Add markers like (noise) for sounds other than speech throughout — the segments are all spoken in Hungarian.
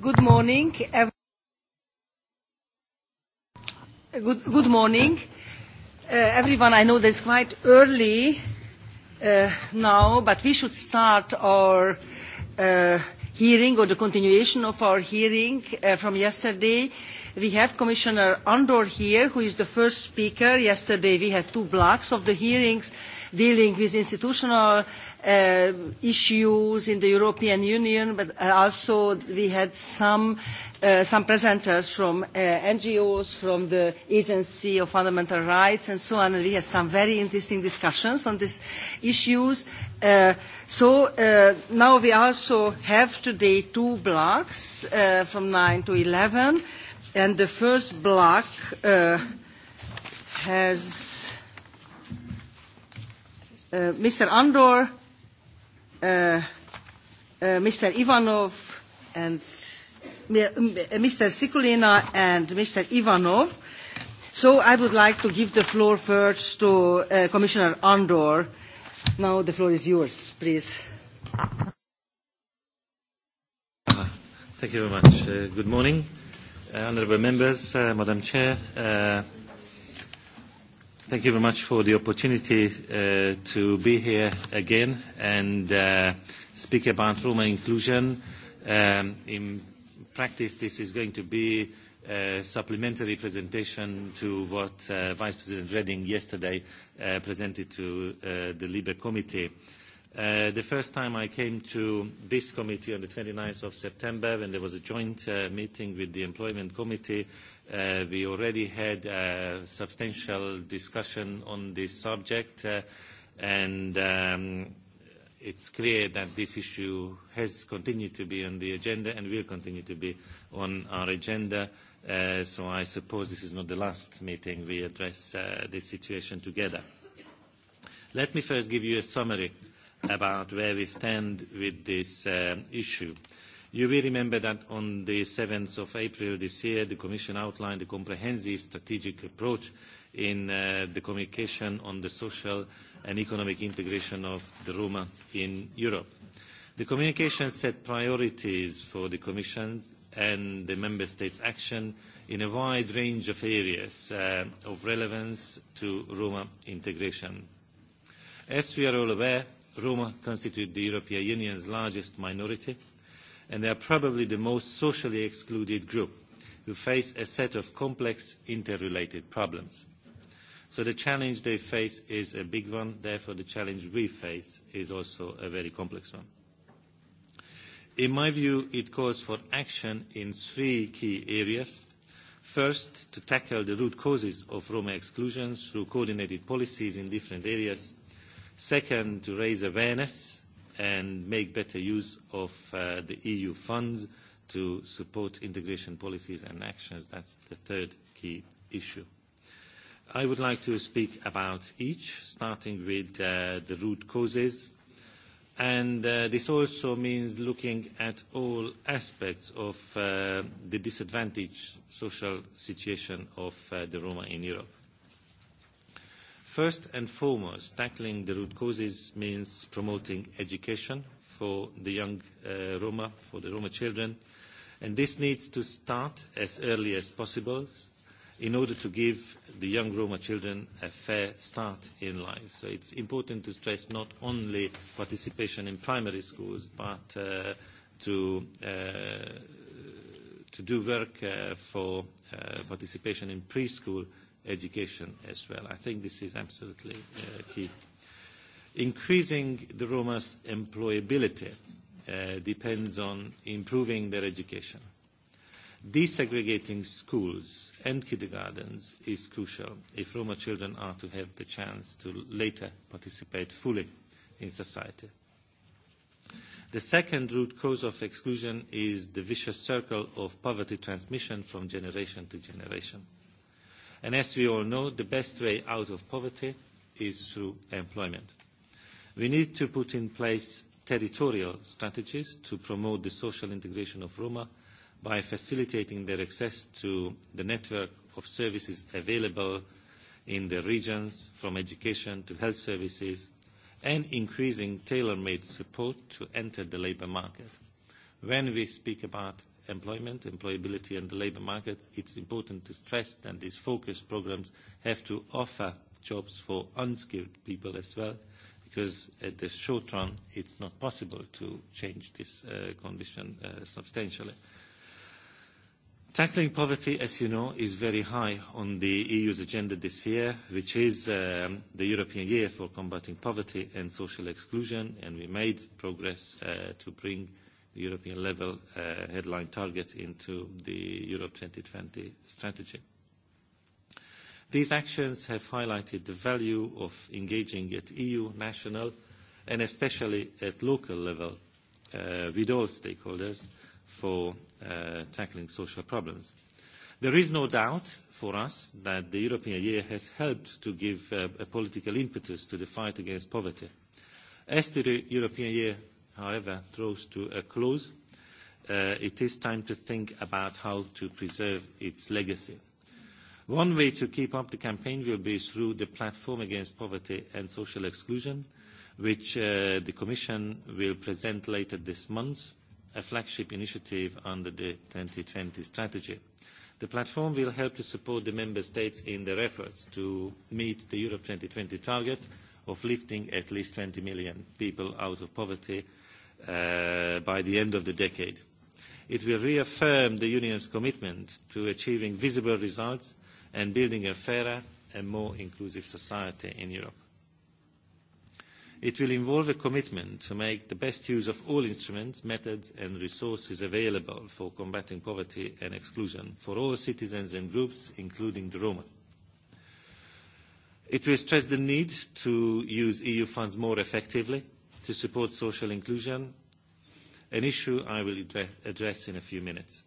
Good morning. Good, morning. Uh, everyone, I know that it's quite early uh, now, but we should start our uh, hearing or the continuation of our hearing uh, from yesterday. We have Commissioner Andor here, who is the first speaker. Yesterday we had two blocks of the hearings dealing with institutional uh, issues in the European Union, but also we had some, uh, some presenters from uh, NGOs, from the Agency of Fundamental Rights and so on, and we had some very interesting discussions on these issues. Uh, so uh, now we also have today two blocks uh, from 9 to 11, and the first block uh, has uh, Mr. Andor, Uh, uh, Mr. Ivanov and Mr. Sikulina and Mr. Ivanov. So I would like to give the floor first to uh, Commissioner Andor. Now the floor is yours, please. Thank you very much. Uh, good morning, uh, honourable members, uh, Madam Chair, uh, Thank you very much for the opportunity uh, to be here again and uh, speak about Roma inclusion. Um, in practice, this is going to be a supplementary presentation to what uh, Vice President Reding yesterday uh, presented to uh, the Libre committee. Uh, the first time I came to this committee on the 29th of September when there was a joint uh, meeting with the Employment Committee Uh, we already had a substantial discussion on this subject, uh, and um, it's clear that this issue has continued to be on the agenda and will continue to be on our agenda. Uh, so I suppose this is not the last meeting we address uh, this situation together. Let me first give you a summary about where we stand with this uh, issue. You will remember that on seven 7 April this year, the Commission outlined a comprehensive strategic approach in uh, the communication on the social and economic integration of the Roma in Europe. The communication set priorities for the Commission and the Member States' action in a wide range of areas uh, of relevance to Roma integration. As we are all aware, Roma constitute the European Union's largest minority and they are probably the most socially excluded group who face a set of complex interrelated problems. So the challenge they face is a big one, therefore the challenge we face is also a very complex one. In my view, it calls for action in three key areas. First, to tackle the root causes of Roma exclusion through coordinated policies in different areas. Second, to raise awareness and make better use of uh, the EU funds to support integration policies and actions. That's the third key issue. I would like to speak about each, starting with uh, the root causes. And uh, this also means looking at all aspects of uh, the disadvantaged social situation of uh, the Roma in Europe First and foremost, tackling the root causes means promoting education for the young uh, Roma, for the Roma children. And this needs to start as early as possible in order to give the young Roma children a fair start in life. So it's important to stress not only participation in primary schools, but uh, to, uh, to do work uh, for uh, participation in preschool education as well. I think this is absolutely uh, key. Increasing the Roma's employability uh, depends on improving their education. Desegregating schools and kindergartens is crucial if Roma children are to have the chance to later participate fully in society. The second root cause of exclusion is the vicious circle of poverty transmission from generation to generation And as we all know, the best way out of poverty is through employment. We need to put in place territorial strategies to promote the social integration of Roma by facilitating their access to the network of services available in the regions, from education to health services, and increasing tailor-made support to enter the labour market. When we speak about employment, employability and the labour market, it's important to stress that these focus programmes have to offer jobs for unskilled people as well, because at the short run it's not possible to change this uh, condition uh, substantially. Tackling poverty, as you know, is very high on the EU's agenda this year, which is um, the European Year for Combating Poverty and Social Exclusion, and we made progress uh, to bring uh, European level uh, headline target into the Europe 2020 strategy. These actions have highlighted the value of engaging at EU, national, and especially at local level uh, with all stakeholders for uh, tackling social problems. There is no doubt for us that the European year has helped to give uh, a political impetus to the fight against poverty. As the European year however, draws to a close, uh, it is time to think about how to preserve its legacy. One way to keep up the campaign will be through the platform against poverty and social exclusion, which uh, the Commission will present later this month, a flagship initiative under the 2020 strategy. The platform will help to support the Member States in their efforts to meet the Europe 2020 target of lifting at least 20 million people out of poverty uh, by the end of the decade. It will reaffirm the Union's commitment to achieving visible results and building a fairer and more inclusive society in Europe. It will involve a commitment to make the best use of all instruments, methods and resources available for combating poverty and exclusion for all citizens and groups, including the Roma. It will stress the need to use EU funds more effectively to support social inclusion, an issue I will address in a few minutes.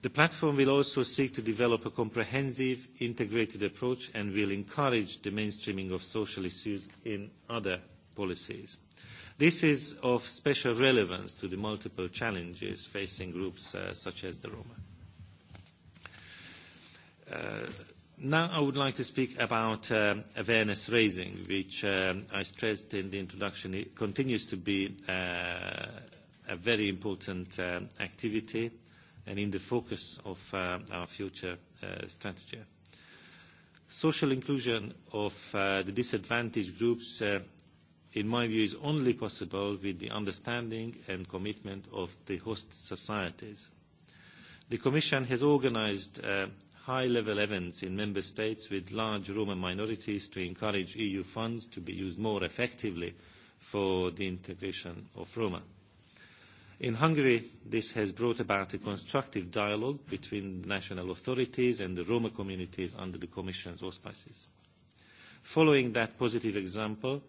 The platform will also seek to develop a comprehensive, integrated approach and will encourage the mainstreaming of social issues in other policies. This is of special relevance to the multiple challenges facing groups uh, such as the Roma. Uh, Now I would like to speak about uh, awareness raising, which uh, I stressed in the introduction. It continues to be uh, a very important uh, activity and in the focus of uh, our future uh, strategy. Social inclusion of the disadvantaged groups, in my view, is only possible with the understanding and commitment of the host societies. The Commission has organized high-level events in member states with large Roma minorities to encourage EU funds to be used more effectively for the integration of Roma. In Hungary, this has brought about a constructive dialogue between national authorities and the Roma communities under the Commission's auspices. Following that positive example,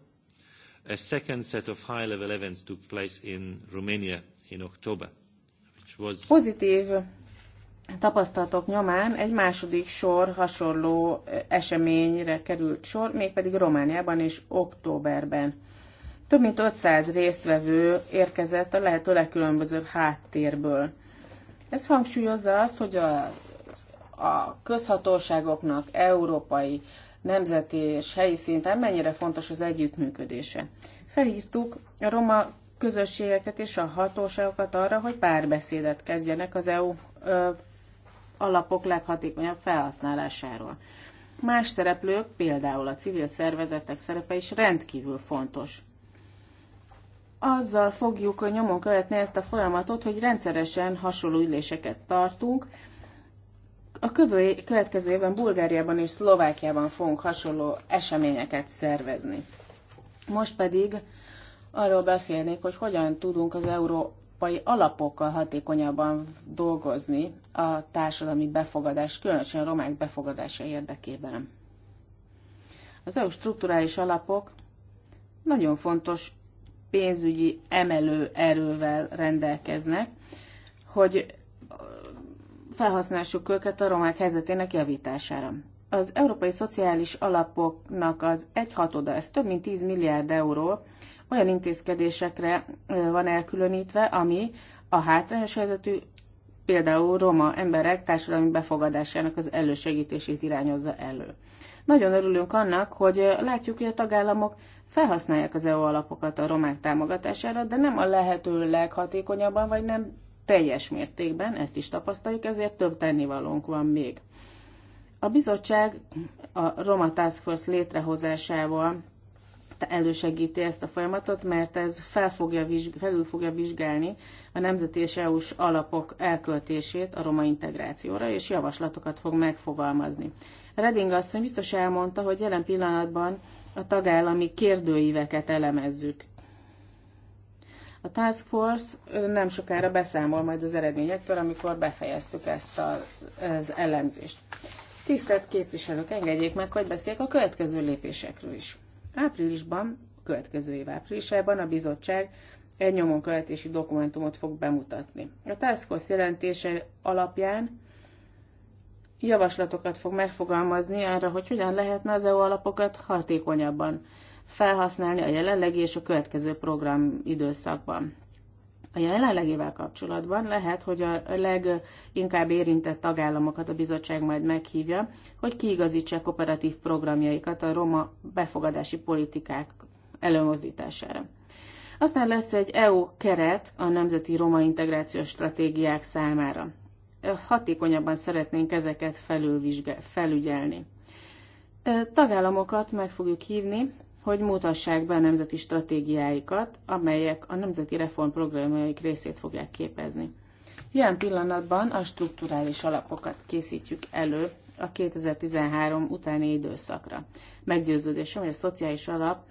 a second set of high-level events took place in Romania in October, which was... Pozitív tapasztalatok nyomán egy második sor hasonló eseményre került sor, mégpedig Romániában és októberben. Több mint 500 résztvevő érkezett a lehető legkülönbözőbb háttérből. Ez hangsúlyozza azt, hogy a, a közhatóságoknak európai, nemzeti és helyi szinten mennyire fontos az együttműködése. Felhívtuk a roma közösségeket és a hatóságokat arra, hogy párbeszédet kezdjenek az EU alapok leghatékonyabb felhasználásáról. Más szereplők, például a civil szervezetek szerepe is rendkívül fontos. Azzal fogjuk nyomon követni ezt a folyamatot, hogy rendszeresen hasonló üléseket tartunk. A következő évben Bulgáriában és Szlovákiában fogunk hasonló eseményeket szervezni. Most pedig arról beszélnék, hogy hogyan tudunk az euró európai alapokkal hatékonyabban dolgozni a társadalmi befogadás, különösen a romák befogadása érdekében. Az EU strukturális alapok nagyon fontos pénzügyi emelő erővel rendelkeznek, hogy felhasználjuk őket a romák helyzetének javítására. Az európai szociális alapoknak az egyhatoda, ez több mint 10 milliárd euró, olyan intézkedésekre van elkülönítve, ami a hátrányos helyzetű például roma emberek társadalmi befogadásának az elősegítését irányozza elő. Nagyon örülünk annak, hogy látjuk, hogy a tagállamok felhasználják az EU alapokat a romák támogatására, de nem a lehető leghatékonyabban, vagy nem teljes mértékben, ezt is tapasztaljuk, ezért több tennivalónk van még. A bizottság a Roma Task Force létrehozásával elősegíti ezt a folyamatot, mert ez fel fogja vizsg- felül fogja vizsgálni a nemzeti és EU-s alapok elköltését a roma integrációra, és javaslatokat fog megfogalmazni. Reding asszony biztos elmondta, hogy jelen pillanatban a tagállami kérdőíveket elemezzük. A Task Force nem sokára beszámol majd az eredményektől, amikor befejeztük ezt az elemzést. Tisztelt képviselők, engedjék meg, hogy beszéljek a következő lépésekről is. Áprilisban, következő év áprilisában a bizottság egy nyomonkövetési dokumentumot fog bemutatni. A Task Force jelentése alapján javaslatokat fog megfogalmazni arra, hogy hogyan lehetne az EU alapokat hatékonyabban felhasználni a jelenlegi és a következő program időszakban. A jelenlegével kapcsolatban lehet, hogy a leginkább érintett tagállamokat a bizottság majd meghívja, hogy kiigazítsák operatív programjaikat a roma befogadási politikák előmozdítására. Aztán lesz egy EU keret a nemzeti roma integrációs stratégiák számára. Hatékonyabban szeretnénk ezeket felülvizsgál, felügyelni. Tagállamokat meg fogjuk hívni, hogy mutassák be a nemzeti stratégiáikat, amelyek a nemzeti reformprogramjaik részét fogják képezni. Ilyen pillanatban a strukturális alapokat készítjük elő a 2013 utáni időszakra. Meggyőződésem, hogy a szociális alap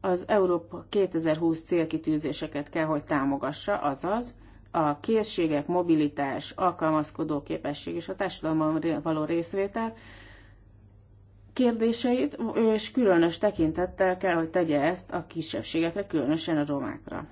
az Európa 2020 célkitűzéseket kell, hogy támogassa, azaz a készségek, mobilitás, alkalmazkodó képesség és a társadalomban való részvétel, kérdéseit, és különös tekintettel kell, hogy tegye ezt a kisebbségekre, különösen a romákra.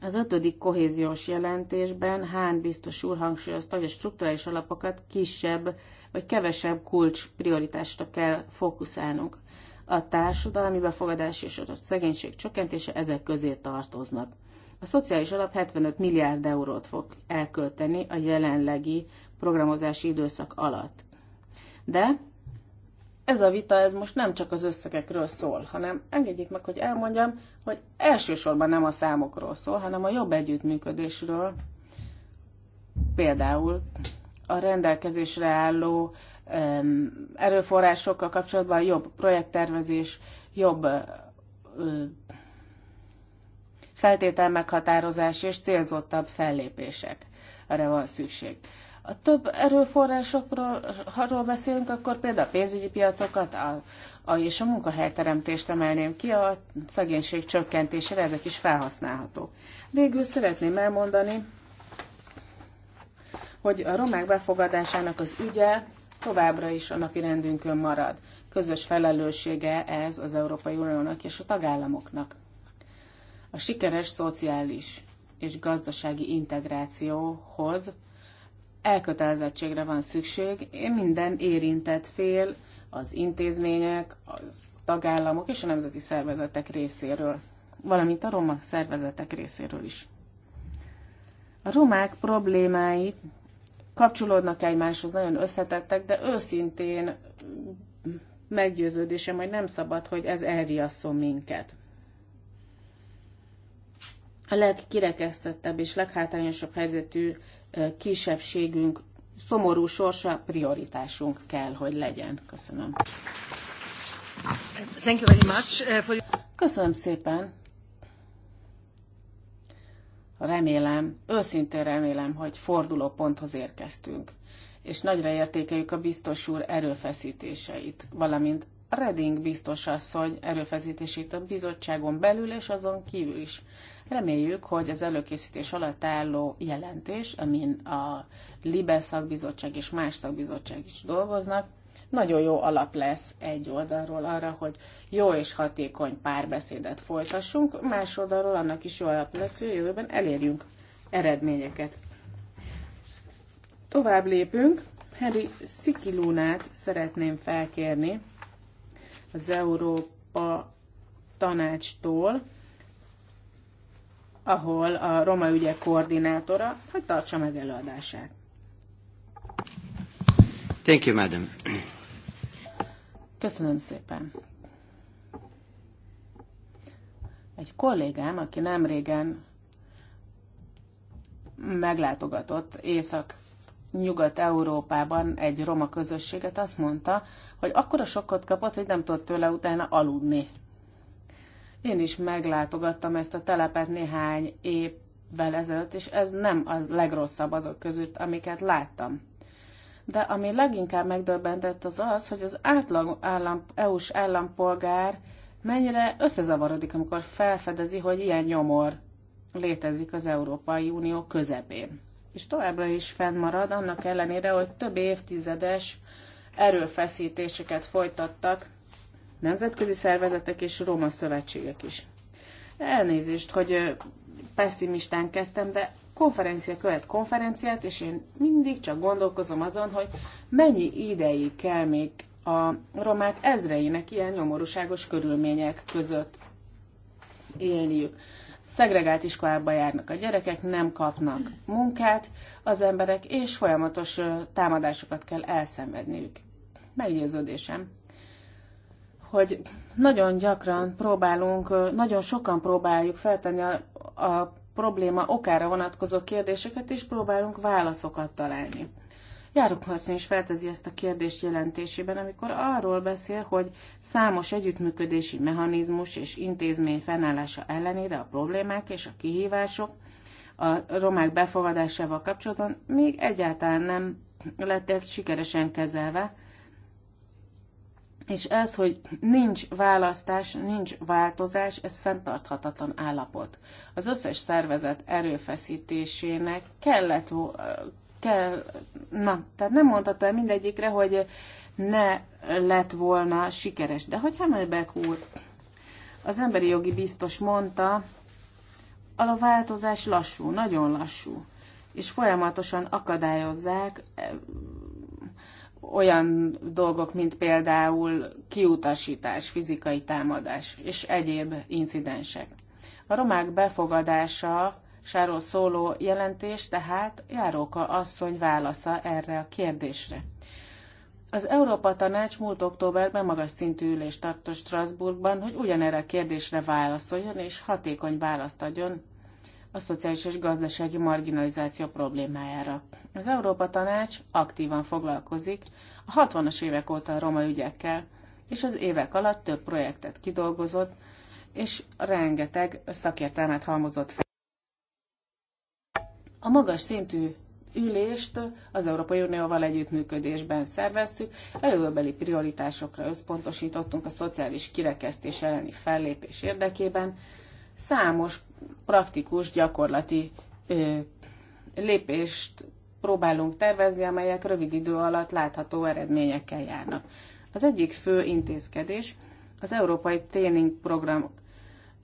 Az ötödik kohéziós jelentésben Hán biztos úr hangsúlyozta, hogy a strukturális alapokat kisebb vagy kevesebb kulcs prioritásra kell fókuszálnunk. A társadalmi befogadás és a szegénység csökkentése ezek közé tartoznak. A szociális alap 75 milliárd eurót fog elkölteni a jelenlegi programozási időszak alatt. De ez a vita, ez most nem csak az összegekről szól, hanem engedjék meg, hogy elmondjam, hogy elsősorban nem a számokról szól, hanem a jobb együttműködésről, például a rendelkezésre álló erőforrásokkal kapcsolatban jobb projekttervezés, jobb feltétel meghatározás és célzottabb fellépésekre van szükség a több erőforrásokról, arról beszélünk, akkor például a pénzügyi piacokat a, a, és a munkahelyteremtést emelném ki, a szegénység csökkentésére ezek is felhasználhatók. Végül szeretném elmondani, hogy a romák befogadásának az ügye továbbra is a napi rendünkön marad. Közös felelőssége ez az Európai Uniónak és a tagállamoknak. A sikeres szociális és gazdasági integrációhoz elkötelezettségre van szükség. Én minden érintett fél, az intézmények, az tagállamok és a nemzeti szervezetek részéről, valamint a roma szervezetek részéről is. A romák problémái kapcsolódnak egymáshoz, nagyon összetettek, de őszintén meggyőződésem, hogy nem szabad, hogy ez elriasszon minket a legkirekesztettebb és leghátrányosabb helyzetű kisebbségünk szomorú sorsa prioritásunk kell, hogy legyen. Köszönöm. Thank you very much uh, for... Köszönöm szépen. Remélem, őszintén remélem, hogy fordulóponthoz érkeztünk, és nagyra értékeljük a biztos úr erőfeszítéseit, valamint Reding biztos asszony erőfeszítését a bizottságon belül és azon kívül is. Reméljük, hogy az előkészítés alatt álló jelentés, amin a LIBE szakbizottság és más szakbizottság is dolgoznak, nagyon jó alap lesz egy oldalról arra, hogy jó és hatékony párbeszédet folytassunk, más oldalról annak is jó alap lesz, hogy jövőben elérjünk eredményeket. Tovább lépünk. Harry Szikilunát szeretném felkérni az Európa tanácstól, ahol a roma ügyek koordinátora, hogy tartsa meg előadását. Thank you, madam. Köszönöm szépen. Egy kollégám, aki nem régen meglátogatott Észak Nyugat-Európában egy roma közösséget, azt mondta, hogy akkora sokkot kapott, hogy nem tudott tőle utána aludni. Én is meglátogattam ezt a telepet néhány évvel ezelőtt, és ez nem a az legrosszabb azok között, amiket láttam. De ami leginkább megdöbbentett az az, hogy az átlag állam, EU-s állampolgár mennyire összezavarodik, amikor felfedezi, hogy ilyen nyomor létezik az Európai Unió közepén. És továbbra is fennmarad, annak ellenére, hogy több évtizedes erőfeszítéseket folytattak nemzetközi szervezetek és roma szövetségek is. Elnézést, hogy pessimistán kezdtem, de konferencia követ konferenciát, és én mindig csak gondolkozom azon, hogy mennyi ideig kell még a romák ezreinek ilyen nyomorúságos körülmények között élniük. Szegregált iskolába járnak a gyerekek, nem kapnak munkát az emberek, és folyamatos támadásokat kell elszenvedniük. Meggyőződésem, hogy nagyon gyakran próbálunk, nagyon sokan próbáljuk feltenni a, a probléma okára vonatkozó kérdéseket, és próbálunk válaszokat találni. Járok Halszín is feltezi ezt a kérdést jelentésében, amikor arról beszél, hogy számos együttműködési mechanizmus és intézmény fennállása ellenére a problémák és a kihívások a romák befogadásával kapcsolatban még egyáltalán nem lettek sikeresen kezelve, és ez, hogy nincs választás, nincs változás, ez fenntarthatatlan állapot. Az összes szervezet erőfeszítésének kellett, kell, na, tehát nem mondhatta el mindegyikre, hogy ne lett volna sikeres. De hogy Hemelbek úr, az emberi jogi biztos mondta, a változás lassú, nagyon lassú, és folyamatosan akadályozzák olyan dolgok, mint például kiutasítás, fizikai támadás és egyéb incidensek. A romák befogadása Sáról szóló jelentés tehát Járóka asszony válasza erre a kérdésre. Az Európa Tanács múlt októberben magas szintű ülést tartott Strasbourgban, hogy ugyanerre a kérdésre válaszoljon és hatékony választ adjon a szociális és gazdasági marginalizáció problémájára. Az Európa Tanács aktívan foglalkozik a 60-as évek óta a roma ügyekkel, és az évek alatt több projektet kidolgozott, és rengeteg szakértelmet halmozott fel. A magas szintű ülést az Európai Unióval együttműködésben szerveztük, a jövőbeli prioritásokra összpontosítottunk a szociális kirekesztés elleni fellépés érdekében. Számos praktikus, gyakorlati ö, lépést próbálunk tervezni, amelyek rövid idő alatt látható eredményekkel járnak. Az egyik fő intézkedés az Európai training Program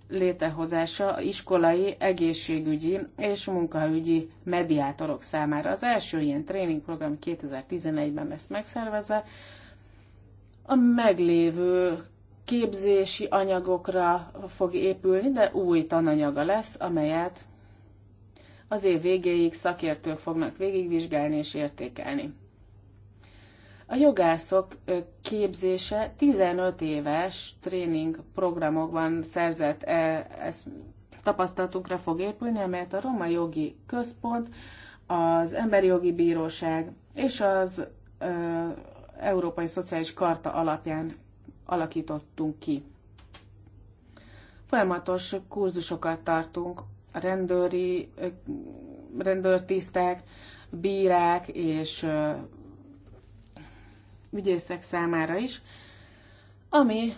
létrehozása iskolai, egészségügyi és munkaügyi mediátorok számára. Az első ilyen tréningprogram 2011-ben lesz megszervezve. A meglévő képzési anyagokra fog épülni, de új tananyaga lesz, amelyet az év végéig szakértők fognak végigvizsgálni és értékelni. A jogászok képzése 15 éves tréning programokban szerzett e, ezt tapasztalatunkra fog épülni, amelyet a Roma Jogi Központ, az Emberi Jogi Bíróság és az Európai Szociális Karta alapján alakítottunk ki. Folyamatos kurzusokat tartunk rendőri, rendőrtisztek, bírák és ügyészek számára is, ami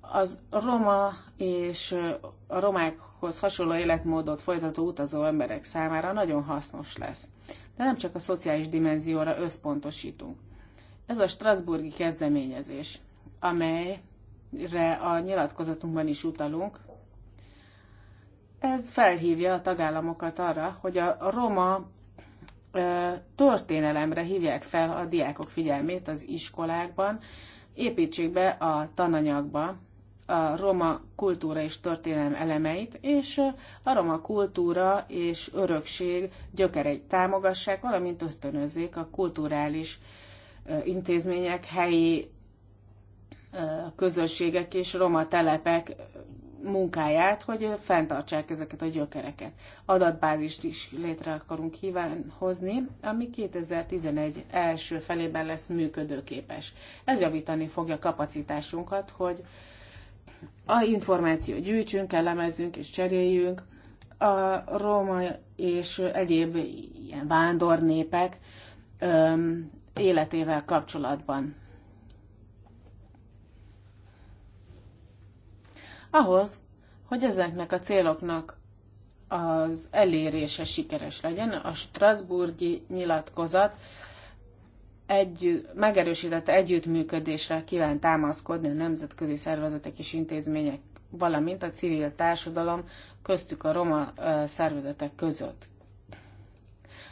az roma és a romákhoz hasonló életmódot folytató utazó emberek számára nagyon hasznos lesz. De nem csak a szociális dimenzióra összpontosítunk. Ez a Strasburgi kezdeményezés amelyre a nyilatkozatunkban is utalunk. Ez felhívja a tagállamokat arra, hogy a roma történelemre hívják fel a diákok figyelmét az iskolákban, építsék be a tananyagba a roma kultúra és történelem elemeit, és a roma kultúra és örökség gyökereit támogassák, valamint ösztönözzék a kulturális intézmények helyi közösségek és roma telepek munkáját, hogy fenntartsák ezeket a gyökereket. Adatbázist is létre akarunk hozni, ami 2011 első felében lesz működőképes. Ez javítani fogja kapacitásunkat, hogy a információ gyűjtsünk, elemezzünk és cseréljünk. A roma és egyéb ilyen vándornépek életével kapcsolatban ahhoz, hogy ezeknek a céloknak az elérése sikeres legyen. A Strasburgi nyilatkozat egy, megerősített együttműködésre kíván támaszkodni a nemzetközi szervezetek és intézmények, valamint a civil társadalom köztük a roma szervezetek között.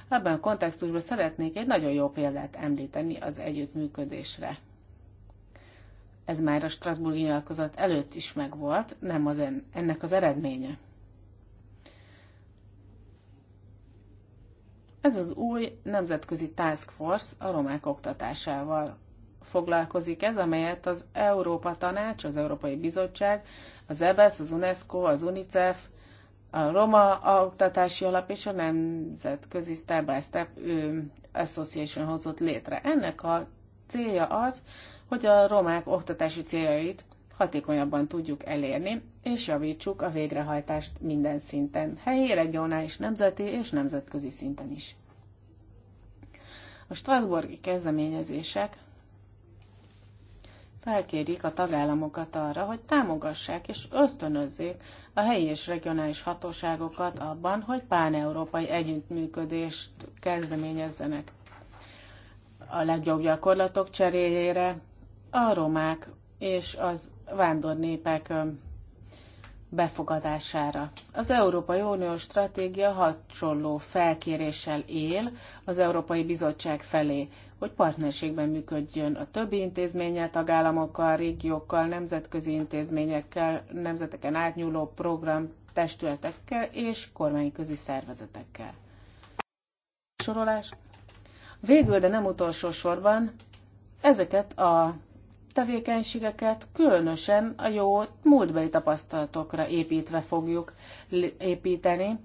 Ebben a kontextusban szeretnék egy nagyon jó példát említeni az együttműködésre ez már a Strasbourg nyilatkozat előtt is megvolt, nem az en, ennek az eredménye. Ez az új nemzetközi task force a romák oktatásával foglalkozik ez, amelyet az Európa Tanács, az Európai Bizottság, az EBSZ, az UNESCO, az UNICEF, a Roma Oktatási Alap és a Nemzetközi Step by Step Association hozott létre. Ennek a célja az, hogy a romák oktatási céljait hatékonyabban tudjuk elérni, és javítsuk a végrehajtást minden szinten, helyi, regionális, nemzeti és nemzetközi szinten is. A Strasburgi kezdeményezések felkérik a tagállamokat arra, hogy támogassák és ösztönözzék a helyi és regionális hatóságokat abban, hogy páneurópai együttműködést kezdeményezzenek. A legjobb gyakorlatok cseréjére a romák és az vándornépek befogadására. Az Európai Unió stratégia hasonló felkéréssel él az Európai Bizottság felé, hogy partnerségben működjön a többi intézménnyel, tagállamokkal, régiókkal, nemzetközi intézményekkel, nemzeteken átnyúló program testületekkel és kormányközi szervezetekkel. Sorolás. Végül, de nem utolsó sorban, ezeket a tevékenységeket különösen a jó múltbeli tapasztalatokra építve fogjuk építeni.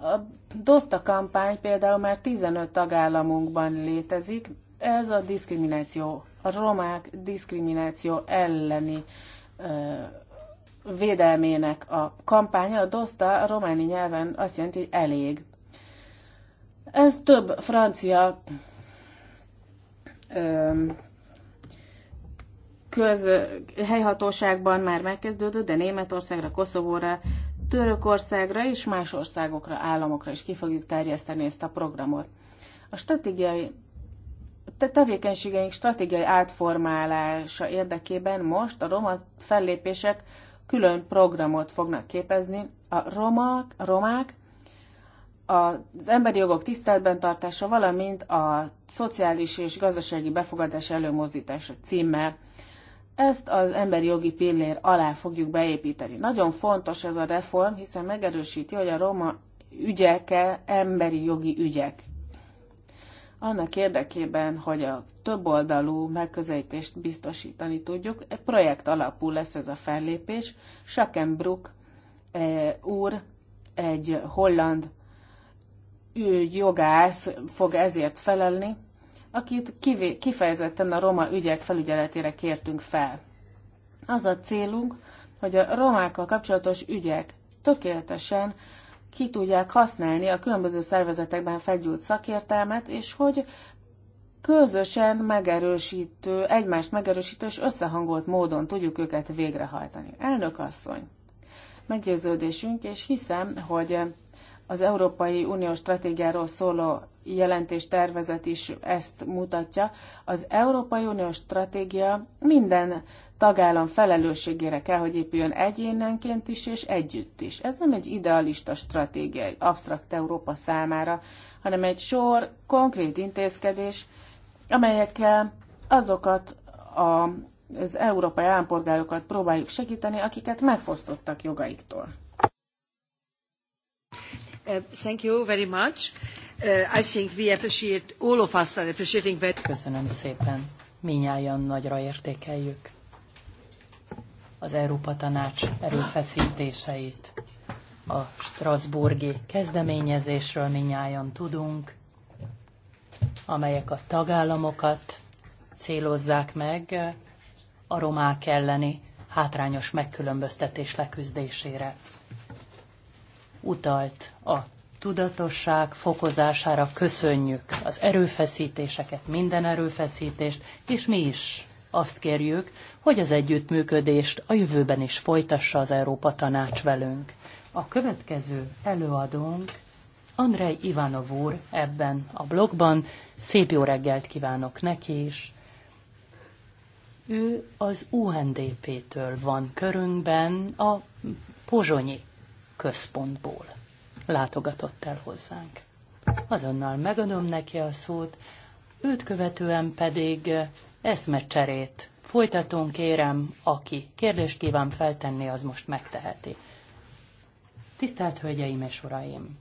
A DOSTA kampány például már 15 tagállamunkban létezik. Ez a diszkrimináció, a romák diszkrimináció elleni ö, védelmének a kampánya. A DOSTA a románi nyelven azt jelenti, hogy elég. Ez több francia ö, köz helyhatóságban már megkezdődött, de Németországra, Koszovóra, Törökországra és más országokra, államokra is ki fogjuk terjeszteni ezt a programot. A stratégiai te tevékenységeink stratégiai átformálása érdekében most a roma fellépések külön programot fognak képezni. A romák, a romák az emberi jogok tiszteletben tartása, valamint a szociális és gazdasági befogadás előmozdítása címmel ezt az emberi jogi pillér alá fogjuk beépíteni. Nagyon fontos ez a reform, hiszen megerősíti, hogy a roma ügyeke emberi jogi ügyek. Annak érdekében, hogy a többoldalú megközelítést biztosítani tudjuk, egy projekt alapú lesz ez a fellépés. Sakenbrook eh, úr, egy holland jogász fog ezért felelni, akit kifejezetten a roma ügyek felügyeletére kértünk fel. Az a célunk, hogy a romákkal kapcsolatos ügyek tökéletesen ki tudják használni a különböző szervezetekben felgyújt szakértelmet, és hogy közösen megerősítő, egymást megerősítő és összehangolt módon tudjuk őket végrehajtani. Elnök asszony, meggyőződésünk, és hiszem, hogy az Európai Unió stratégiáról szóló jelentés tervezet is ezt mutatja. Az Európai Unió stratégia minden tagállam felelősségére kell, hogy épüljön egyénenként is és együtt is. Ez nem egy idealista stratégia egy absztrakt Európa számára, hanem egy sor konkrét intézkedés, amelyekkel azokat a, az európai állampolgárokat próbáljuk segíteni, akiket megfosztottak jogaiktól. Uh, thank you very much. Uh, I think we appreciate, all of us are appreciating Köszönöm szépen. Minnyáján nagyra értékeljük az Európa Tanács erőfeszítéseit. A Strasburgi kezdeményezésről minnyáján tudunk, amelyek a tagállamokat célozzák meg a romák elleni hátrányos megkülönböztetés leküzdésére utalt a tudatosság fokozására köszönjük az erőfeszítéseket, minden erőfeszítést, és mi is azt kérjük, hogy az együttműködést a jövőben is folytassa az Európa Tanács velünk. A következő előadónk Andrei Ivanov úr ebben a blogban. Szép jó reggelt kívánok neki is. Ő az UNDP-től van körünkben, a pozsonyi központból látogatott el hozzánk. Azonnal megadom neki a szót, őt követően pedig eszmecserét folytatunk, kérem, aki kérdést kíván feltenni, az most megteheti. Tisztelt Hölgyeim és Uraim!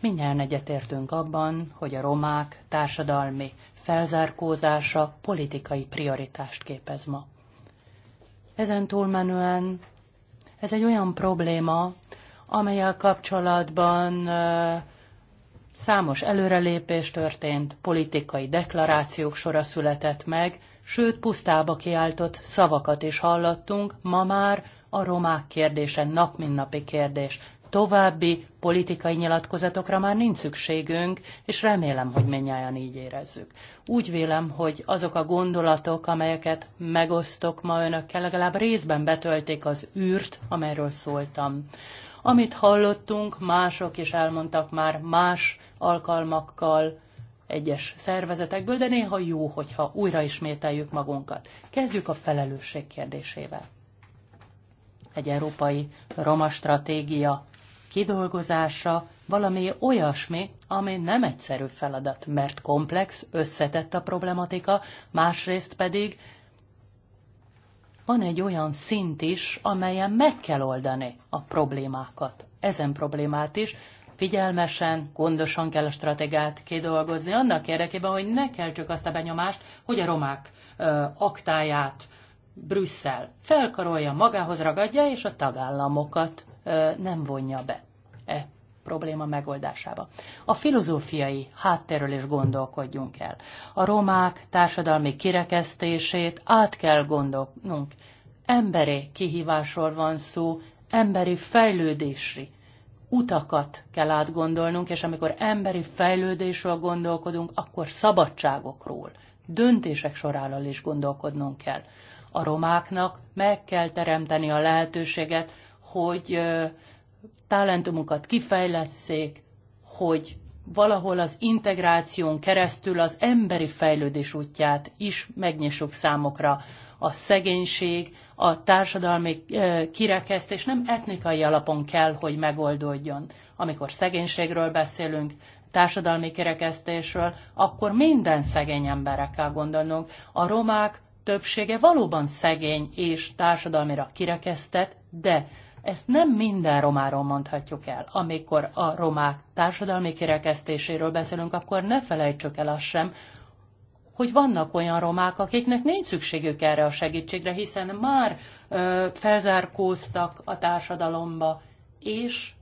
Mindjárt egyetértünk abban, hogy a romák társadalmi felzárkózása politikai prioritást képez ma. Ezen túlmenően ez egy olyan probléma, amelyel kapcsolatban számos előrelépés történt, politikai deklarációk sora született meg, sőt pusztába kiáltott szavakat is hallottunk, ma már a romák kérdése nap mint napi kérdés. További politikai nyilatkozatokra már nincs szükségünk, és remélem, hogy mennyáján így érezzük. Úgy vélem, hogy azok a gondolatok, amelyeket megosztok ma önökkel, legalább részben betölték az űrt, amelyről szóltam. Amit hallottunk, mások is elmondtak már más alkalmakkal egyes szervezetekből, de néha jó, hogyha újra ismételjük magunkat. Kezdjük a felelősség kérdésével. Egy európai roma stratégia kidolgozása valami olyasmi, ami nem egyszerű feladat, mert komplex, összetett a problematika, másrészt pedig van egy olyan szint is, amelyen meg kell oldani a problémákat. Ezen problémát is figyelmesen, gondosan kell a stratégiát kidolgozni, annak érdekében, hogy ne keltsük azt a benyomást, hogy a romák ö, aktáját Brüsszel felkarolja, magához ragadja, és a tagállamokat ö, nem vonja be e probléma megoldásába. A filozófiai hátterről is gondolkodjunk el. A romák társadalmi kirekesztését át kell gondolnunk. Emberi kihívásról van szó, emberi fejlődési utakat kell átgondolnunk, és amikor emberi fejlődésről gondolkodunk, akkor szabadságokról, döntések sorállal is gondolkodnunk kell. A romáknak meg kell teremteni a lehetőséget, hogy talentumukat kifejlesszék, hogy valahol az integráción keresztül az emberi fejlődés útját is megnyissuk számokra. A szegénység, a társadalmi eh, kirekesztés nem etnikai alapon kell, hogy megoldódjon. Amikor szegénységről beszélünk, társadalmi kirekesztésről, akkor minden szegény emberre kell gondolnunk. A romák többsége valóban szegény és társadalmira kirekesztett, de ezt nem minden romáról mondhatjuk el. Amikor a romák társadalmi kirekesztéséről beszélünk, akkor ne felejtsük el azt sem, hogy vannak olyan romák, akiknek nincs szükségük erre a segítségre, hiszen már ö, felzárkóztak a társadalomba, és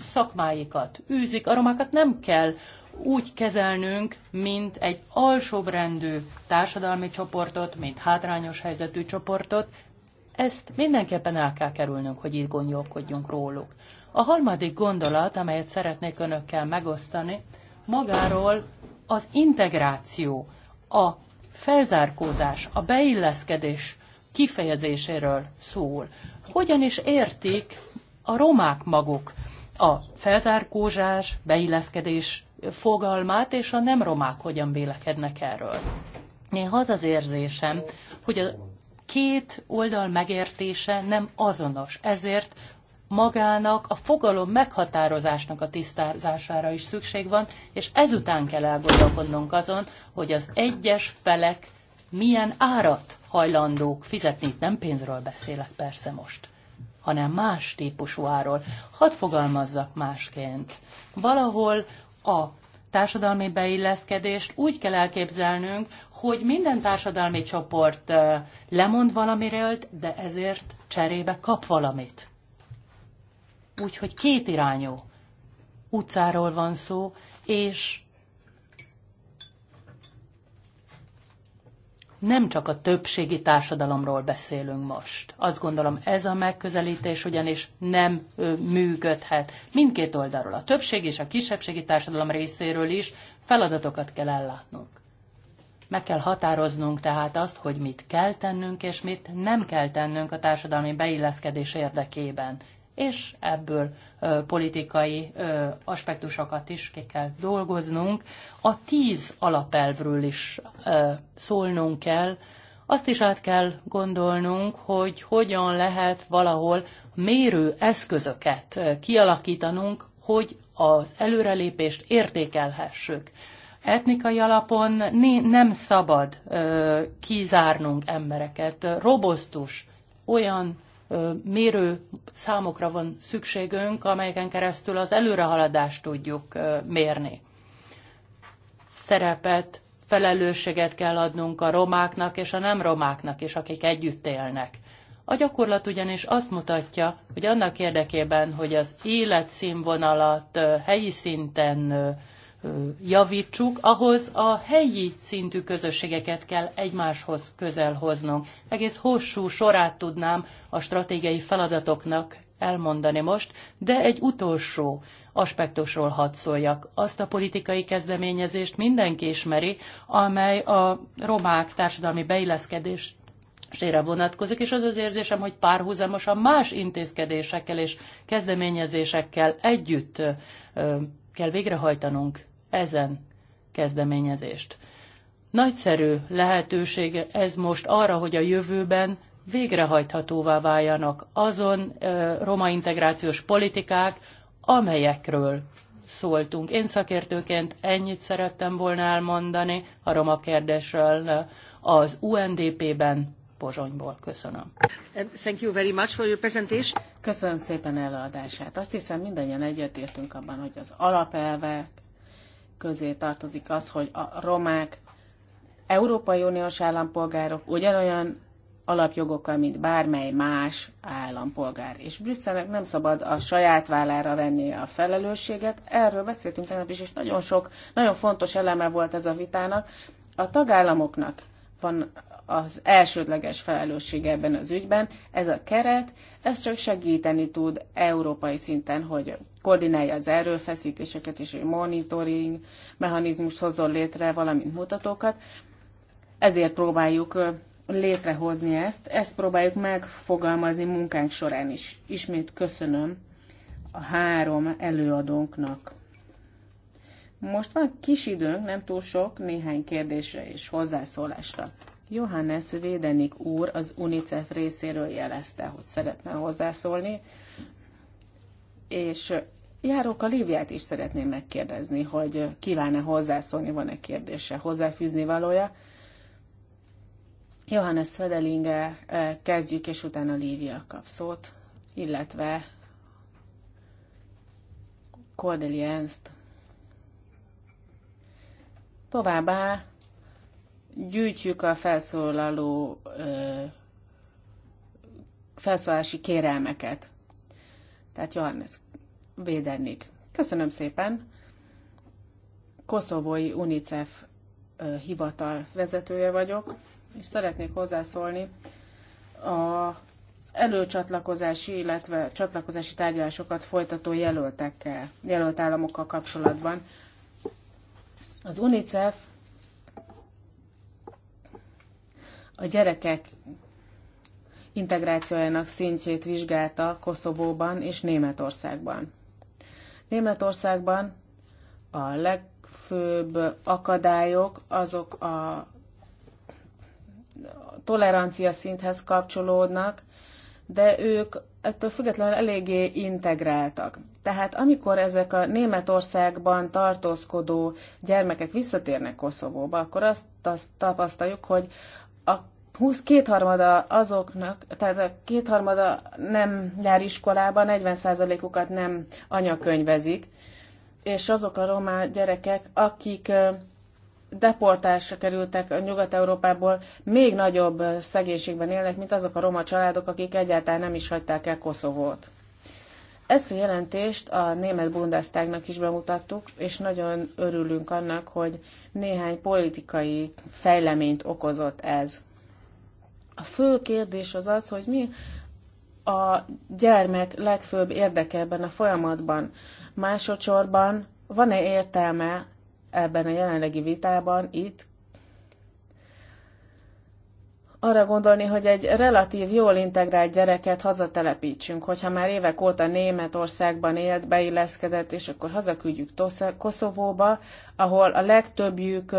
szakmáikat űzik. A romákat nem kell úgy kezelnünk, mint egy alsóbrendű társadalmi csoportot, mint hátrányos helyzetű csoportot, ezt mindenképpen el kell kerülnünk, hogy így gondolkodjunk róluk. A harmadik gondolat, amelyet szeretnék önökkel megosztani, magáról az integráció, a felzárkózás, a beilleszkedés kifejezéséről szól. Hogyan is értik a romák maguk a felzárkózás, beilleszkedés fogalmát, és a nem romák hogyan vélekednek erről. Néha az az érzésem, hogy a két oldal megértése nem azonos, ezért magának a fogalom meghatározásnak a tisztázására is szükség van, és ezután kell elgondolkodnunk azon, hogy az egyes felek milyen árat hajlandók fizetni. nem pénzről beszélek persze most, hanem más típusú áról. Hadd fogalmazzak másként. Valahol a társadalmi beilleszkedést úgy kell elképzelnünk, hogy minden társadalmi csoport lemond valamiről, de ezért cserébe kap valamit. Úgyhogy irányú utcáról van szó, és nem csak a többségi társadalomról beszélünk most. Azt gondolom, ez a megközelítés ugyanis nem ö, működhet. Mindkét oldalról, a többség és a kisebbségi társadalom részéről is feladatokat kell ellátnunk. Meg kell határoznunk tehát azt, hogy mit kell tennünk, és mit nem kell tennünk a társadalmi beilleszkedés érdekében. És ebből ö, politikai ö, aspektusokat is ki kell dolgoznunk. A tíz alapelvről is ö, szólnunk kell. Azt is át kell gondolnunk, hogy hogyan lehet valahol mérő eszközöket kialakítanunk, hogy az előrelépést értékelhessük etnikai alapon nem szabad kizárnunk embereket. Robosztus, olyan mérő számokra van szükségünk, amelyeken keresztül az előrehaladást tudjuk mérni. Szerepet, felelősséget kell adnunk a romáknak és a nem romáknak is, akik együtt élnek. A gyakorlat ugyanis azt mutatja, hogy annak érdekében, hogy az életszínvonalat helyi szinten javítsuk, ahhoz a helyi szintű közösségeket kell egymáshoz közel hoznunk. Egész hosszú sorát tudnám a stratégiai feladatoknak elmondani most, de egy utolsó aspektusról hadd szóljak. Azt a politikai kezdeményezést mindenki ismeri, amely a romák társadalmi beilleszkedés sére vonatkozik, és az az érzésem, hogy párhuzamosan más intézkedésekkel és kezdeményezésekkel együtt ö, kell végrehajtanunk ezen kezdeményezést. Nagyszerű lehetősége ez most arra, hogy a jövőben végrehajthatóvá váljanak azon roma integrációs politikák, amelyekről szóltunk. Én szakértőként ennyit szerettem volna elmondani a roma kérdésről az UNDP-ben Pozsonyból. Köszönöm. Thank you very much for your presentation. Köszönöm szépen előadását. Azt hiszem mindannyian egyetértünk abban, hogy az alapelvek, közé tartozik az, hogy a romák Európai Uniós állampolgárok ugyanolyan alapjogokkal, mint bármely más állampolgár. És Brüsszelnek nem szabad a saját vállára venni a felelősséget. Erről beszéltünk tegnap is, és nagyon sok, nagyon fontos eleme volt ez a vitának. A tagállamoknak van az elsődleges felelősség ebben az ügyben. Ez a keret, ez csak segíteni tud európai szinten, hogy koordinálja az erőfeszítéseket, és egy monitoring mechanizmus hozzon létre, valamint mutatókat. Ezért próbáljuk létrehozni ezt, ezt próbáljuk megfogalmazni munkánk során is. Ismét köszönöm a három előadónknak. Most van kis időnk, nem túl sok, néhány kérdésre és hozzászólásra. Johannes Védenik úr az UNICEF részéről jelezte, hogy szeretne hozzászólni, és járók a Líviát is szeretném megkérdezni, hogy kíván-e hozzászólni, van-e kérdése, hozzáfűzni valója. Johannes Fedelinge eh, kezdjük, és utána Lívia kap szót, illetve Cordeli Ernst. Továbbá gyűjtjük a felszólaló eh, felszólási kérelmeket. Tehát Johannes védenik. Köszönöm szépen! Koszovói UNICEF hivatal vezetője vagyok, és szeretnék hozzászólni az előcsatlakozási, illetve csatlakozási tárgyalásokat folytató jelöltekkel, jelölt államokkal kapcsolatban. Az UNICEF a gyerekek integrációjának szintjét vizsgálta Koszovóban és Németországban. Németországban a legfőbb akadályok azok a tolerancia szinthez kapcsolódnak, de ők ettől függetlenül eléggé integráltak. Tehát amikor ezek a Németországban tartózkodó gyermekek visszatérnek Koszovóba, akkor azt, azt tapasztaljuk, hogy a 20 kétharmada azoknak, tehát a kétharmada nem jár iskolába, 40%-ukat nem anyakönyvezik, és azok a román gyerekek, akik deportásra kerültek a Nyugat-Európából, még nagyobb szegénységben élnek, mint azok a roma családok, akik egyáltalán nem is hagyták el Koszovót. Ezt a jelentést a német bundesztágnak is bemutattuk, és nagyon örülünk annak, hogy néhány politikai fejleményt okozott ez. A fő kérdés az az, hogy mi a gyermek legfőbb érdeke ebben a folyamatban. Másodszorban van-e értelme ebben a jelenlegi vitában itt arra gondolni, hogy egy relatív jól integrált gyereket hazatelepítsünk, hogyha már évek óta Németországban élt, beilleszkedett, és akkor hazaküldjük Koszovóba, ahol a legtöbbjük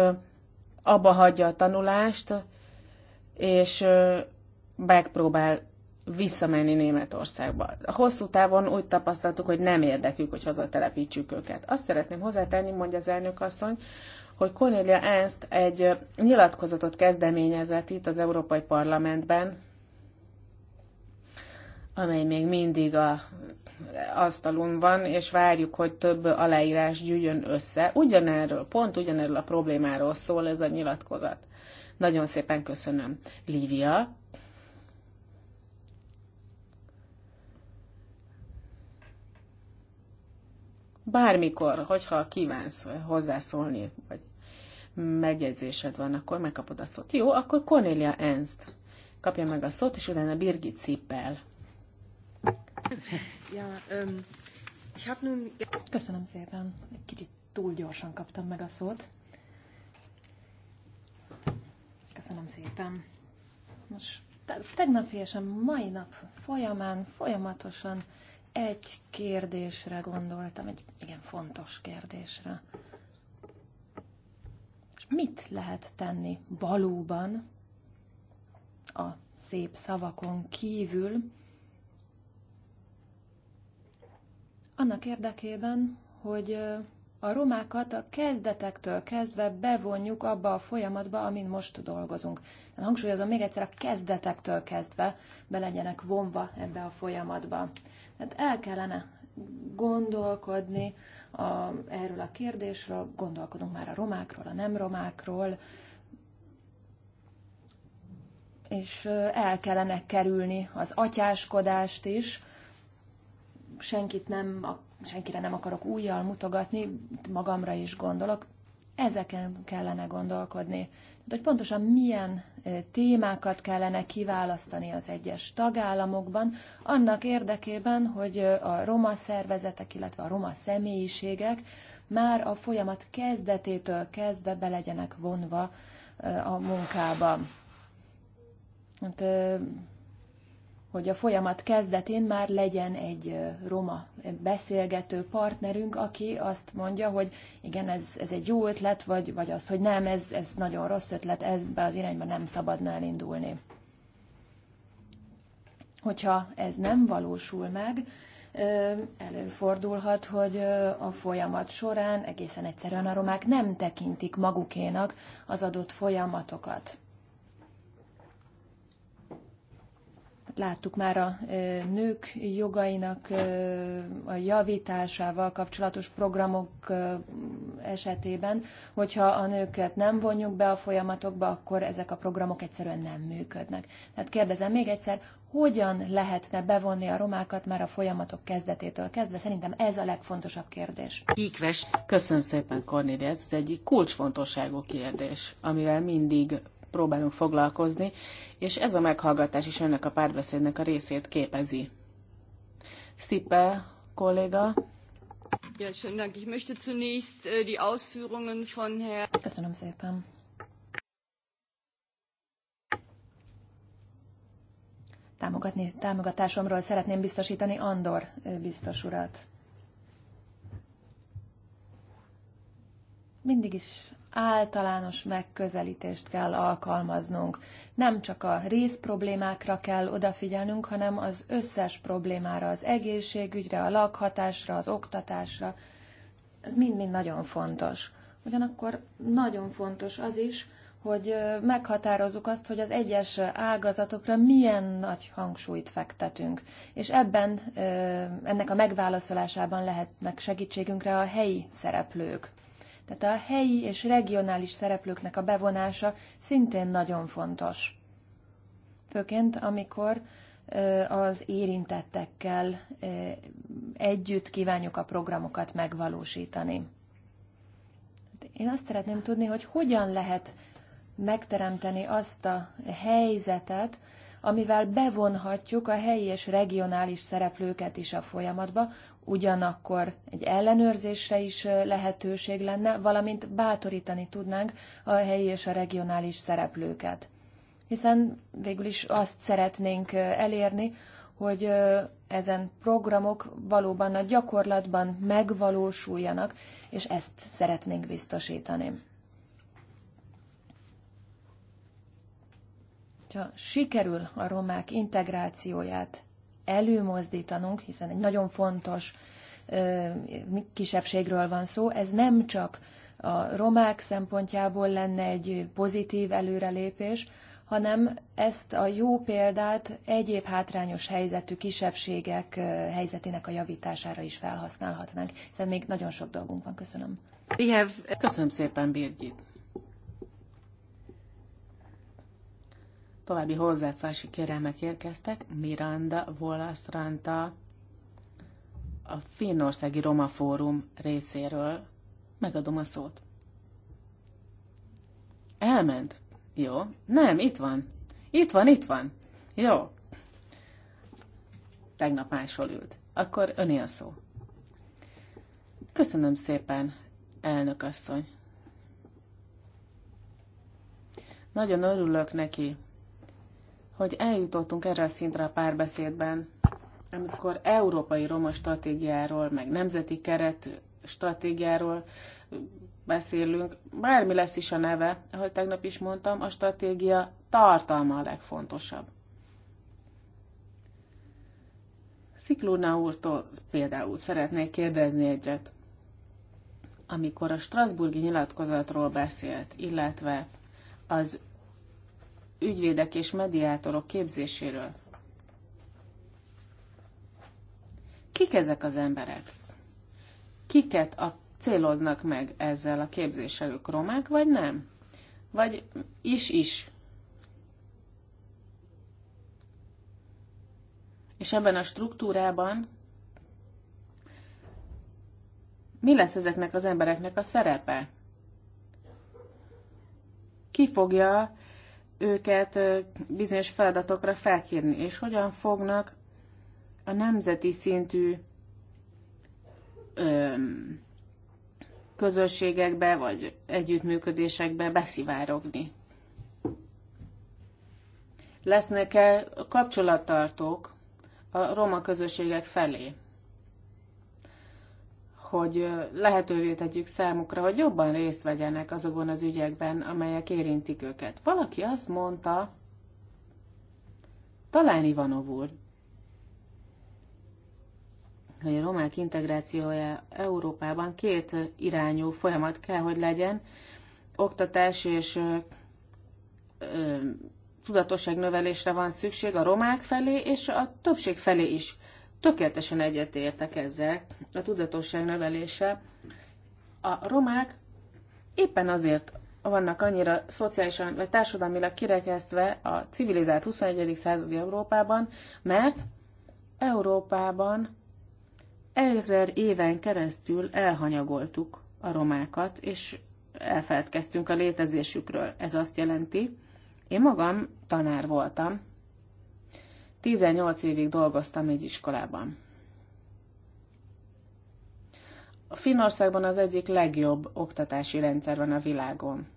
abba hagyja a tanulást, és megpróbál visszamenni Németországba. A hosszú távon úgy tapasztaltuk, hogy nem érdekük, hogy hazatelepítsük őket. Azt szeretném hozzátenni, mondja az elnök asszony, hogy Cornelia Ernst egy nyilatkozatot kezdeményezett itt az Európai Parlamentben, amely még mindig a asztalon van, és várjuk, hogy több aláírás gyűjjön össze. Ugyanerről, pont ugyanerről a problémáról szól ez a nyilatkozat. Nagyon szépen köszönöm. Lívia, bármikor, hogyha kívánsz hozzászólni, vagy megjegyzésed van, akkor megkapod a szót. Jó, akkor Cornelia Ernst kapja meg a szót, és utána Birgit Cippel. Ja, um, ich hát nun... Köszönöm szépen. Egy kicsit túl gyorsan kaptam meg a szót. Köszönöm szépen. Most tegnap és a mai nap folyamán folyamatosan egy kérdésre gondoltam, egy igen fontos kérdésre. És mit lehet tenni valóban a szép szavakon kívül annak érdekében, hogy a romákat a kezdetektől kezdve bevonjuk abba a folyamatba, amin most dolgozunk. Hát hangsúlyozom még egyszer, a kezdetektől kezdve be legyenek vonva ebbe a folyamatba. Tehát el kellene gondolkodni a, erről a kérdésről, gondolkodunk már a romákról, a nem romákról, és el kellene kerülni az atyáskodást is, senkit nem a senkire nem akarok újjal mutogatni, magamra is gondolok, ezeken kellene gondolkodni. Tehát, hogy pontosan milyen témákat kellene kiválasztani az egyes tagállamokban, annak érdekében, hogy a roma szervezetek, illetve a roma személyiségek már a folyamat kezdetétől kezdve be legyenek vonva a munkába. Hát, hogy a folyamat kezdetén már legyen egy roma beszélgető partnerünk, aki azt mondja, hogy igen, ez, ez egy jó ötlet, vagy, vagy azt, hogy nem, ez, ez nagyon rossz ötlet, ebbe az irányba nem szabadna elindulni. Hogyha ez nem valósul meg, előfordulhat, hogy a folyamat során egészen egyszerűen a romák nem tekintik magukénak az adott folyamatokat. láttuk már a nők jogainak a javításával kapcsolatos programok esetében, hogyha a nőket nem vonjuk be a folyamatokba, akkor ezek a programok egyszerűen nem működnek. Tehát kérdezem még egyszer, hogyan lehetne bevonni a romákat már a folyamatok kezdetétől kezdve? Szerintem ez a legfontosabb kérdés. Kíkves. Köszönöm szépen, Kornéli. Ez egy kulcsfontosságú kérdés, amivel mindig próbálunk foglalkozni, és ez a meghallgatás is ennek a párbeszédnek a részét képezi. Szippe kolléga. Ja, schönen Dank. Ich möchte zunächst äh, die Ausführungen von Herrn... Köszönöm szépen. Támogatni, támogatásomról szeretném biztosítani Andor biztos urat. Mindig is általános megközelítést kell alkalmaznunk. Nem csak a részproblémákra kell odafigyelnünk, hanem az összes problémára, az egészségügyre, a lakhatásra, az oktatásra. Ez mind-mind nagyon fontos. Ugyanakkor nagyon fontos az is, hogy meghatározzuk azt, hogy az egyes ágazatokra milyen nagy hangsúlyt fektetünk. És ebben, ennek a megválaszolásában lehetnek segítségünkre a helyi szereplők. Tehát a helyi és regionális szereplőknek a bevonása szintén nagyon fontos. Főként, amikor az érintettekkel együtt kívánjuk a programokat megvalósítani. Hát én azt szeretném tudni, hogy hogyan lehet megteremteni azt a helyzetet, amivel bevonhatjuk a helyi és regionális szereplőket is a folyamatba, ugyanakkor egy ellenőrzésre is lehetőség lenne, valamint bátorítani tudnánk a helyi és a regionális szereplőket. Hiszen végül is azt szeretnénk elérni, hogy ezen programok valóban a gyakorlatban megvalósuljanak, és ezt szeretnénk biztosítani. Ha sikerül a romák integrációját előmozdítanunk, hiszen egy nagyon fontos kisebbségről van szó. Ez nem csak a romák szempontjából lenne egy pozitív előrelépés, hanem ezt a jó példát egyéb hátrányos helyzetű kisebbségek helyzetének a javítására is felhasználhatnánk, hiszen még nagyon sok dolgunk van. Köszönöm. have... Köszönöm szépen, Birgit. További hozzászási kérelmek érkeztek. Miranda volasranta a Finnországi Roma Fórum részéről. Megadom a szót. Elment. Jó. Nem, itt van. Itt van, itt van. Jó. Tegnap máshol ült. Akkor öné a szó. Köszönöm szépen, elnök asszony. Nagyon örülök neki, hogy eljutottunk erre a szintre a párbeszédben, amikor európai roma stratégiáról, meg nemzeti keret stratégiáról beszélünk, bármi lesz is a neve, ahogy tegnap is mondtam, a stratégia tartalma a legfontosabb. Sziklurna úrtól például szeretnék kérdezni egyet. Amikor a Strasburgi nyilatkozatról beszélt, illetve az ügyvédek és mediátorok képzéséről. Kik ezek az emberek? Kiket a céloznak meg ezzel a képzéssel? Ők romák, vagy nem? Vagy is-is? És ebben a struktúrában mi lesz ezeknek az embereknek a szerepe? Ki fogja őket bizonyos feladatokra felkérni, és hogyan fognak a nemzeti szintű közösségekbe vagy együttműködésekbe beszivárogni. Lesznek-e kapcsolattartók a roma közösségek felé? hogy lehetővé tegyük számukra, hogy jobban részt vegyenek azokon az ügyekben, amelyek érintik őket. Valaki azt mondta, talán Ivanov úr, hogy a romák integrációja Európában két irányú folyamat kell, hogy legyen, oktatás és ö, ö, növelésre van szükség a romák felé és a többség felé is. Tökéletesen egyetértek ezzel. A tudatosság növelése. A romák éppen azért vannak annyira szociálisan vagy társadalmilag kirekesztve a civilizált 21. századi Európában, mert Európában ezer éven keresztül elhanyagoltuk a romákat, és elfeledkeztünk a létezésükről. Ez azt jelenti, én magam tanár voltam, 18 évig dolgoztam egy iskolában. A Finnországban az egyik legjobb oktatási rendszer van a világon.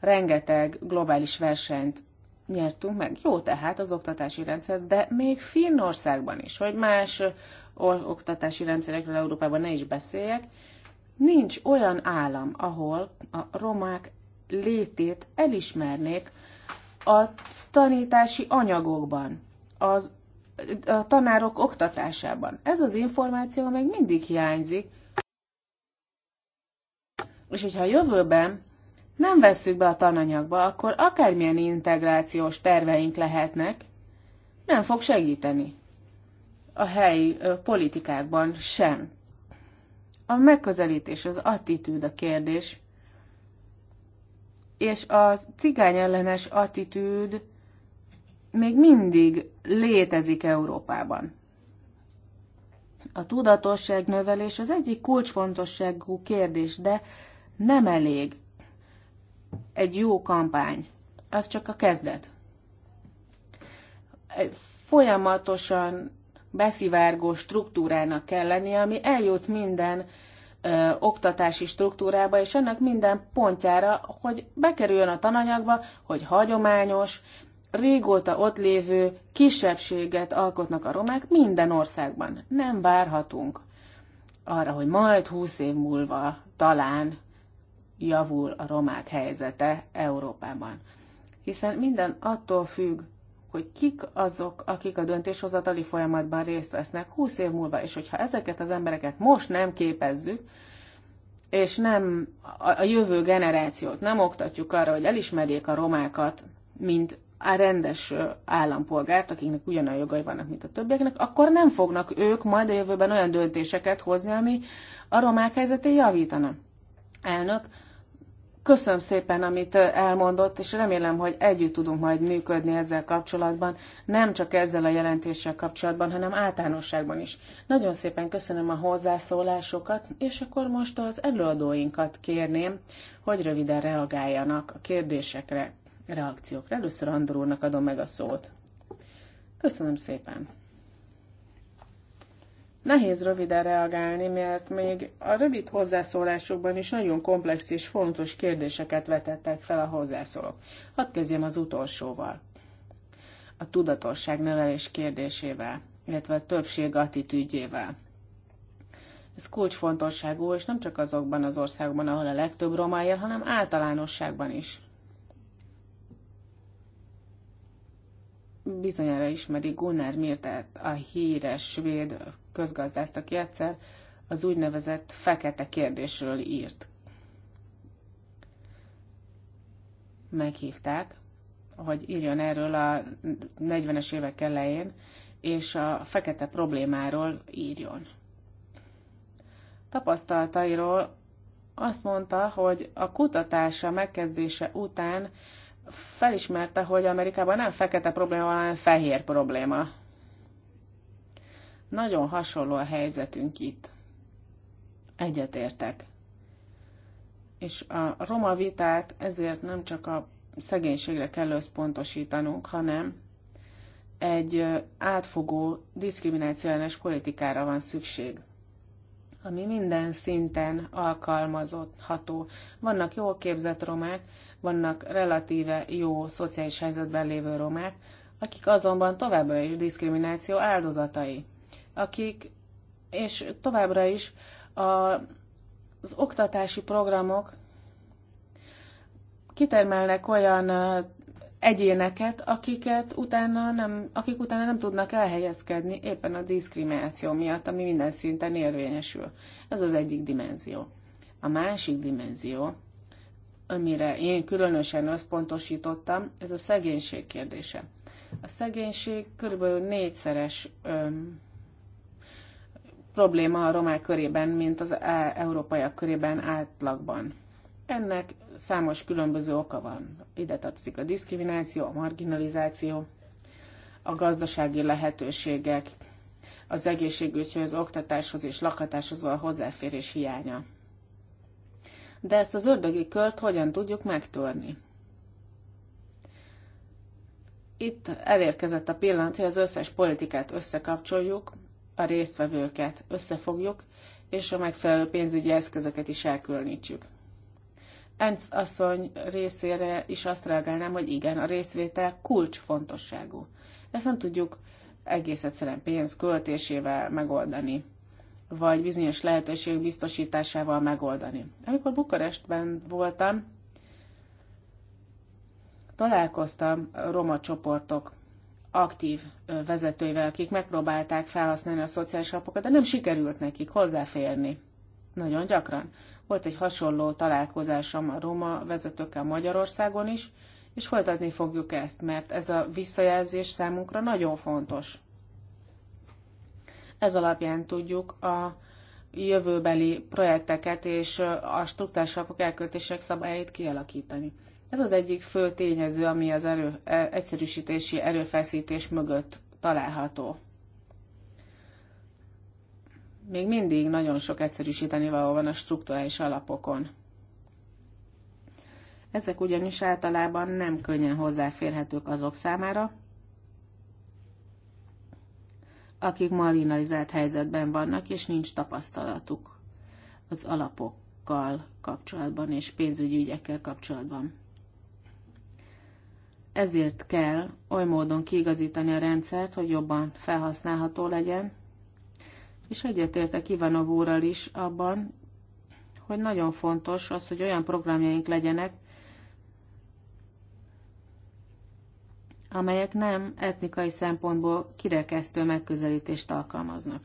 Rengeteg globális versenyt nyertünk meg. Jó tehát az oktatási rendszer, de még Finnországban is, hogy más oktatási rendszerekről Európában ne is beszéljek, nincs olyan állam, ahol a romák létét elismernék a tanítási anyagokban az, a tanárok oktatásában. Ez az információ még mindig hiányzik, és hogyha a jövőben nem vesszük be a tananyagba, akkor akármilyen integrációs terveink lehetnek, nem fog segíteni a helyi ö, politikákban sem. A megközelítés, az attitűd a kérdés, és a cigány ellenes attitűd még mindig létezik Európában. A tudatosság növelés az egyik kulcsfontosságú kérdés, de nem elég egy jó kampány. Az csak a kezdet. Folyamatosan beszivárgó struktúrának kell lennie, ami eljut minden ö, oktatási struktúrába, és ennek minden pontjára, hogy bekerüljön a tananyagba, hogy hagyományos, régóta ott lévő kisebbséget alkotnak a romák minden országban. Nem várhatunk arra, hogy majd húsz év múlva talán javul a romák helyzete Európában. Hiszen minden attól függ, hogy kik azok, akik a döntéshozatali folyamatban részt vesznek 20 év múlva, és hogyha ezeket az embereket most nem képezzük, és nem a jövő generációt nem oktatjuk arra, hogy elismerjék a romákat, mint a rendes állampolgárt, akiknek ugyanolyan jogai vannak, mint a többieknek, akkor nem fognak ők majd a jövőben olyan döntéseket hozni, ami a romák helyzetét javítana. Elnök, köszönöm szépen, amit elmondott, és remélem, hogy együtt tudunk majd működni ezzel kapcsolatban, nem csak ezzel a jelentéssel kapcsolatban, hanem általánosságban is. Nagyon szépen köszönöm a hozzászólásokat, és akkor most az előadóinkat kérném, hogy röviden reagáljanak a kérdésekre, reakciókra. Először Andor úrnak adom meg a szót. Köszönöm szépen. Nehéz röviden reagálni, mert még a rövid hozzászólásokban is nagyon komplex és fontos kérdéseket vetettek fel a hozzászólók. Hadd kezdjem az utolsóval. A tudatosság növelés kérdésével, illetve a többség attitűdjével. Ez kulcsfontosságú, és nem csak azokban az országban, ahol a legtöbb roma él, hanem általánosságban is. bizonyára ismeri Gunnar Mirtert, a híres svéd közgazdászt, aki egyszer az úgynevezett fekete kérdésről írt. Meghívták, hogy írjon erről a 40-es évek elején, és a fekete problémáról írjon. Tapasztalatairól azt mondta, hogy a kutatása megkezdése után felismerte, hogy Amerikában nem fekete probléma, hanem fehér probléma. Nagyon hasonló a helyzetünk itt. Egyetértek. És a roma vitát ezért nem csak a szegénységre kell összpontosítanunk, hanem egy átfogó diszkriminációs politikára van szükség ami minden szinten alkalmazható. Vannak jól képzett romák, vannak relatíve jó szociális helyzetben lévő romák, akik azonban továbbra is diszkrimináció áldozatai, akik és továbbra is a, az oktatási programok kitermelnek olyan egyéneket, akiket utána nem, akik utána nem tudnak elhelyezkedni éppen a diszkrimináció miatt, ami minden szinten érvényesül. Ez az egyik dimenzió. A másik dimenzió amire én különösen összpontosítottam, ez a szegénység kérdése. A szegénység körülbelül négyszeres öm, probléma a romák körében, mint az e- európaiak körében átlagban. Ennek számos különböző oka van. Ide tartozik a diszkrimináció, a marginalizáció, a gazdasági lehetőségek, az egészségügyhöz, oktatáshoz és lakhatáshoz való hozzáférés hiánya de ezt az ördögi kört hogyan tudjuk megtörni. Itt elérkezett a pillanat, hogy az összes politikát összekapcsoljuk, a résztvevőket összefogjuk, és a megfelelő pénzügyi eszközöket is elkülönítsük. Enc asszony részére is azt reagálnám, hogy igen, a részvétel kulcsfontosságú. Ezt nem tudjuk egész egyszerűen pénz költésével megoldani vagy bizonyos lehetőségek biztosításával megoldani. Amikor Bukarestben voltam, találkoztam roma csoportok aktív vezetőivel, akik megpróbálták felhasználni a szociális alapokat, de nem sikerült nekik hozzáférni. Nagyon gyakran. Volt egy hasonló találkozásom a roma vezetőkkel Magyarországon is, és folytatni fogjuk ezt, mert ez a visszajelzés számunkra nagyon fontos. Ez alapján tudjuk a jövőbeli projekteket és a struktúrás alapok elköltések szabályait kialakítani. Ez az egyik fő tényező, ami az erő, e, egyszerűsítési erőfeszítés mögött található. Még mindig nagyon sok egyszerűsíteni való van a struktúrális alapokon. Ezek ugyanis általában nem könnyen hozzáférhetők azok számára, akik marginalizált helyzetben vannak, és nincs tapasztalatuk az alapokkal kapcsolatban és pénzügyi ügyekkel kapcsolatban. Ezért kell oly módon kiigazítani a rendszert, hogy jobban felhasználható legyen, és egyetértek Ivanov úrral is abban, hogy nagyon fontos az, hogy olyan programjaink legyenek, amelyek nem etnikai szempontból kirekesztő megközelítést alkalmaznak.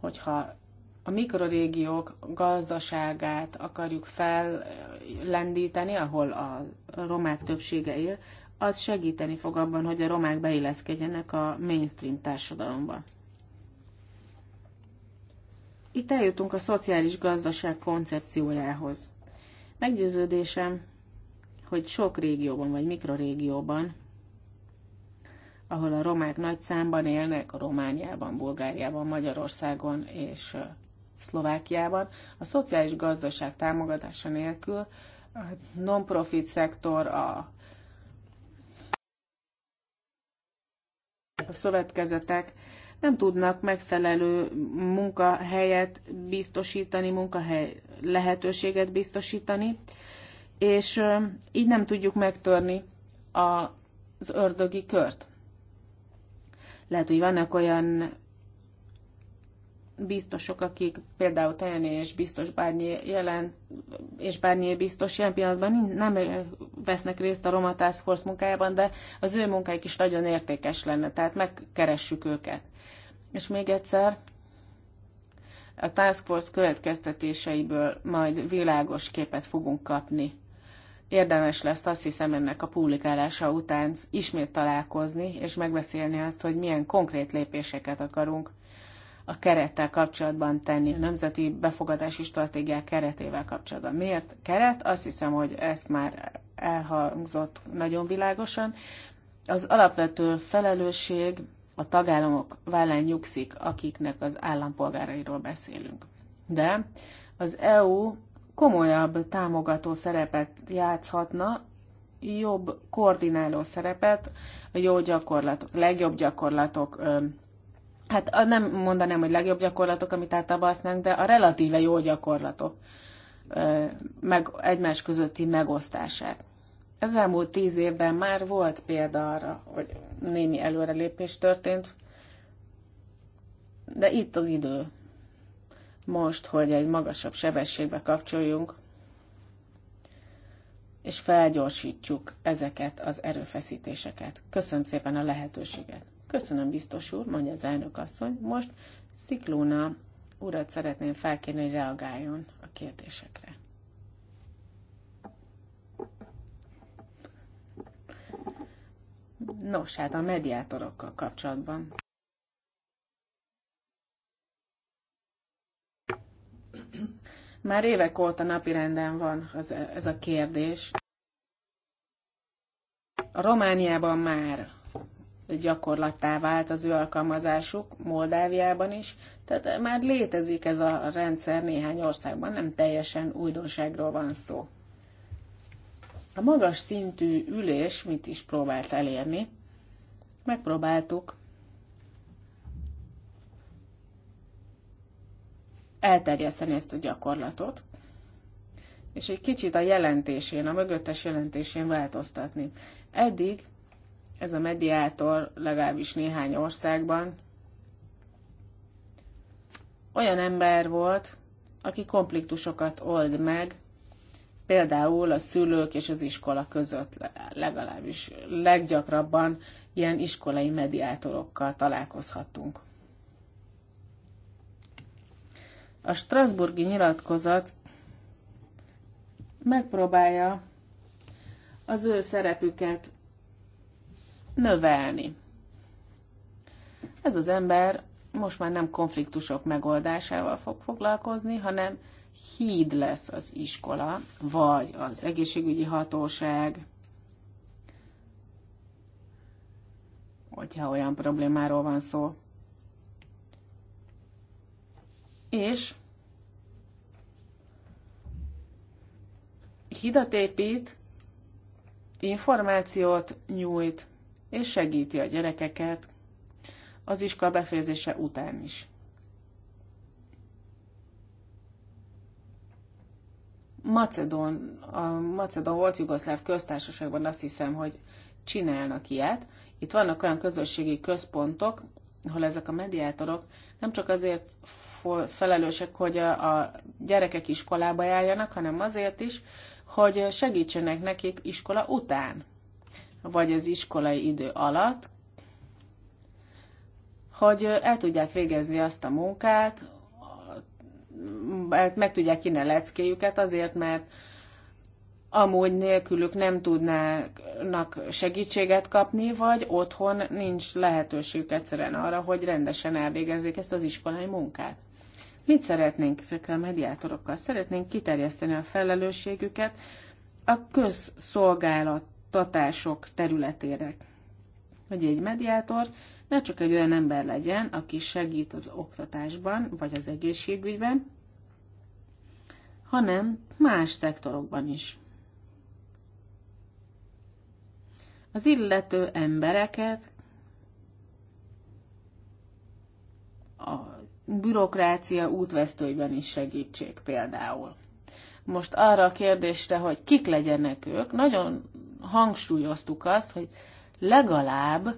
Hogyha a mikrorégiók gazdaságát akarjuk fellendíteni, ahol a romák többsége él, az segíteni fog abban, hogy a romák beilleszkedjenek a mainstream társadalomba. Itt eljutunk a szociális gazdaság koncepciójához. Meggyőződésem, hogy sok régióban vagy mikrorégióban, ahol a romák nagy számban élnek, a Romániában, Bulgáriában, Magyarországon és Szlovákiában, a szociális gazdaság támogatása nélkül a non-profit szektor, a, a szövetkezetek nem tudnak megfelelő munkahelyet biztosítani, munkahely lehetőséget biztosítani, és így nem tudjuk megtörni az ördögi kört. Lehet, hogy vannak olyan biztosok, akik például Tajani és biztos bárnyi jelen, és bárnyi biztos jelen pillanatban nem vesznek részt a Roma Task Force munkájában, de az ő munkáik is nagyon értékes lenne, tehát megkeressük őket. És még egyszer, a Task Force következtetéseiből majd világos képet fogunk kapni érdemes lesz azt hiszem ennek a publikálása után ismét találkozni, és megbeszélni azt, hogy milyen konkrét lépéseket akarunk a kerettel kapcsolatban tenni, a nemzeti befogadási stratégiák keretével kapcsolatban. Miért keret? Azt hiszem, hogy ezt már elhangzott nagyon világosan. Az alapvető felelősség a tagállamok vállán nyugszik, akiknek az állampolgárairól beszélünk. De az EU komolyabb támogató szerepet játszhatna, jobb koordináló szerepet, a jó gyakorlatok, legjobb gyakorlatok, hát nem mondanám, hogy legjobb gyakorlatok, amit általában de a relatíve jó gyakorlatok meg egymás közötti megosztását. Ez elmúlt tíz évben már volt példa arra, hogy némi előrelépés történt, de itt az idő, most, hogy egy magasabb sebességbe kapcsoljunk, és felgyorsítsuk ezeket az erőfeszítéseket. Köszönöm szépen a lehetőséget. Köszönöm, biztos úr, mondja az elnök asszony. Most Sziklóna urat szeretném felkérni, hogy reagáljon a kérdésekre. Nos, hát a mediátorokkal kapcsolatban. Már évek óta napirenden van az, ez a kérdés. A Romániában már gyakorlattá vált az ő alkalmazásuk, Moldáviában is, tehát már létezik ez a rendszer néhány országban, nem teljesen újdonságról van szó. A magas szintű ülés mit is próbált elérni? Megpróbáltuk elterjeszteni ezt a gyakorlatot, és egy kicsit a jelentésén, a mögöttes jelentésén változtatni. Eddig ez a mediátor legalábbis néhány országban olyan ember volt, aki konfliktusokat old meg, például a szülők és az iskola között legalábbis leggyakrabban ilyen iskolai mediátorokkal találkozhattunk. A Strasburgi nyilatkozat megpróbálja az ő szerepüket növelni. Ez az ember most már nem konfliktusok megoldásával fog foglalkozni, hanem híd lesz az iskola, vagy az egészségügyi hatóság, hogyha olyan problémáról van szó, és hidat épít, információt nyújt, és segíti a gyerekeket az iskola befejezése után is. Macedon, a Macedon volt Jugoszláv köztársaságban azt hiszem, hogy csinálnak ilyet. Itt vannak olyan közösségi központok, ahol ezek a mediátorok nem csak azért felelősek, hogy a gyerekek iskolába járjanak, hanem azért is, hogy segítsenek nekik iskola után, vagy az iskolai idő alatt, hogy el tudják végezni azt a munkát, meg tudják kinni leckéjüket azért, mert amúgy nélkülük nem tudnának segítséget kapni, vagy otthon nincs lehetőségük egyszerűen arra, hogy rendesen elvégezzék ezt az iskolai munkát. Mit szeretnénk ezekkel a mediátorokkal? Szeretnénk kiterjeszteni a felelősségüket a közszolgáltatások területére. Hogy egy mediátor ne csak egy olyan ember legyen, aki segít az oktatásban vagy az egészségügyben, hanem más szektorokban is az illető embereket a bürokrácia útvesztőiben is segítsék például. Most arra a kérdésre, hogy kik legyenek ők, nagyon hangsúlyoztuk azt, hogy legalább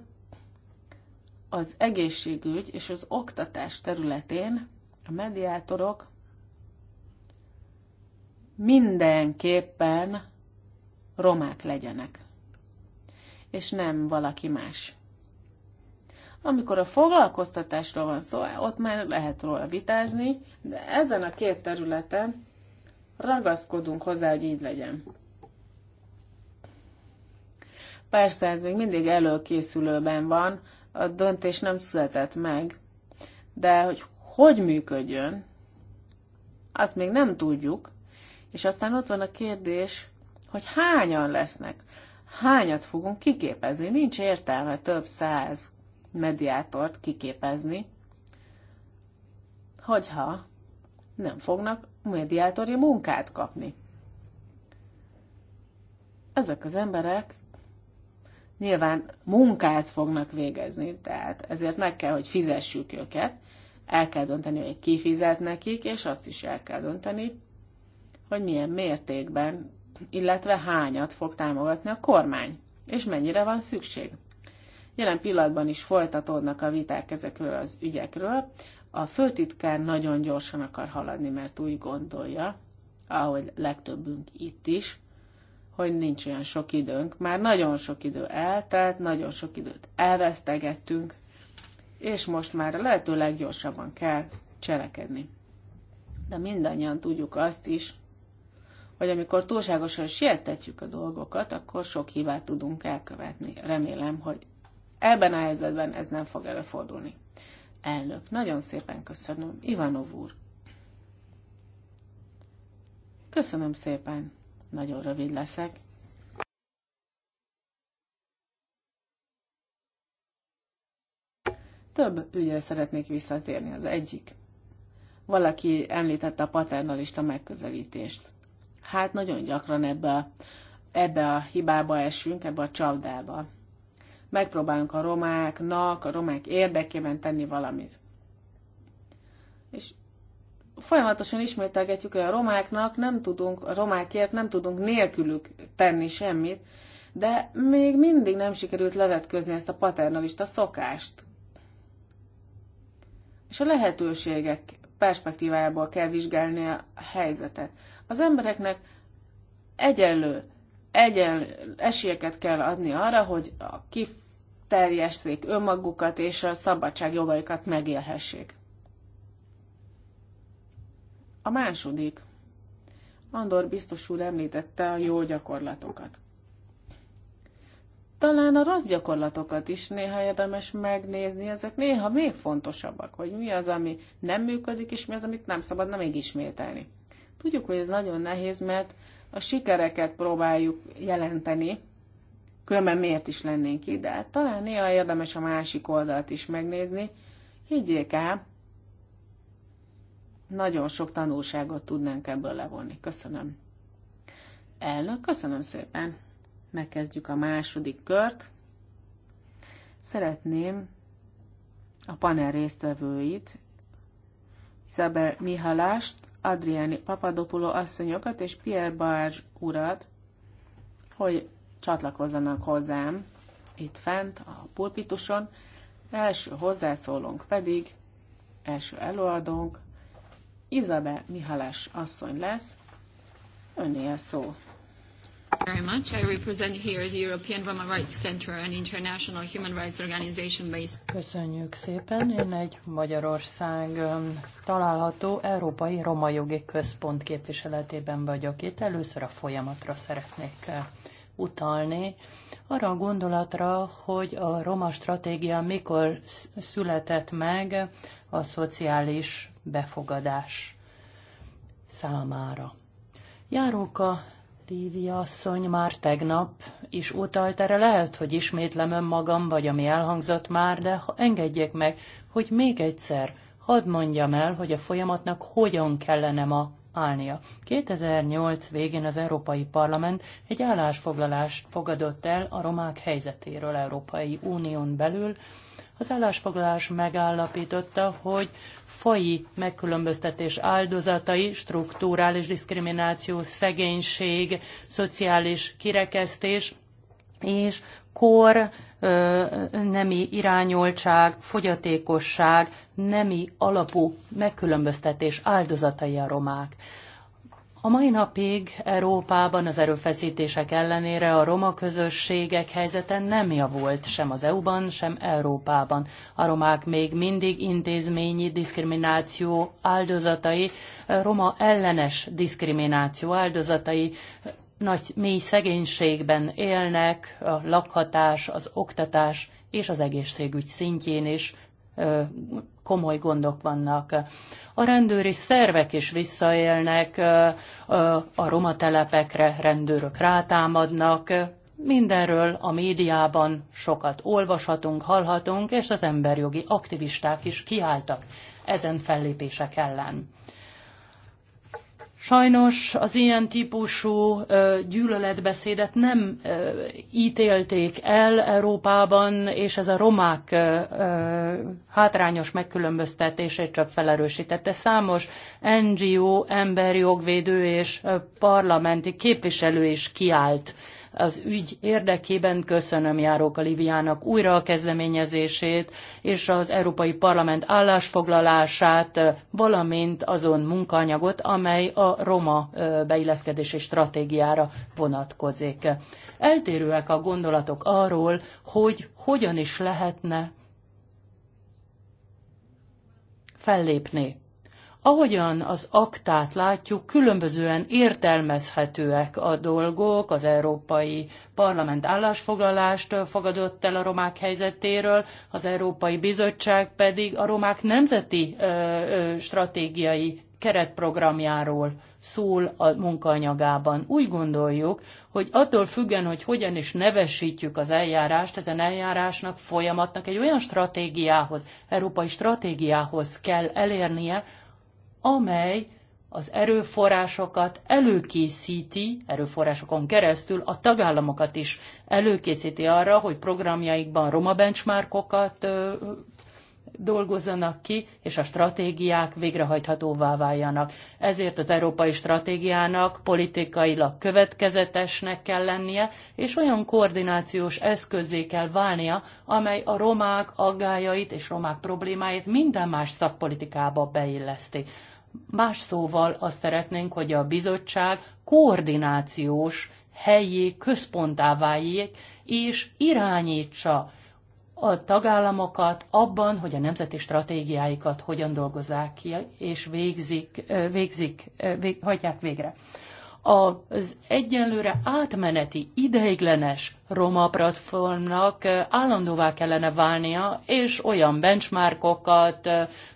az egészségügy és az oktatás területén a mediátorok mindenképpen romák legyenek és nem valaki más. Amikor a foglalkoztatásról van szó, ott már lehet róla vitázni, de ezen a két területen ragaszkodunk hozzá, hogy így legyen. Persze ez még mindig előkészülőben van, a döntés nem született meg, de hogy hogy működjön, azt még nem tudjuk, és aztán ott van a kérdés, hogy hányan lesznek hányat fogunk kiképezni. Nincs értelme több száz mediátort kiképezni, hogyha nem fognak mediátori munkát kapni. Ezek az emberek nyilván munkát fognak végezni, tehát ezért meg kell, hogy fizessük őket, el kell dönteni, hogy ki fizet nekik, és azt is el kell dönteni, hogy milyen mértékben illetve hányat fog támogatni a kormány, és mennyire van szükség. Jelen pillanatban is folytatódnak a viták ezekről az ügyekről. A főtitkár nagyon gyorsan akar haladni, mert úgy gondolja, ahogy legtöbbünk itt is, hogy nincs olyan sok időnk. Már nagyon sok idő eltelt, nagyon sok időt elvesztegettünk, és most már a lehető leggyorsabban kell cselekedni. De mindannyian tudjuk azt is, hogy amikor túlságosan sietetjük a dolgokat, akkor sok hibát tudunk elkövetni. Remélem, hogy ebben a helyzetben ez nem fog előfordulni. Elnök, nagyon szépen köszönöm. Ivanov úr. Köszönöm szépen. Nagyon rövid leszek. Több ügyre szeretnék visszatérni. Az egyik. Valaki említette a paternalista megközelítést. Hát nagyon gyakran ebbe a, ebbe a hibába esünk, ebbe a csapdába. Megpróbálunk a romáknak, a romák érdekében tenni valamit. És folyamatosan ismételgetjük, hogy a romáknak nem tudunk, a romákért nem tudunk nélkülük tenni semmit, de még mindig nem sikerült levetközni ezt a paternalista szokást. És a lehetőségek perspektívájából kell vizsgálni a helyzetet. Az embereknek egyenlő, egyenlő esélyeket kell adni arra, hogy a kiterjesszék önmagukat és a szabadság megélhessék. A második. Andor biztos úr említette a jó gyakorlatokat talán a rossz gyakorlatokat is néha érdemes megnézni, ezek néha még fontosabbak, hogy mi az, ami nem működik, és mi az, amit nem szabadna még ismételni. Tudjuk, hogy ez nagyon nehéz, mert a sikereket próbáljuk jelenteni, különben miért is lennénk ide. Hát talán néha érdemes a másik oldalt is megnézni. Higgyék el, nagyon sok tanulságot tudnánk ebből levonni. Köszönöm. Elnök, köszönöm szépen megkezdjük a második kört. Szeretném a panel résztvevőit, Isabel Mihalást, Adriani Papadopulo asszonyokat és Pierre Barge urat, hogy csatlakozzanak hozzám itt fent a pulpituson. Első hozzászólónk pedig, első előadónk, Izabel Mihalás asszony lesz. Önnél szó very much. I represent here the European Roma Rights Center, an international human rights organization based. Köszönjük szépen. Én egy Magyarországon um, található Európai Roma Jogi Központ képviseletében vagyok itt. Először a folyamatra szeretnék uh, utalni. Arra a gondolatra, hogy a roma stratégia mikor született meg a szociális befogadás számára. Járóka Lívia asszony már tegnap is utalt erre, lehet, hogy ismétlem önmagam, vagy ami elhangzott már, de ha engedjék meg, hogy még egyszer hadd mondjam el, hogy a folyamatnak hogyan kellene ma állnia. 2008 végén az Európai Parlament egy állásfoglalást fogadott el a romák helyzetéről Európai Unión belül, az állásfoglalás megállapította, hogy faji megkülönböztetés áldozatai, struktúrális diszkrimináció, szegénység, szociális kirekesztés és kor, nemi irányoltság, fogyatékosság, nemi alapú megkülönböztetés áldozatai a romák. A mai napig Európában az erőfeszítések ellenére a roma közösségek helyzete nem javult sem az EU-ban, sem Európában. A romák még mindig intézményi diszkrimináció áldozatai, roma ellenes diszkrimináció áldozatai, nagy mély szegénységben élnek, a lakhatás, az oktatás és az egészségügy szintjén is komoly gondok vannak. A rendőri szervek is visszaélnek, a roma telepekre rendőrök rátámadnak, mindenről a médiában sokat olvashatunk, hallhatunk, és az emberjogi aktivisták is kiálltak ezen fellépések ellen. Sajnos az ilyen típusú gyűlöletbeszédet nem ítélték el Európában, és ez a romák hátrányos megkülönböztetését csak felerősítette. Számos NGO, emberjogvédő és parlamenti képviselő is kiállt az ügy érdekében köszönöm Járóka Liviának újra a kezdeményezését és az Európai Parlament állásfoglalását, valamint azon munkanyagot, amely a roma beilleszkedési stratégiára vonatkozik. Eltérőek a gondolatok arról, hogy hogyan is lehetne fellépni Ahogyan az aktát látjuk, különbözően értelmezhetőek a dolgok, az Európai Parlament állásfoglalást fogadott el a romák helyzetéről, az Európai Bizottság pedig a romák nemzeti ö, ö, stratégiai keretprogramjáról szól a munkaanyagában. Úgy gondoljuk, hogy attól függen, hogy hogyan is nevesítjük az eljárást, ezen eljárásnak, folyamatnak egy olyan stratégiához, európai stratégiához kell elérnie, amely az erőforrásokat előkészíti, erőforrásokon keresztül a tagállamokat is előkészíti arra, hogy programjaikban roma benchmarkokat dolgozzanak ki, és a stratégiák végrehajthatóvá váljanak. Ezért az európai stratégiának politikailag következetesnek kell lennie, és olyan koordinációs eszközé kell válnia, amely a romák aggájait és romák problémáit minden más szakpolitikába beilleszti. Más szóval azt szeretnénk, hogy a bizottság koordinációs helyi központá váljék, és irányítsa a tagállamokat abban, hogy a nemzeti stratégiáikat hogyan dolgozzák ki és végzik, végzik vég, hagyják végre az egyenlőre átmeneti, ideiglenes roma platformnak állandóvá kellene válnia, és olyan benchmarkokat,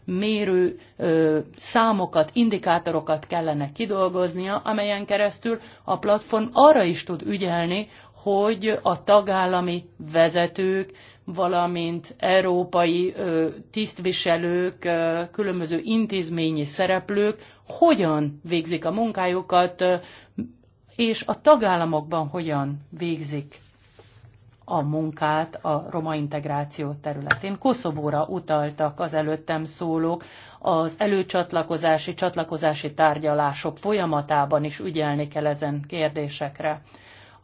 mérő számokat, indikátorokat kellene kidolgoznia, amelyen keresztül a platform arra is tud ügyelni, hogy a tagállami vezetők, valamint európai tisztviselők, különböző intézményi szereplők hogyan végzik a munkájukat, és a tagállamokban hogyan végzik a munkát a roma integráció területén. Koszovóra utaltak az előttem szólók, az előcsatlakozási, csatlakozási tárgyalások folyamatában is ügyelni kell ezen kérdésekre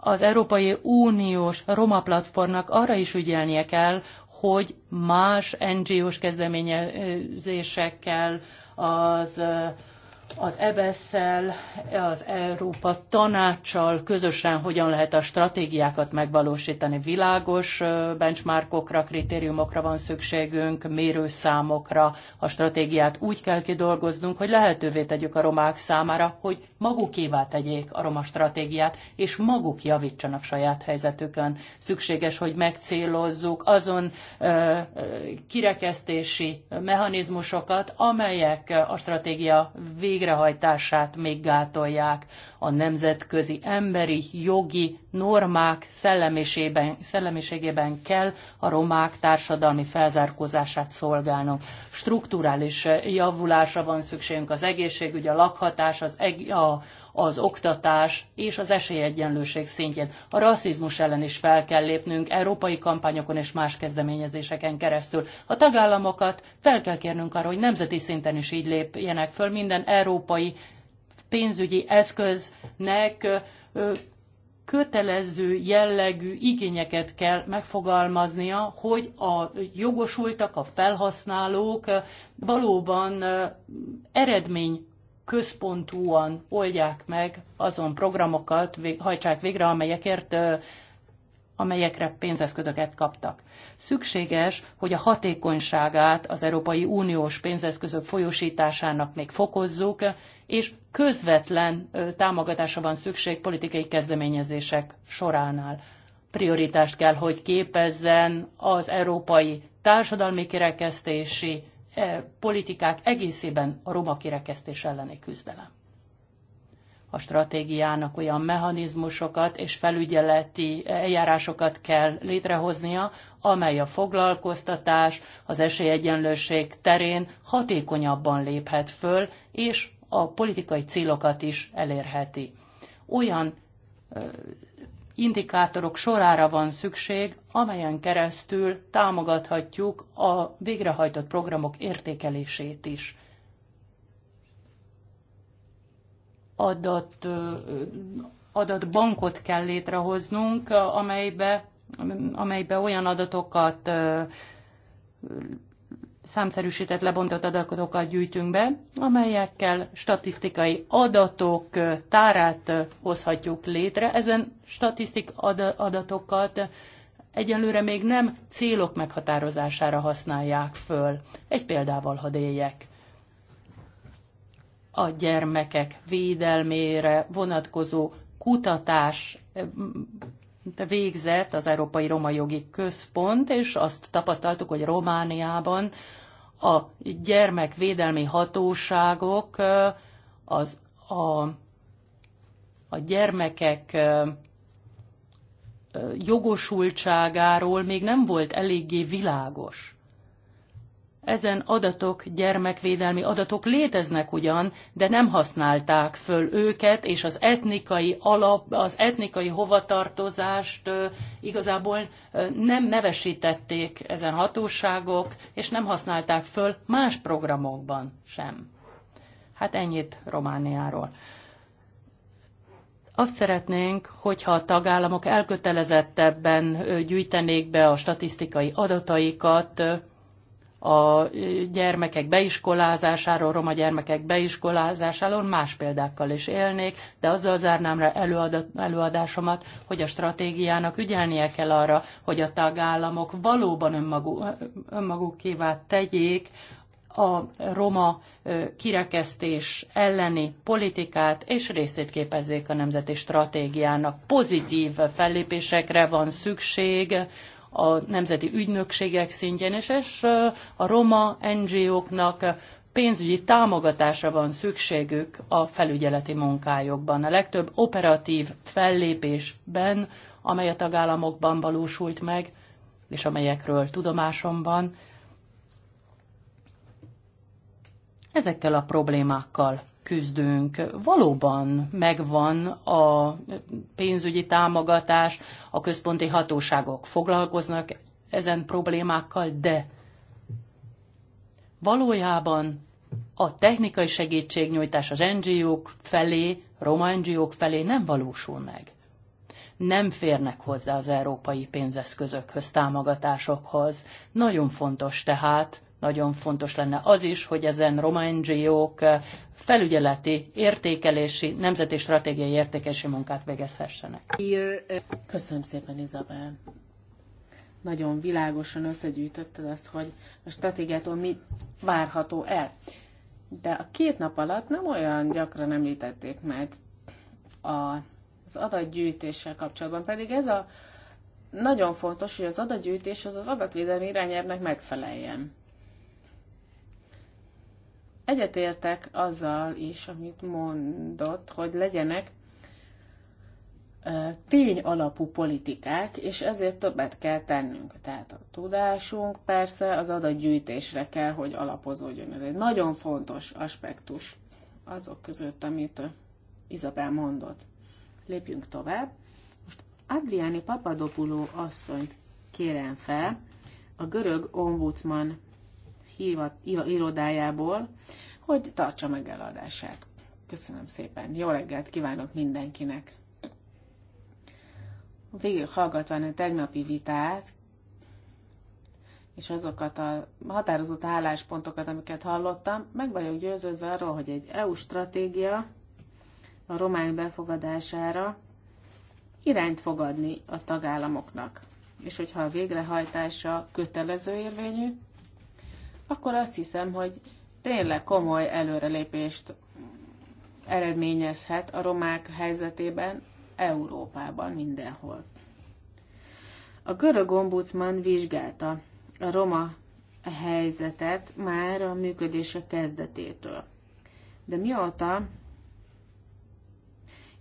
az Európai Uniós Roma Platformnak arra is ügyelnie kell, hogy más NGO-s kezdeményezésekkel, az az EBS-szel, e az Európa tanácssal közösen hogyan lehet a stratégiákat megvalósítani. Világos benchmarkokra, kritériumokra van szükségünk, mérőszámokra. A stratégiát úgy kell kidolgoznunk, hogy lehetővé tegyük a romák számára, hogy magukévá tegyék a roma stratégiát, és maguk javítsanak saját helyzetükön. Szükséges, hogy megcélozzuk azon ö, kirekesztési mechanizmusokat, amelyek a stratégia végre végrehajtását még gátolják a nemzetközi emberi jogi normák szellemiségében kell a romák társadalmi felzárkózását szolgálnunk. Strukturális javulásra van szükségünk az egészségügy, a lakhatás, az eg- a, az oktatás és az esélyegyenlőség szintjén. A rasszizmus ellen is fel kell lépnünk európai kampányokon és más kezdeményezéseken keresztül. A tagállamokat fel kell kérnünk arra, hogy nemzeti szinten is így lépjenek föl minden európai pénzügyi eszköznek kötelező jellegű igényeket kell megfogalmaznia, hogy a jogosultak, a felhasználók valóban eredmény központúan oldják meg azon programokat, hajtsák végre, amelyekért amelyekre pénzeszközöket kaptak. Szükséges, hogy a hatékonyságát az Európai Uniós pénzeszközök folyósításának még fokozzuk, és közvetlen támogatásra van szükség politikai kezdeményezések soránál. Prioritást kell, hogy képezzen az európai társadalmi kirekesztési E, politikák egészében a roma kirekesztés elleni küzdelem. A stratégiának olyan mechanizmusokat és felügyeleti eljárásokat kell létrehoznia, amely a foglalkoztatás, az esélyegyenlőség terén hatékonyabban léphet föl, és a politikai célokat is elérheti. Olyan e, indikátorok sorára van szükség, amelyen keresztül támogathatjuk a végrehajtott programok értékelését is. Adat, adatbankot kell létrehoznunk, amelybe, amelybe olyan adatokat számszerűsített lebontott adatokat gyűjtünk be, amelyekkel statisztikai adatok tárát hozhatjuk létre. Ezen statisztik adatokat egyenlőre még nem célok meghatározására használják föl. Egy példával hadd éljek. A gyermekek védelmére vonatkozó kutatás végzett az Európai Roma Jogi Központ, és azt tapasztaltuk, hogy Romániában a gyermekvédelmi hatóságok az, a, a gyermekek jogosultságáról még nem volt eléggé világos ezen adatok, gyermekvédelmi adatok léteznek ugyan, de nem használták föl őket, és az etnikai alap, az etnikai hovatartozást igazából nem nevesítették ezen hatóságok, és nem használták föl más programokban sem. Hát ennyit Romániáról. Azt szeretnénk, hogyha a tagállamok elkötelezettebben gyűjtenék be a statisztikai adataikat, a gyermekek beiskolázásáról, roma gyermekek beiskolázásáról, más példákkal is élnék, de azzal zárnám rá előad, előadásomat, hogy a stratégiának ügyelnie kell arra, hogy a tagállamok valóban önmaguk, önmagukévá tegyék a roma kirekesztés elleni politikát, és részét képezzék a nemzeti stratégiának. Pozitív fellépésekre van szükség a nemzeti ügynökségek szintjén, és, és a roma NGO-knak pénzügyi támogatásra van szükségük a felügyeleti munkájukban. A legtöbb operatív fellépésben, amely a tagállamokban valósult meg, és amelyekről tudomásom van, ezekkel a problémákkal küzdünk. Valóban megvan a pénzügyi támogatás, a központi hatóságok foglalkoznak ezen problémákkal, de valójában a technikai segítségnyújtás az NGO-k felé, roma NGO-k felé nem valósul meg. Nem férnek hozzá az európai pénzeszközökhöz, támogatásokhoz. Nagyon fontos tehát, nagyon fontos lenne az is, hogy ezen roma NGO-k felügyeleti, értékelési, nemzeti stratégiai értékelési munkát végezhessenek. Köszönöm szépen, Izabel. Nagyon világosan összegyűjtötted azt, hogy a stratégiától mi várható el. De a két nap alatt nem olyan gyakran említették meg a az adatgyűjtéssel kapcsolatban. Pedig ez a nagyon fontos, hogy az adatgyűjtés az az adatvédelmi irányelvnek megfeleljen. Egyetértek azzal is, amit mondott, hogy legyenek tény alapú politikák, és ezért többet kell tennünk. Tehát a tudásunk persze az adatgyűjtésre kell, hogy alapozódjon. Ez egy nagyon fontos aspektus azok között, amit Izabel mondott. Lépjünk tovább. Most Adriáni Papadopuló asszonyt kérem fel, a görög ombudsman hívat, irodájából, hogy tartsa meg eladását. Köszönöm szépen. Jó reggelt kívánok mindenkinek. Végül hallgatva a tegnapi vitát, és azokat a határozott álláspontokat, amiket hallottam, meg vagyok győződve arról, hogy egy EU stratégia a román befogadására irányt fog adni a tagállamoknak. És hogyha a végrehajtása kötelező érvényű, akkor azt hiszem, hogy tényleg komoly előrelépést eredményezhet a romák helyzetében Európában mindenhol. A görög ombudsman vizsgálta a roma helyzetet már a működése kezdetétől. De mióta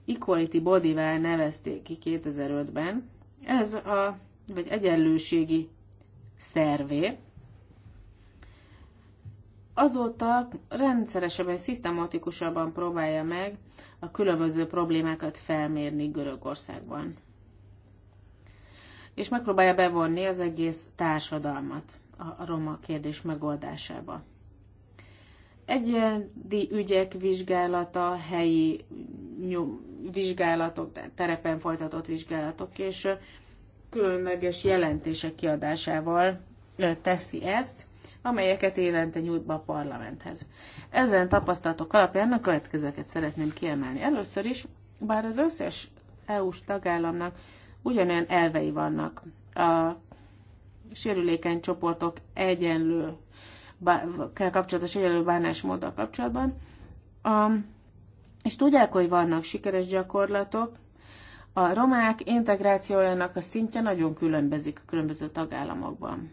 Equality body nevezték ki 2005-ben, ez a, vagy egyenlőségi szervé, azóta rendszeresebben, szisztematikusabban próbálja meg a különböző problémákat felmérni Görögországban. És megpróbálja bevonni az egész társadalmat a roma kérdés megoldásába. Egyedi ügyek vizsgálata, helyi nyom, vizsgálatok, terepen folytatott vizsgálatok és különleges jelentések kiadásával teszi ezt amelyeket évente nyújt be a parlamenthez. Ezen tapasztalatok alapján a következőket szeretném kiemelni. Először is, bár az összes EU-s tagállamnak ugyanolyan elvei vannak a sérülékeny csoportok egyenlő kell kapcsolatos egyenlő bánásmóddal kapcsolatban, um, és tudják, hogy vannak sikeres gyakorlatok, a romák integrációjának a szintje nagyon különbözik a különböző tagállamokban.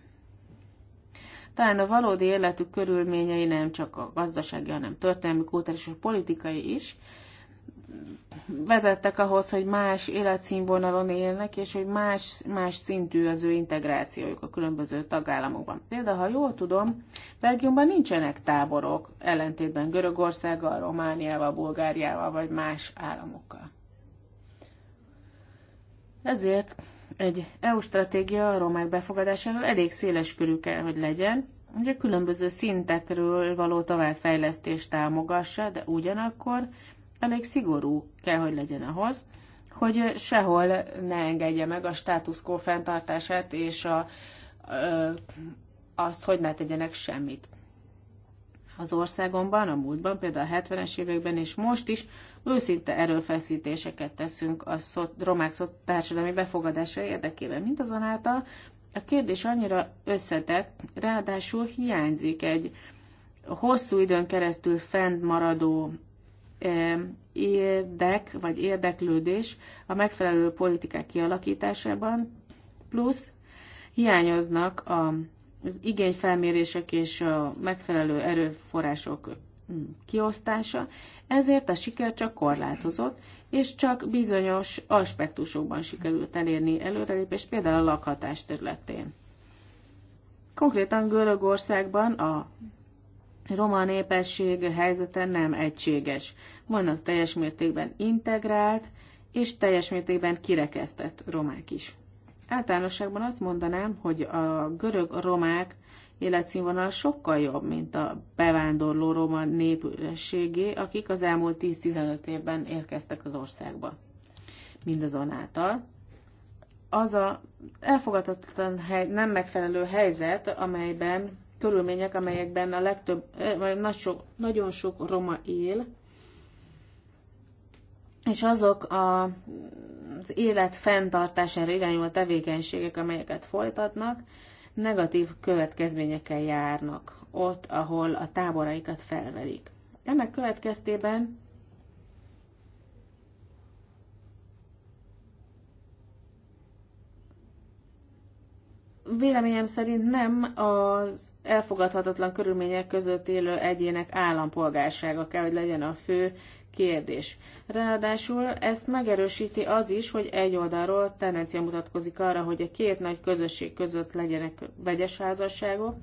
Talán a valódi életük körülményei nem csak a gazdasági, hanem történelmi, kulturális és politikai is vezettek ahhoz, hogy más életszínvonalon élnek, és hogy más, más szintű az ő integrációjuk a különböző tagállamokban. Például, ha jól tudom, Belgiumban nincsenek táborok, ellentétben Görögországgal, Romániával, Bulgáriával vagy más államokkal. Ezért egy EU stratégia a romák befogadásáról elég széles körű kell, hogy legyen, hogy a különböző szintekről való továbbfejlesztést támogassa, de ugyanakkor elég szigorú kell, hogy legyen ahhoz, hogy sehol ne engedje meg a status quo fenntartását és a, ö, azt, hogy ne tegyenek semmit az országomban, a múltban, például a 70-es években és most is őszinte erőfeszítéseket teszünk a szot, romák szot, társadalmi befogadása érdekében. Mindazonáltal a kérdés annyira összetett, ráadásul hiányzik egy hosszú időn keresztül fennmaradó e, érdek vagy érdeklődés a megfelelő politikák kialakításában, plusz hiányoznak a az igényfelmérések és a megfelelő erőforrások mm, kiosztása, ezért a siker csak korlátozott, és csak bizonyos aspektusokban sikerült elérni előrelépést, például a lakhatás területén. Konkrétan Görögországban a roma népesség helyzete nem egységes. Vannak teljes mértékben integrált és teljes mértékben kirekesztett romák is. Általánosságban azt mondanám, hogy a görög-romák életszínvonal sokkal jobb, mint a bevándorló roma népességé, akik az elmúlt 10-15 évben érkeztek az országba. Mindazonáltal az a elfogadhatatlan, hely, nem megfelelő helyzet, amelyben körülmények, amelyekben a legtöbb, vagy nagy sok, nagyon sok roma él, és azok a az élet fenntartására irányuló tevékenységek, amelyeket folytatnak, negatív következményekkel járnak ott, ahol a táboraikat felverik. Ennek következtében véleményem szerint nem az elfogadhatatlan körülmények között élő egyének állampolgársága kell, hogy legyen a fő kérdés. Ráadásul ezt megerősíti az is, hogy egy oldalról tendencia mutatkozik arra, hogy a két nagy közösség között legyenek vegyes házasságok,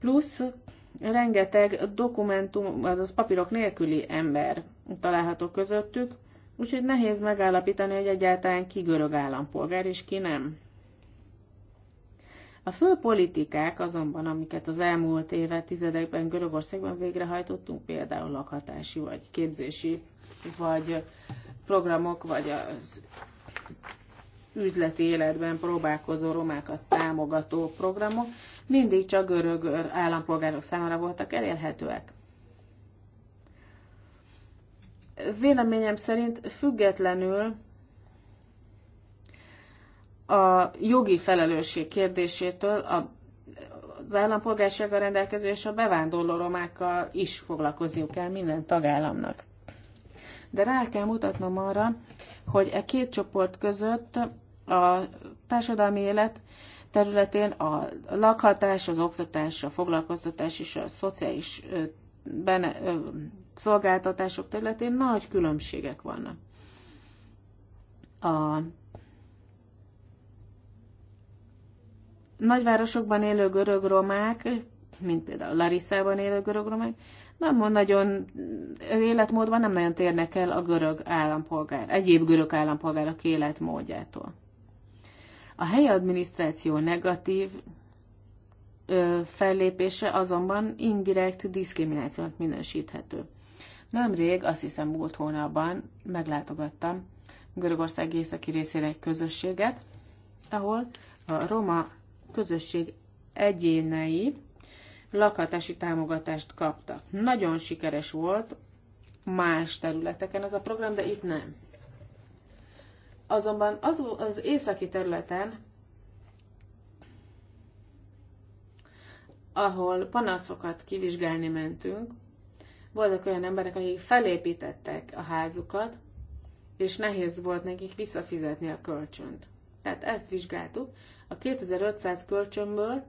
plusz rengeteg dokumentum, azaz papírok nélküli ember található közöttük, úgyhogy nehéz megállapítani, hogy egyáltalán ki görög állampolgár és ki nem. A fő politikák azonban, amiket az elmúlt évtizedekben Görögországban végrehajtottunk, például lakhatási, vagy képzési, vagy programok, vagy az üzleti életben próbálkozó romákat támogató programok, mindig csak görög állampolgárok számára voltak elérhetőek. Véleményem szerint függetlenül a jogi felelősség kérdésétől a, az állampolgársággal rendelkező és a bevándorló romákkal is foglalkozniuk kell minden tagállamnak. De rá kell mutatnom arra, hogy e két csoport között a társadalmi élet területén a lakhatás, az oktatás, a foglalkoztatás és a szociális bene, szolgáltatások területén nagy különbségek vannak. A nagyvárosokban élő görög romák, mint például Larissa-ban élő görög romák, nem nagyon életmódban nem nagyon térnek el a görög állampolgár, egyéb görög állampolgárok életmódjától. A helyi adminisztráció negatív ö, fellépése azonban indirekt diszkriminációnak minősíthető. Nemrég, azt hiszem múlt hónapban meglátogattam Görögország északi részére egy közösséget, ahol a roma közösség egyénei lakhatási támogatást kaptak. Nagyon sikeres volt más területeken ez a program, de itt nem. Azonban az, az északi területen, ahol panaszokat kivizsgálni mentünk, voltak olyan emberek, akik felépítettek a házukat, és nehéz volt nekik visszafizetni a kölcsönt. Tehát ezt vizsgáltuk, a 2500 kölcsönből,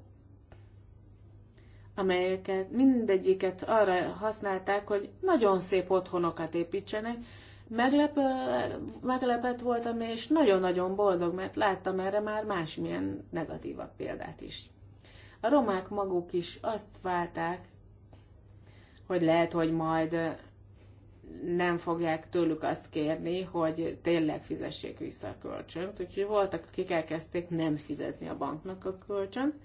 amelyeket mindegyiket arra használták, hogy nagyon szép otthonokat építsenek, Meglep, meglepett voltam, és nagyon-nagyon boldog, mert láttam erre már másmilyen negatívabb példát is. A romák maguk is azt válták, hogy lehet, hogy majd nem fogják tőlük azt kérni, hogy tényleg fizessék vissza a kölcsönt. Úgyhogy voltak, akik elkezdték nem fizetni a banknak a kölcsönt,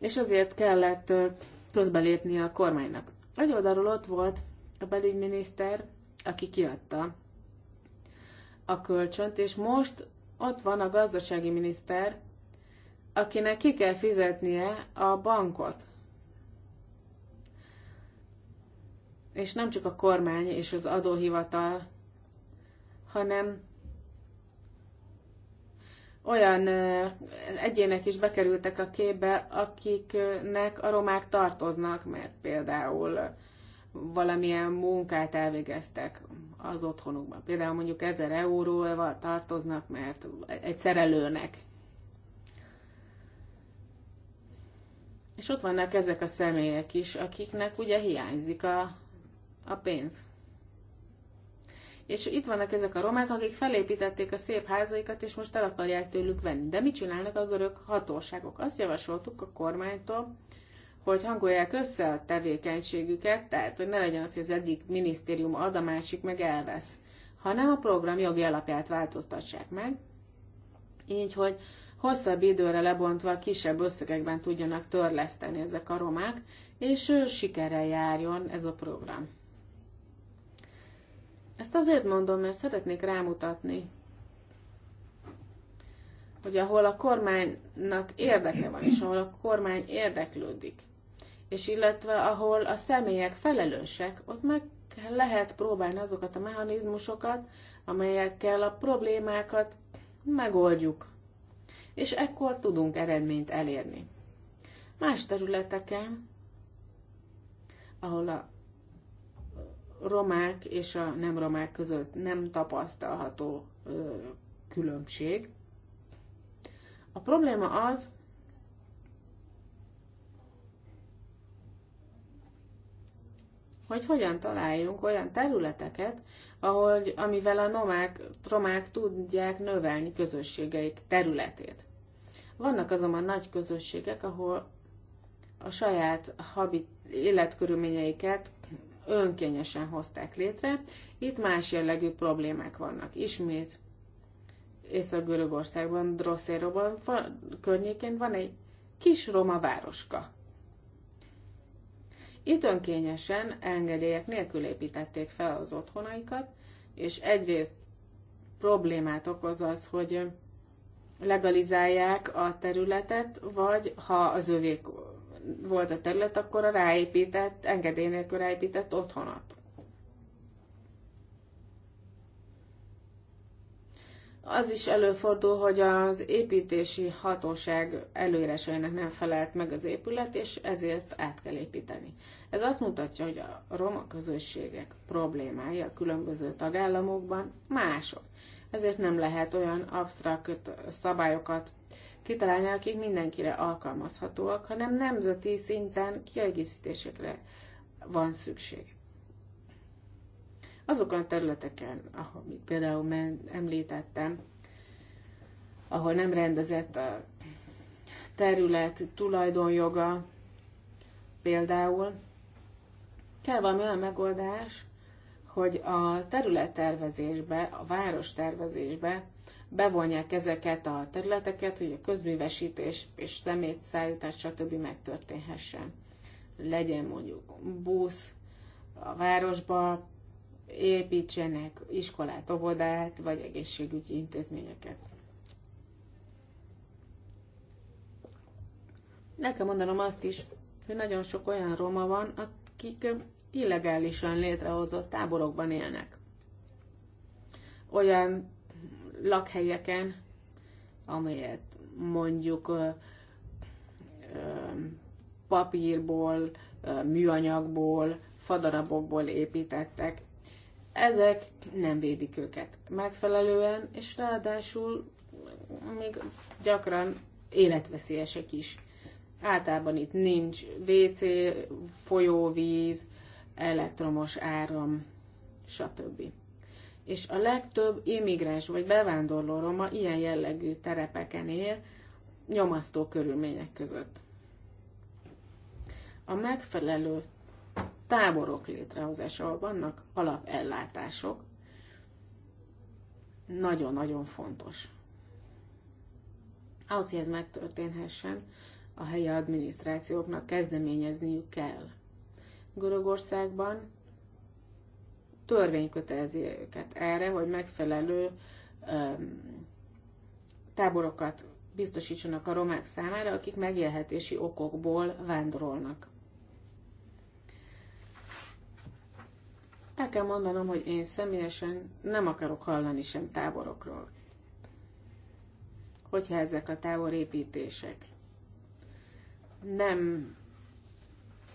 és azért kellett közbelépni a kormánynak. Egy oldalról ott volt a belügyminiszter, aki kiadta a kölcsönt, és most ott van a gazdasági miniszter, akinek ki kell fizetnie a bankot, és nem csak a kormány és az adóhivatal, hanem olyan egyének is bekerültek a képbe, akiknek a romák tartoznak, mert például valamilyen munkát elvégeztek az otthonukban. Például mondjuk 1000 euróval tartoznak, mert egy szerelőnek. És ott vannak ezek a személyek is, akiknek ugye hiányzik a a pénz. És itt vannak ezek a romák, akik felépítették a szép házaikat, és most el akarják tőlük venni. De mit csinálnak a görög hatóságok? Azt javasoltuk a kormánytól, hogy hangolják össze a tevékenységüket, tehát hogy ne legyen az, hogy az egyik minisztérium ad, a másik meg elvesz, hanem a program jogi alapját változtassák meg, így, hogy hosszabb időre lebontva kisebb összegekben tudjanak törleszteni ezek a romák, és sikerrel járjon ez a program. Ezt azért mondom, mert szeretnék rámutatni, hogy ahol a kormánynak érdeke van, és ahol a kormány érdeklődik, és illetve ahol a személyek felelősek, ott meg lehet próbálni azokat a mechanizmusokat, amelyekkel a problémákat megoldjuk, és ekkor tudunk eredményt elérni. Más területeken, ahol a romák és a nem romák között nem tapasztalható ö, különbség. A probléma az, hogy hogyan találjunk olyan területeket, ahol, amivel a nomák, romák tudják növelni közösségeik területét. Vannak azonban nagy közösségek, ahol a saját habit, életkörülményeiket önkényesen hozták létre. Itt más jellegű problémák vannak. Ismét Észak-Görögországban, Drosszéroban környékén van egy kis roma városka. Itt önkényesen engedélyek nélkül építették fel az otthonaikat, és egyrészt problémát okoz az, hogy legalizálják a területet, vagy ha az övék volt a terület, akkor a ráépített, engedély nélkül ráépített otthonat. Az is előfordul, hogy az építési hatóság előírásainak nem felelt meg az épület, és ezért át kell építeni. Ez azt mutatja, hogy a roma közösségek problémája a különböző tagállamokban mások. Ezért nem lehet olyan absztrakt szabályokat kitalálni, akik mindenkire alkalmazhatóak, hanem nemzeti szinten kiegészítésekre van szükség. Azokon a területeken, ahol például említettem, ahol nem rendezett a terület tulajdonjoga, például, kell valami olyan megoldás, hogy a területtervezésbe, a várostervezésbe bevonják ezeket a területeket, hogy a közművesítés és szemétszállítás, stb. megtörténhessen. Legyen mondjuk busz a városba, építsenek iskolát, óvodát, vagy egészségügyi intézményeket. Ne kell mondanom azt is, hogy nagyon sok olyan roma van, akik illegálisan létrehozott táborokban élnek. Olyan lakhelyeken, amelyet mondjuk papírból, műanyagból, fadarabokból építettek. Ezek nem védik őket megfelelően, és ráadásul még gyakran életveszélyesek is. Általában itt nincs WC, folyóvíz, elektromos áram, stb és a legtöbb immigráns vagy bevándorló roma ilyen jellegű terepeken él, nyomasztó körülmények között. A megfelelő táborok létrehozása ahol vannak alapellátások, nagyon-nagyon fontos. Ahhoz, hogy ez megtörténhessen, a helyi adminisztrációknak kezdeményezniük kell. Görögországban törvény kötelezi őket erre, hogy megfelelő um, táborokat biztosítsanak a romák számára, akik megélhetési okokból vándorolnak. El kell mondanom, hogy én személyesen nem akarok hallani sem táborokról. Hogyha ezek a táborépítések nem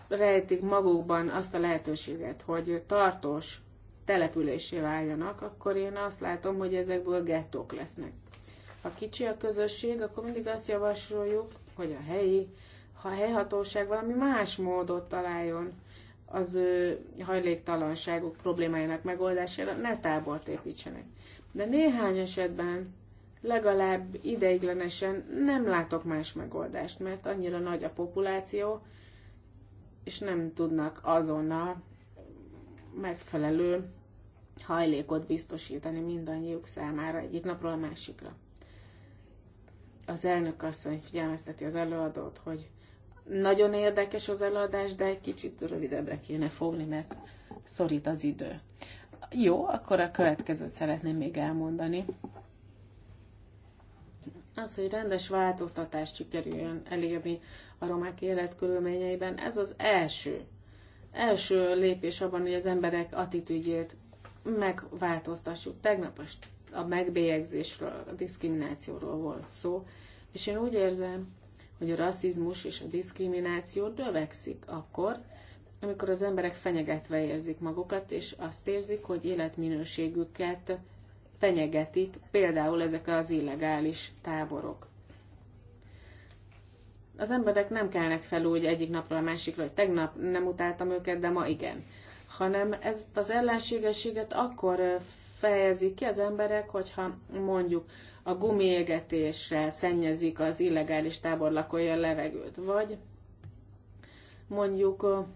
rejtik magukban azt a lehetőséget, hogy tartós településé váljanak, akkor én azt látom, hogy ezekből gettók lesznek. Ha kicsi a közösség, akkor mindig azt javasoljuk, hogy a helyi, ha a helyhatóság valami más módot találjon az ő hajléktalanságok problémájának megoldására, ne tábort építsenek. De néhány esetben legalább ideiglenesen nem látok más megoldást, mert annyira nagy a populáció, és nem tudnak azonnal megfelelő hajlékot biztosítani mindannyiuk számára egyik napról a másikra. Az elnök asszony figyelmezteti az előadót, hogy nagyon érdekes az előadás, de egy kicsit rövidebbre kéne fogni, mert szorít az idő. Jó, akkor a következőt szeretném még elmondani. Az, hogy rendes változtatást sikerüljön elérni a romák életkörülményeiben, ez az első első lépés abban, hogy az emberek attitűdjét megváltoztassuk. Tegnap a megbélyegzésről, a diszkriminációról volt szó, és én úgy érzem, hogy a rasszizmus és a diszkrimináció dövekszik akkor, amikor az emberek fenyegetve érzik magukat, és azt érzik, hogy életminőségüket fenyegetik, például ezek az illegális táborok. Az emberek nem kelnek fel úgy egyik napról a másikra, hogy tegnap nem utáltam őket, de ma igen. Hanem ezt az ellenségességet akkor fejezik ki az emberek, hogyha mondjuk a gumiégetésre szennyezik az illegális táborlakói a levegőt, vagy mondjuk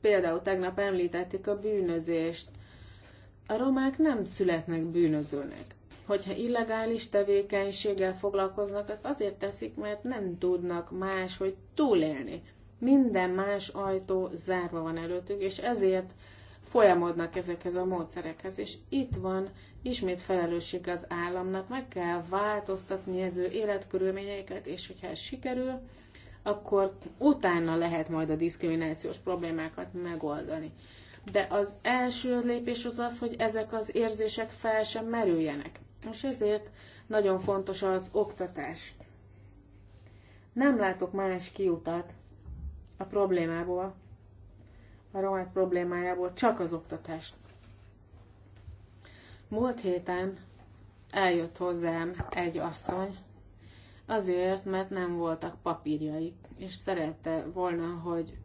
például tegnap említették a bűnözést. A romák nem születnek bűnözőnek hogyha illegális tevékenységgel foglalkoznak, az azért teszik, mert nem tudnak más, hogy túlélni. Minden más ajtó zárva van előttük, és ezért folyamodnak ezekhez a módszerekhez. És itt van ismét felelősség az államnak, meg kell változtatni az ő életkörülményeiket, és hogyha ez sikerül, akkor utána lehet majd a diszkriminációs problémákat megoldani. De az első lépés az az, hogy ezek az érzések fel sem merüljenek. És ezért nagyon fontos az oktatás. Nem látok más kiutat a problémából, a romák problémájából, csak az oktatást. Múlt héten eljött hozzám egy asszony, azért, mert nem voltak papírjai és szerette volna, hogy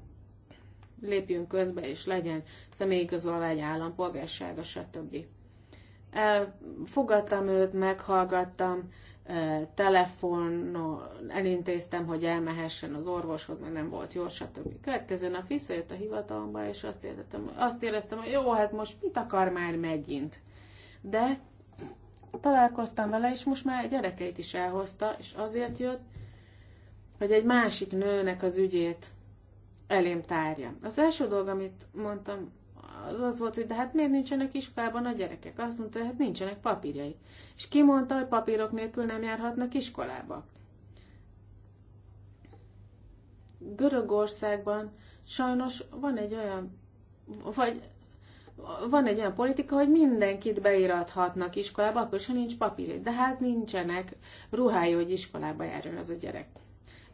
lépjünk közbe, és legyen személyigazolvány, állampolgársága, stb fogadtam őt, meghallgattam, telefonon elintéztem, hogy elmehessen az orvoshoz, mert nem volt jó, stb. Következő nap visszajött a hivatalomba, és azt éreztem, azt éreztem, hogy jó, hát most mit akar már megint? De találkoztam vele, és most már gyerekeit is elhozta, és azért jött, hogy egy másik nőnek az ügyét elém tárja. Az első dolog, amit mondtam, az az volt, hogy de hát miért nincsenek iskolában a gyerekek? Azt mondta, hogy hát nincsenek papírjai. És ki mondta, hogy papírok nélkül nem járhatnak iskolába? Görögországban sajnos van egy olyan, vagy van egy olyan politika, hogy mindenkit beirathatnak iskolába, akkor se nincs papírja. De hát nincsenek ruhája, hogy iskolába járjon az a gyerek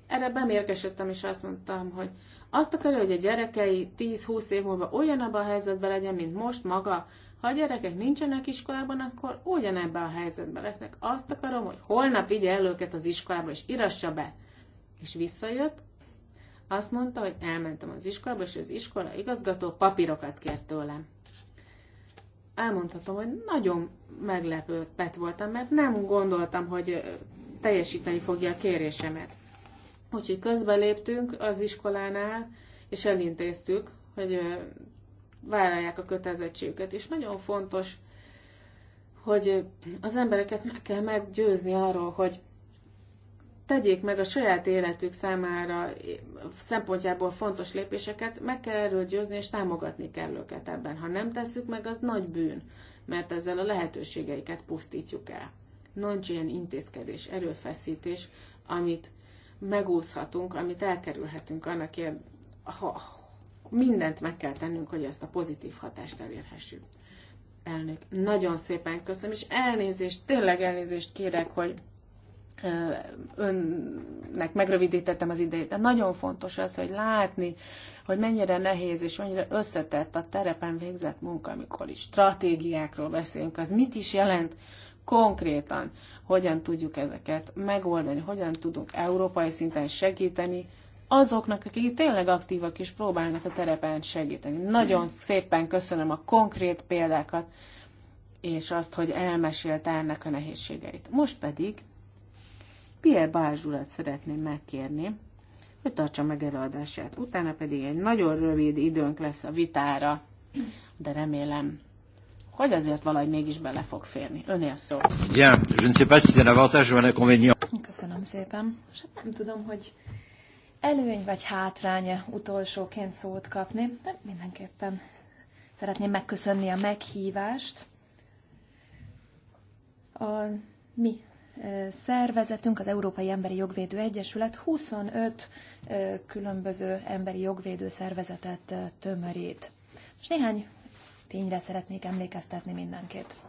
erre bemérkesedtem, és azt mondtam, hogy azt akarja, hogy a gyerekei 10-20 év múlva ugyanabban a helyzetben legyen, mint most maga. Ha a gyerekek nincsenek iskolában, akkor ugyanebben a helyzetben lesznek. Azt akarom, hogy holnap vigye el őket az iskolába, és irassa be. És visszajött, azt mondta, hogy elmentem az iskolába, és az iskola igazgató papírokat kért tőlem. Elmondhatom, hogy nagyon meglepőt voltam, mert nem gondoltam, hogy teljesíteni fogja a kérésemet. Úgyhogy közbeléptünk az iskolánál, és elintéztük, hogy vállalják a kötelezettségüket. És nagyon fontos, hogy az embereket meg kell meggyőzni arról, hogy tegyék meg a saját életük számára szempontjából fontos lépéseket, meg kell erről győzni, és támogatni kell őket ebben. Ha nem tesszük meg, az nagy bűn, mert ezzel a lehetőségeiket pusztítjuk el. Nincs ilyen intézkedés, erőfeszítés, amit megúszhatunk, amit elkerülhetünk annak ha mindent meg kell tennünk, hogy ezt a pozitív hatást elérhessük. Elnök, nagyon szépen köszönöm, és elnézést, tényleg elnézést kérek, hogy önnek megrövidítettem az idejét, de nagyon fontos az, hogy látni, hogy mennyire nehéz és mennyire összetett a terepen végzett munka, amikor is stratégiákról beszélünk, az mit is jelent konkrétan hogyan tudjuk ezeket megoldani, hogyan tudunk európai szinten segíteni azoknak, akik tényleg aktívak és próbálnak a terepen segíteni. Nagyon mhm. szépen köszönöm a konkrét példákat, és azt, hogy elmesélte ennek a nehézségeit. Most pedig Pierre Bázs szeretném megkérni, hogy tartsa meg előadását. Utána pedig egy nagyon rövid időnk lesz a vitára, de remélem hogy azért valahogy mégis bele fog férni. Önél szó. Bien, je ne sais pas si c'est un avantage ou un inconvénient. Köszönöm szépen. Nem tudom, hogy előny vagy hátránya utolsóként szót kapni, de mindenképpen szeretném megköszönni a meghívást. A mi e, szervezetünk, az Európai Emberi Jogvédő Egyesület 25 e, különböző emberi jogvédő szervezetet e, tömörít. És néhány tényre szeretnék emlékeztetni mindenkit.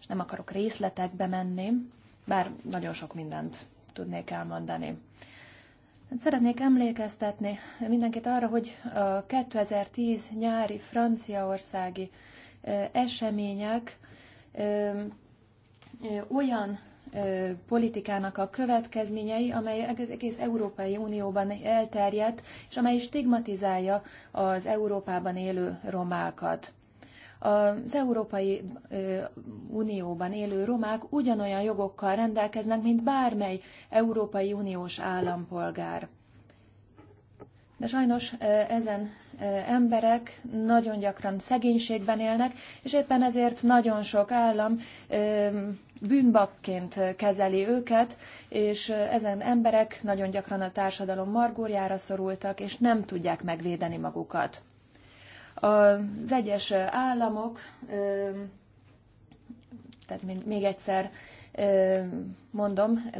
És nem akarok részletekbe menni, bár nagyon sok mindent tudnék elmondani. Hát szeretnék emlékeztetni mindenkit arra, hogy a 2010 nyári franciaországi események olyan politikának a következményei, amely egész Európai Unióban elterjedt, és amely stigmatizálja az Európában élő romákat az Európai Unióban élő romák ugyanolyan jogokkal rendelkeznek, mint bármely Európai Uniós állampolgár. De sajnos ezen emberek nagyon gyakran szegénységben élnek, és éppen ezért nagyon sok állam bűnbakként kezeli őket, és ezen emberek nagyon gyakran a társadalom margórjára szorultak, és nem tudják megvédeni magukat. Az egyes államok, tehát még egyszer mondom,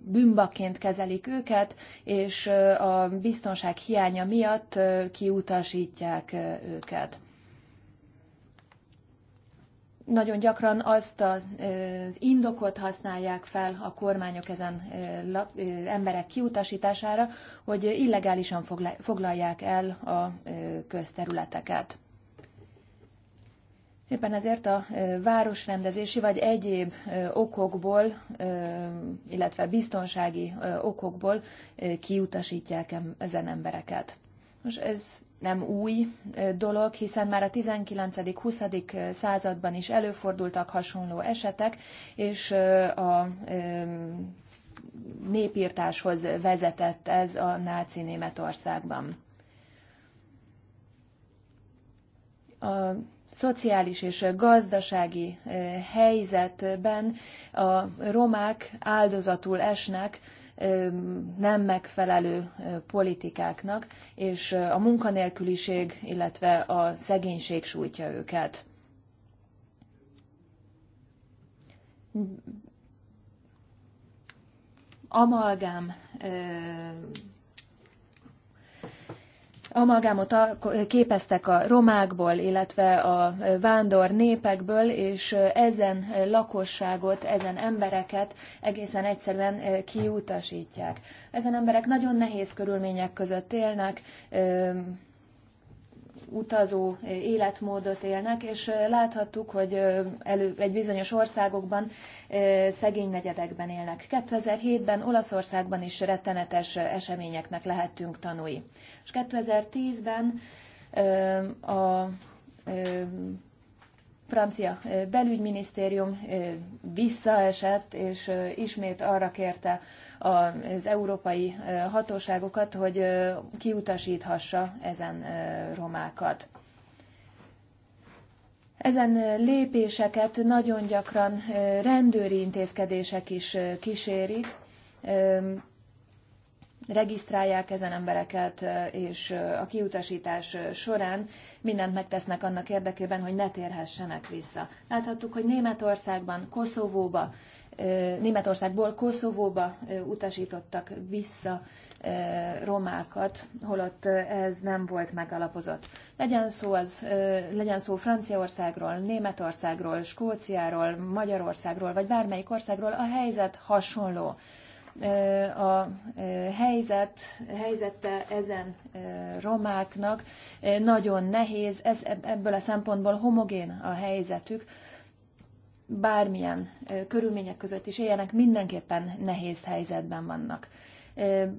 bűnbaként kezelik őket, és a biztonság hiánya miatt kiutasítják őket. Nagyon gyakran azt az indokot használják fel a kormányok ezen emberek kiutasítására, hogy illegálisan foglalják el a közterületeket. Éppen ezért a városrendezési vagy egyéb okokból, illetve biztonsági okokból kiutasítják ezen embereket. Most ez nem új dolog, hiszen már a 19.-20. században is előfordultak hasonló esetek, és a népírtáshoz vezetett ez a náci Németországban. A szociális és gazdasági helyzetben a romák áldozatul esnek nem megfelelő politikáknak, és a munkanélküliség, illetve a szegénység sújtja őket. Amalgám Amalgámot képeztek a romákból, illetve a vándor népekből, és ezen lakosságot, ezen embereket egészen egyszerűen eh, kiutasítják. Ezen emberek nagyon nehéz körülmények között élnek, eh, utazó eh, életmódot élnek, és eh, láthattuk, hogy eh, elő, egy bizonyos országokban szegény negyedekben élnek. 2007-ben Olaszországban is rettenetes eseményeknek lehettünk tanúi. És 2010-ben a francia belügyminisztérium visszaesett, és ismét arra kérte az európai hatóságokat, hogy kiutasíthassa ezen romákat. Ezen lépéseket nagyon gyakran rendőri intézkedések is kísérik, regisztrálják ezen embereket, és a kiutasítás során mindent megtesznek annak érdekében, hogy ne térhessenek vissza. Láthattuk, hogy Németországban, Koszovóba Németországból Koszovóba utasítottak vissza romákat, holott ez nem volt megalapozott. Legyen szó, az, legyen szó Franciaországról, Németországról, Skóciáról, Magyarországról, vagy bármelyik országról, a helyzet hasonló. A helyzet, helyzette ezen romáknak nagyon nehéz, ez, ebből a szempontból homogén a helyzetük bármilyen körülmények között is éljenek, mindenképpen nehéz helyzetben vannak.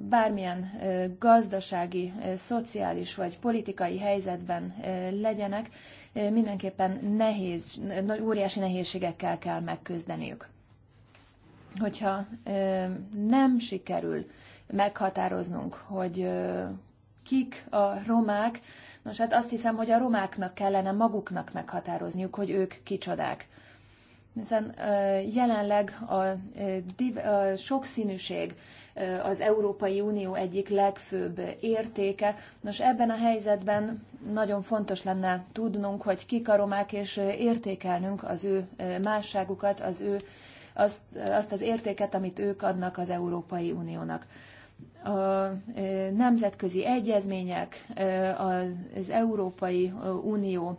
Bármilyen gazdasági, szociális vagy politikai helyzetben legyenek, mindenképpen nehéz, óriási nehézségekkel kell megküzdeniük. Hogyha nem sikerül meghatároznunk, hogy kik a romák, nos hát azt hiszem, hogy a romáknak kellene maguknak meghatározniuk, hogy ők kicsodák hiszen jelenleg a, a sokszínűség az Európai Unió egyik legfőbb értéke. Nos, ebben a helyzetben nagyon fontos lenne tudnunk, hogy kik a romák, és értékelnünk az ő másságukat, az ő, azt, azt az értéket, amit ők adnak az Európai Uniónak a nemzetközi egyezmények, az Európai Unió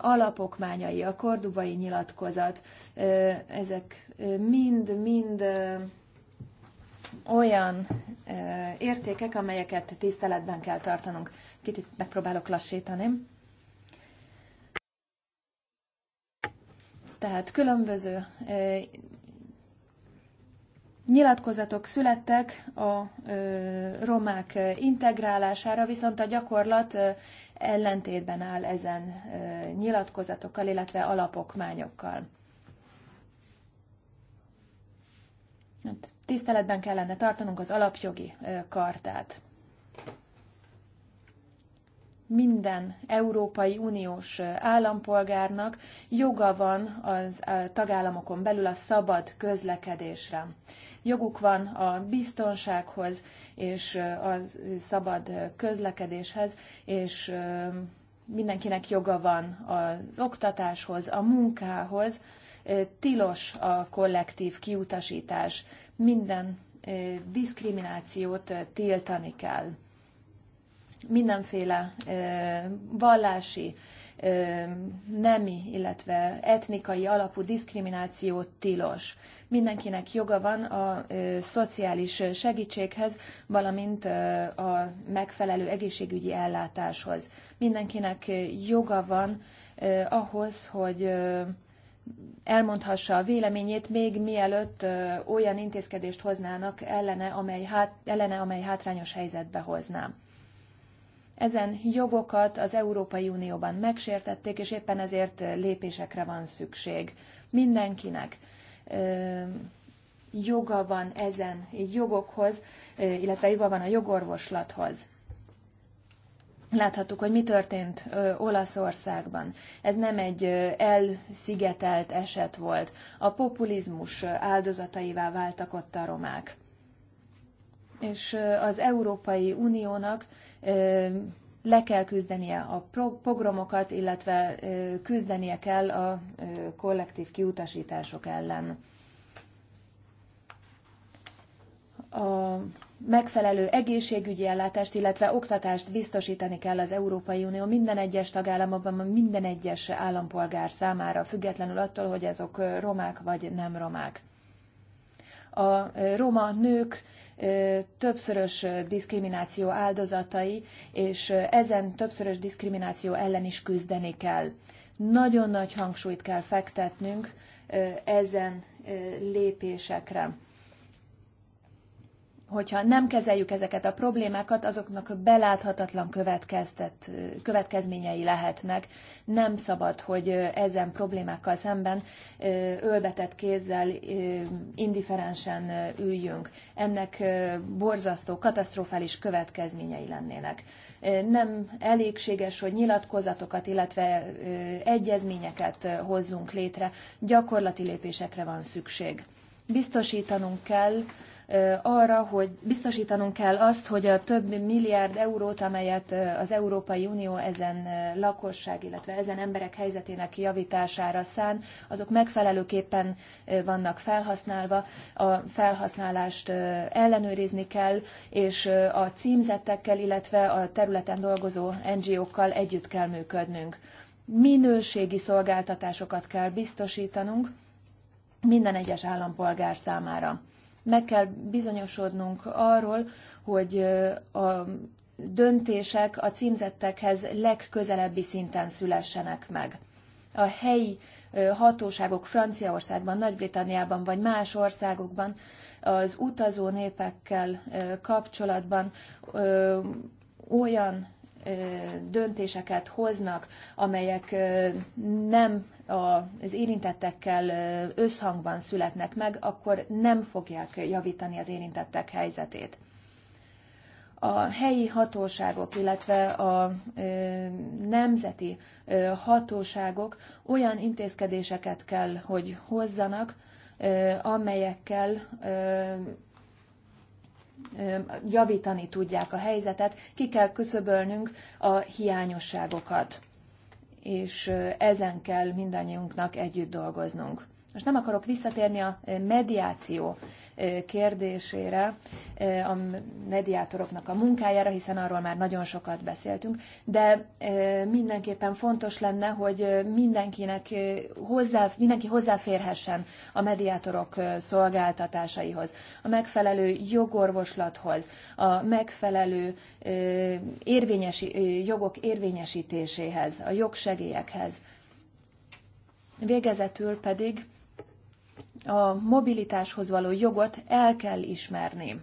alapokmányai, a kordubai nyilatkozat, ezek mind-mind olyan értékek, amelyeket tiszteletben kell tartanunk. Kicsit megpróbálok lassítani. Tehát különböző Nyilatkozatok születtek a romák integrálására, viszont a gyakorlat ellentétben áll ezen nyilatkozatokkal, illetve alapokmányokkal. Hát tiszteletben kellene tartanunk az alapjogi kartát minden Európai Uniós állampolgárnak joga van az tagállamokon belül a szabad közlekedésre. Joguk van a biztonsághoz és a szabad közlekedéshez, és mindenkinek joga van az oktatáshoz, a munkához, tilos a kollektív kiutasítás, minden diszkriminációt tiltani kell mindenféle vallási, nemi, illetve etnikai alapú diszkrimináció tilos. Mindenkinek joga van a szociális segítséghez, valamint a megfelelő egészségügyi ellátáshoz. Mindenkinek joga van ahhoz, hogy elmondhassa a véleményét, még mielőtt olyan intézkedést hoznának ellene, amely, hát, ellene, amely hátrányos helyzetbe hozná. Ezen jogokat az Európai Unióban megsértették, és éppen ezért lépésekre van szükség. Mindenkinek joga van ezen jogokhoz, illetve joga van a jogorvoslathoz. Láthattuk, hogy mi történt Olaszországban. Ez nem egy elszigetelt eset volt. A populizmus áldozataivá váltak ott a romák és az Európai Uniónak le kell küzdenie a pogromokat, illetve küzdenie kell a kollektív kiutasítások ellen. A megfelelő egészségügyi ellátást, illetve oktatást biztosítani kell az Európai Unió minden egyes tagállamokban, minden egyes állampolgár számára, függetlenül attól, hogy azok romák vagy nem romák a roma nők többszörös diszkrimináció áldozatai, és ezen többszörös diszkrimináció ellen is küzdeni kell. Nagyon nagy hangsúlyt kell fektetnünk ezen lépésekre hogyha nem kezeljük ezeket a problémákat, azoknak beláthatatlan következtet, következményei lehetnek. Nem szabad, hogy ezen problémákkal szemben ölbetett kézzel indiferensen üljünk. Ennek borzasztó, katasztrofális következményei lennének. Nem elégséges, hogy nyilatkozatokat, illetve egyezményeket hozzunk létre. Gyakorlati lépésekre van szükség. Biztosítanunk kell, arra, hogy biztosítanunk kell azt, hogy a több milliárd eurót, amelyet az Európai Unió ezen lakosság, illetve ezen emberek helyzetének javítására szán, azok megfelelőképpen vannak felhasználva, a felhasználást ellenőrizni kell, és a címzettekkel, illetve a területen dolgozó NGO-kkal együtt kell működnünk. Minőségi szolgáltatásokat kell biztosítanunk minden egyes állampolgár számára meg kell bizonyosodnunk arról, hogy a döntések a címzettekhez legközelebbi szinten szülessenek meg. A helyi hatóságok Franciaországban, Nagy-Britanniában vagy más országokban az utazó népekkel kapcsolatban olyan döntéseket hoznak, amelyek nem az érintettekkel összhangban születnek meg, akkor nem fogják javítani az érintettek helyzetét. A helyi hatóságok, illetve a nemzeti hatóságok olyan intézkedéseket kell, hogy hozzanak, amelyekkel javítani tudják a helyzetet, ki kell küszöbölnünk a hiányosságokat, és ezen kell mindannyiunknak együtt dolgoznunk. Most nem akarok visszatérni a eh, mediáció eh, kérdésére, eh, a mediátoroknak a munkájára, hiszen arról már nagyon sokat beszéltünk, de mindenképpen fontos lenne, hogy mindenkinek hozzá, mindenki hozzáférhessen a mediátorok szolgáltatásaihoz, a megfelelő jogorvoslathoz, a megfelelő érvényesi, jogok érvényesítéséhez, a jogsegélyekhez. Végezetül pedig a mobilitáshoz való jogot el kell ismerni.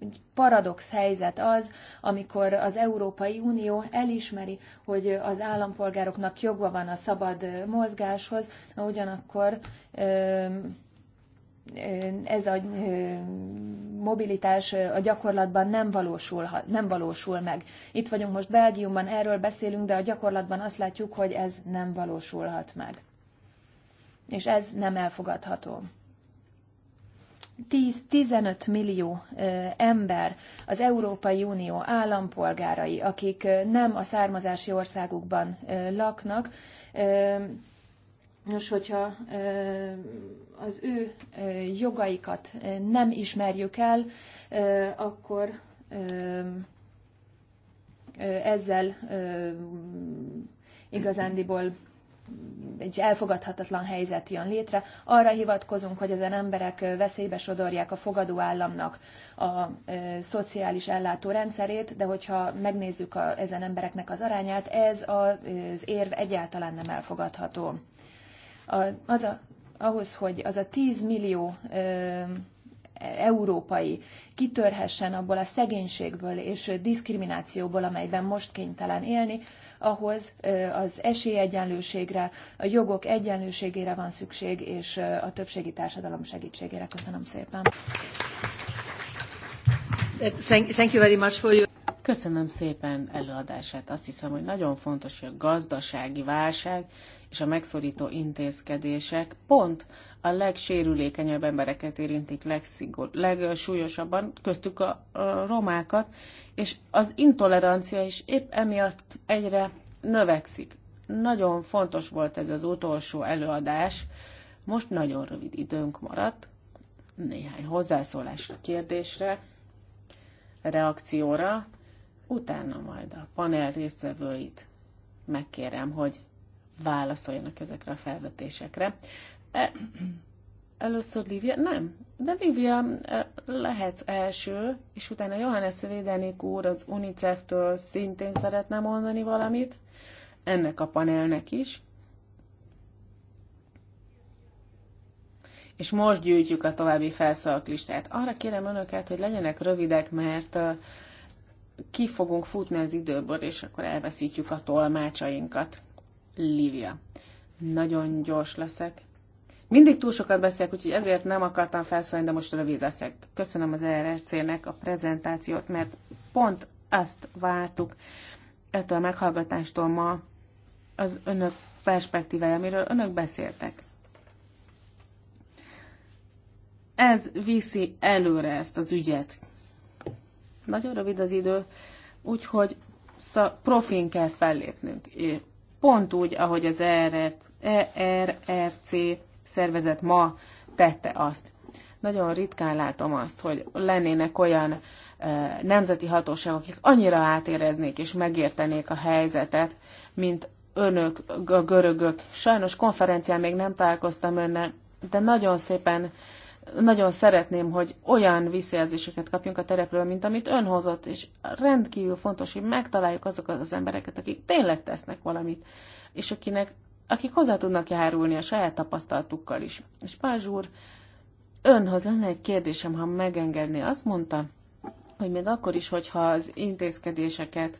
Egy paradox helyzet az, amikor az Európai Unió elismeri, hogy az állampolgároknak joga van a szabad mozgáshoz, ugyanakkor ez a mobilitás a gyakorlatban nem valósul, nem valósul meg. Itt vagyunk most Belgiumban, erről beszélünk, de a gyakorlatban azt látjuk, hogy ez nem valósulhat meg és ez nem elfogadható. 10-15 millió ember az Európai Unió állampolgárai, akik nem a származási országukban laknak, Nos, hogyha az ő jogaikat nem ismerjük el, akkor ezzel igazándiból egy elfogadhatatlan helyzet jön létre, arra hivatkozunk, hogy ezen emberek veszélybe sodorják a fogadóállamnak a szociális ellátórendszerét, de hogyha megnézzük a, ezen embereknek az arányát, ez az érv egyáltalán nem elfogadható. A, az a, ahhoz, hogy az a 10 millió európai kitörhessen abból a szegénységből és diszkriminációból, amelyben most kénytelen élni, ahhoz az esélyegyenlőségre, a jogok egyenlőségére van szükség, és a többségi társadalom segítségére. Köszönöm szépen. Thank, you very much for your... Köszönöm szépen előadását. Azt hiszem, hogy nagyon fontos, hogy a gazdasági válság és a megszorító intézkedések pont a legsérülékenyebb embereket érintik legszigor, legsúlyosabban, köztük a, romákat, és az intolerancia is épp emiatt egyre növekszik. Nagyon fontos volt ez az utolsó előadás. Most nagyon rövid időnk maradt néhány hozzászólásra, kérdésre, reakcióra. Utána majd a panel résztvevőit megkérem, hogy válaszoljanak ezekre a felvetésekre. E, először Lívia? Nem. De Lívia e, lehet első, és utána Johannes Védenik úr az UNICEF-től szintén szeretne mondani valamit, ennek a panelnek is. És most gyűjtjük a további felszólalók listát. Arra kérem önöket, hogy legyenek rövidek, mert e, ki fogunk futni az időből, és akkor elveszítjük a tolmácsainkat. Lívia. Nagyon gyors leszek. Mindig túl sokat beszélek, úgyhogy ezért nem akartam felszólni, de most rövid leszek. Köszönöm az RRC-nek a prezentációt, mert pont azt vártuk ettől a meghallgatástól ma az önök perspektívája, amiről önök beszéltek. Ez viszi előre ezt az ügyet, nagyon rövid az idő, úgyhogy profin kell fellépnünk. Pont úgy, ahogy az ERRC e e e szervezet ma tette azt. Nagyon ritkán látom azt, hogy lennének olyan nemzeti hatóságok, akik annyira átéreznék és megértenék a helyzetet, mint önök, a görögök. Sajnos konferencián még nem találkoztam önnel, de nagyon szépen nagyon szeretném, hogy olyan visszajelzéseket kapjunk a terepről, mint amit ön hozott, és rendkívül fontos, hogy megtaláljuk azokat az embereket, akik tényleg tesznek valamit, és akinek, akik hozzá tudnak járulni a saját tapasztalatukkal is. És Pázs úr, önhoz lenne egy kérdésem, ha megengedné. Azt mondta, hogy még akkor is, hogyha az intézkedéseket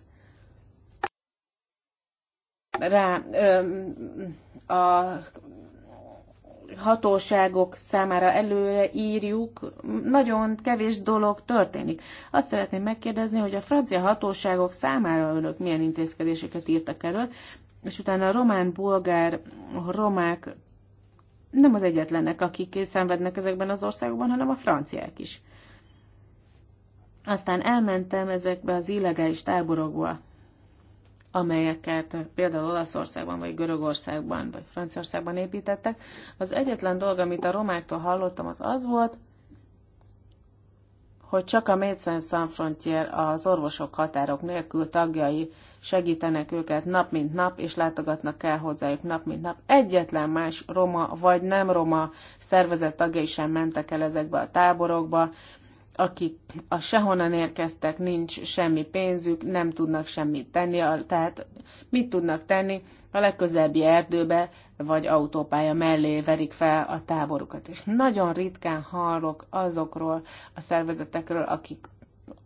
rá ö, a hatóságok számára előre írjuk nagyon kevés dolog történik. Azt szeretném megkérdezni, hogy a francia hatóságok számára önök milyen intézkedéseket írtak elő, és utána a román, bulgár, romák nem az egyetlenek, akik szenvednek ezekben az országokban, hanem a franciák is. Aztán elmentem ezekbe az illegális táborokba amelyeket például Olaszországban, vagy Görögországban, vagy Franciaországban építettek. Az egyetlen dolog, amit a romáktól hallottam, az az volt, hogy csak a Médecins Sans Frontier az orvosok határok nélkül tagjai segítenek őket nap mint nap, és látogatnak el hozzájuk nap mint nap. Egyetlen más roma vagy nem roma szervezet tagjai sem mentek el ezekbe a táborokba, akik a sehonnan érkeztek, nincs semmi pénzük, nem tudnak semmit tenni, tehát mit tudnak tenni? A legközelebbi erdőbe vagy autópálya mellé verik fel a táborukat. És nagyon ritkán hallok azokról a szervezetekről, akik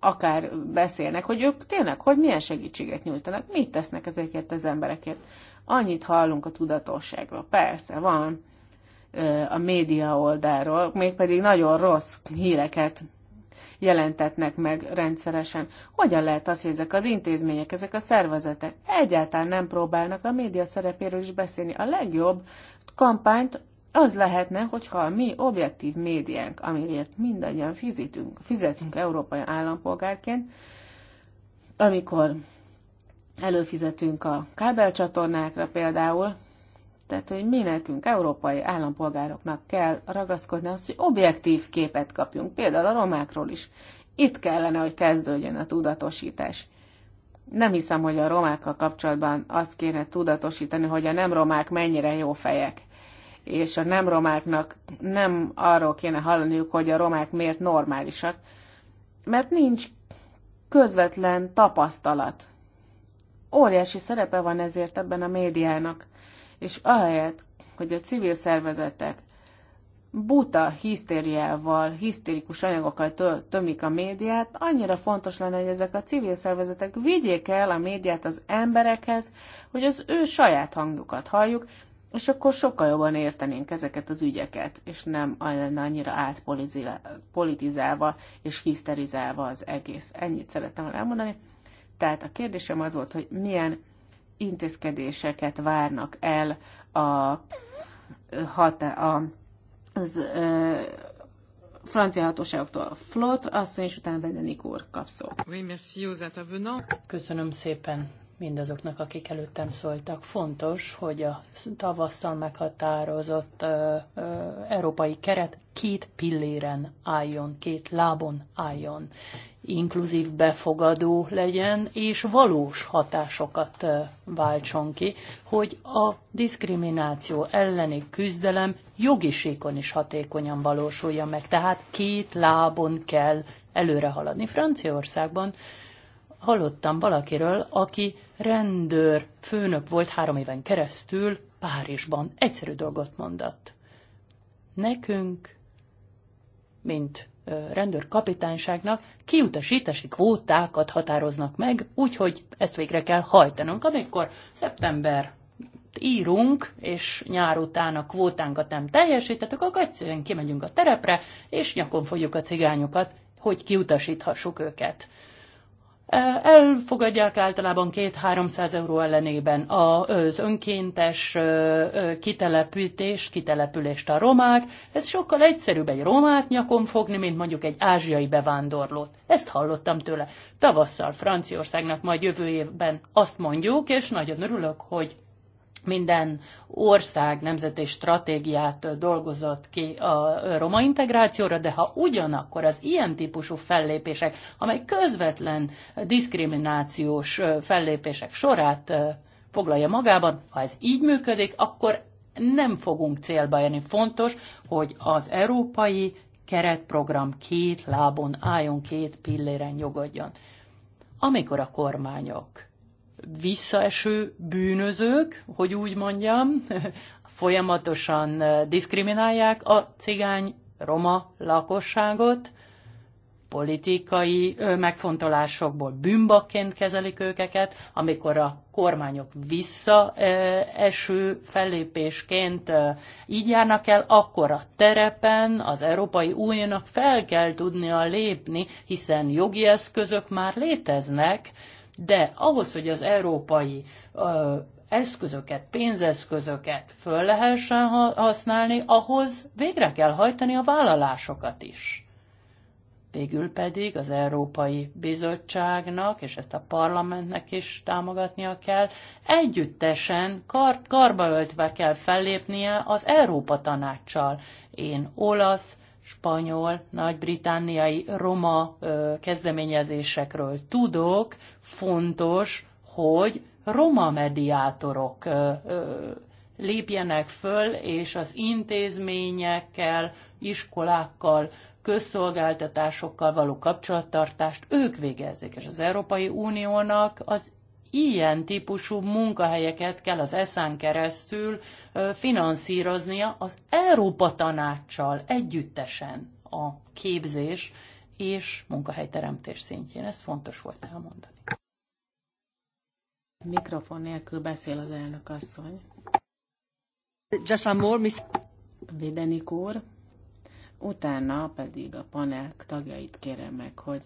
akár beszélnek, hogy ők tényleg, hogy milyen segítséget nyújtanak, mit tesznek ezekért az emberekért. Annyit hallunk a tudatosságról. Persze, van a média oldalról, mégpedig nagyon rossz híreket jelentetnek meg rendszeresen. Hogyan lehet az, hogy ezek az intézmények, ezek a szervezetek egyáltalán nem próbálnak a média szerepéről is beszélni? A legjobb kampányt az lehetne, hogyha a mi objektív médiánk, amiért mindannyian fizetünk, fizetünk európai állampolgárként, amikor előfizetünk a kábelcsatornákra például, tehát, hogy mi nekünk, európai állampolgároknak kell ragaszkodni az, hogy objektív képet kapjunk, például a romákról is. Itt kellene, hogy kezdődjön a tudatosítás. Nem hiszem, hogy a romákkal kapcsolatban azt kéne tudatosítani, hogy a nem romák mennyire jó fejek. És a nem romáknak nem arról kéne hallaniuk, hogy a romák miért normálisak, mert nincs közvetlen tapasztalat. Óriási szerepe van ezért ebben a médiának és ahelyett, hogy a civil szervezetek buta hisztériával, hisztérikus anyagokkal tömik a médiát, annyira fontos lenne, hogy ezek a civil szervezetek vigyék el a médiát az emberekhez, hogy az ő saját hangjukat halljuk, és akkor sokkal jobban értenénk ezeket az ügyeket, és nem lenne annyira átpolitizálva és hiszterizálva az egész. Ennyit szerettem elmondani. Tehát a kérdésem az volt, hogy milyen intézkedéseket várnak el a, hatá, a az, ö, francia hatóságoktól. Flot, asszony, és utána Bedenik úr kap szót. Köszönöm szépen mindazoknak, akik előttem szóltak. Fontos, hogy a tavasszal meghatározott ö, ö, európai keret két pilléren álljon, két lábon álljon, inkluzív befogadó legyen, és valós hatásokat ö, váltson ki, hogy a diszkrimináció elleni küzdelem jogi is hatékonyan valósuljon meg. Tehát két lábon kell előre haladni. Franciaországban hallottam valakiről, aki rendőr főnök volt három éven keresztül Párizsban. Egyszerű dolgot mondott. Nekünk, mint rendőrkapitányságnak kiutasítási kvótákat határoznak meg, úgyhogy ezt végre kell hajtanunk. Amikor szeptember írunk, és nyár után a kvótánkat nem teljesítettük, akkor egyszerűen kimegyünk a terepre, és nyakon fogjuk a cigányokat, hogy kiutasíthassuk őket elfogadják általában két 300 euró ellenében az önkéntes kitelepítés, kitelepülést a romák. Ez sokkal egyszerűbb egy romát nyakon fogni, mint mondjuk egy ázsiai bevándorlót. Ezt hallottam tőle. Tavasszal Franciaországnak majd jövő évben azt mondjuk, és nagyon örülök, hogy minden ország nemzeti stratégiát dolgozott ki a roma integrációra, de ha ugyanakkor az ilyen típusú fellépések, amely közvetlen diszkriminációs fellépések sorát foglalja magában, ha ez így működik, akkor nem fogunk célba érni. Fontos, hogy az európai keretprogram két lábon álljon, két pilléren nyugodjon. Amikor a kormányok visszaeső bűnözők, hogy úgy mondjam, (laughs) folyamatosan eh, diszkriminálják a cigány roma lakosságot, politikai megfontolásokból bűnbakként kezelik őket, amikor a kormányok visszaeső eh, fellépésként eh, így járnak el, akkor a terepen az Európai Uniónak fel kell tudnia lépni, hiszen jogi eszközök már léteznek, de ahhoz, hogy az európai ö, eszközöket, pénzeszközöket föl lehessen használni, ahhoz végre kell hajtani a vállalásokat is. Végül pedig az Európai Bizottságnak, és ezt a parlamentnek is támogatnia kell, együttesen kar- karbaöltve kell fellépnie az Európa Tanácssal. Én olasz, spanyol, nagy-britániai, roma kezdeményezésekről tudok, fontos, hogy roma mediátorok lépjenek föl, és az intézményekkel, iskolákkal, közszolgáltatásokkal való kapcsolattartást ők végezzék, és az Európai Uniónak az ilyen típusú munkahelyeket kell az eszán keresztül finanszíroznia az Európa tanácssal együttesen a képzés és munkahelyteremtés szintjén. Ez fontos volt elmondani. Mikrofon nélkül beszél az elnök asszony. Just one more, Miss... Védenik úr. Utána pedig a panel tagjait kérem meg, hogy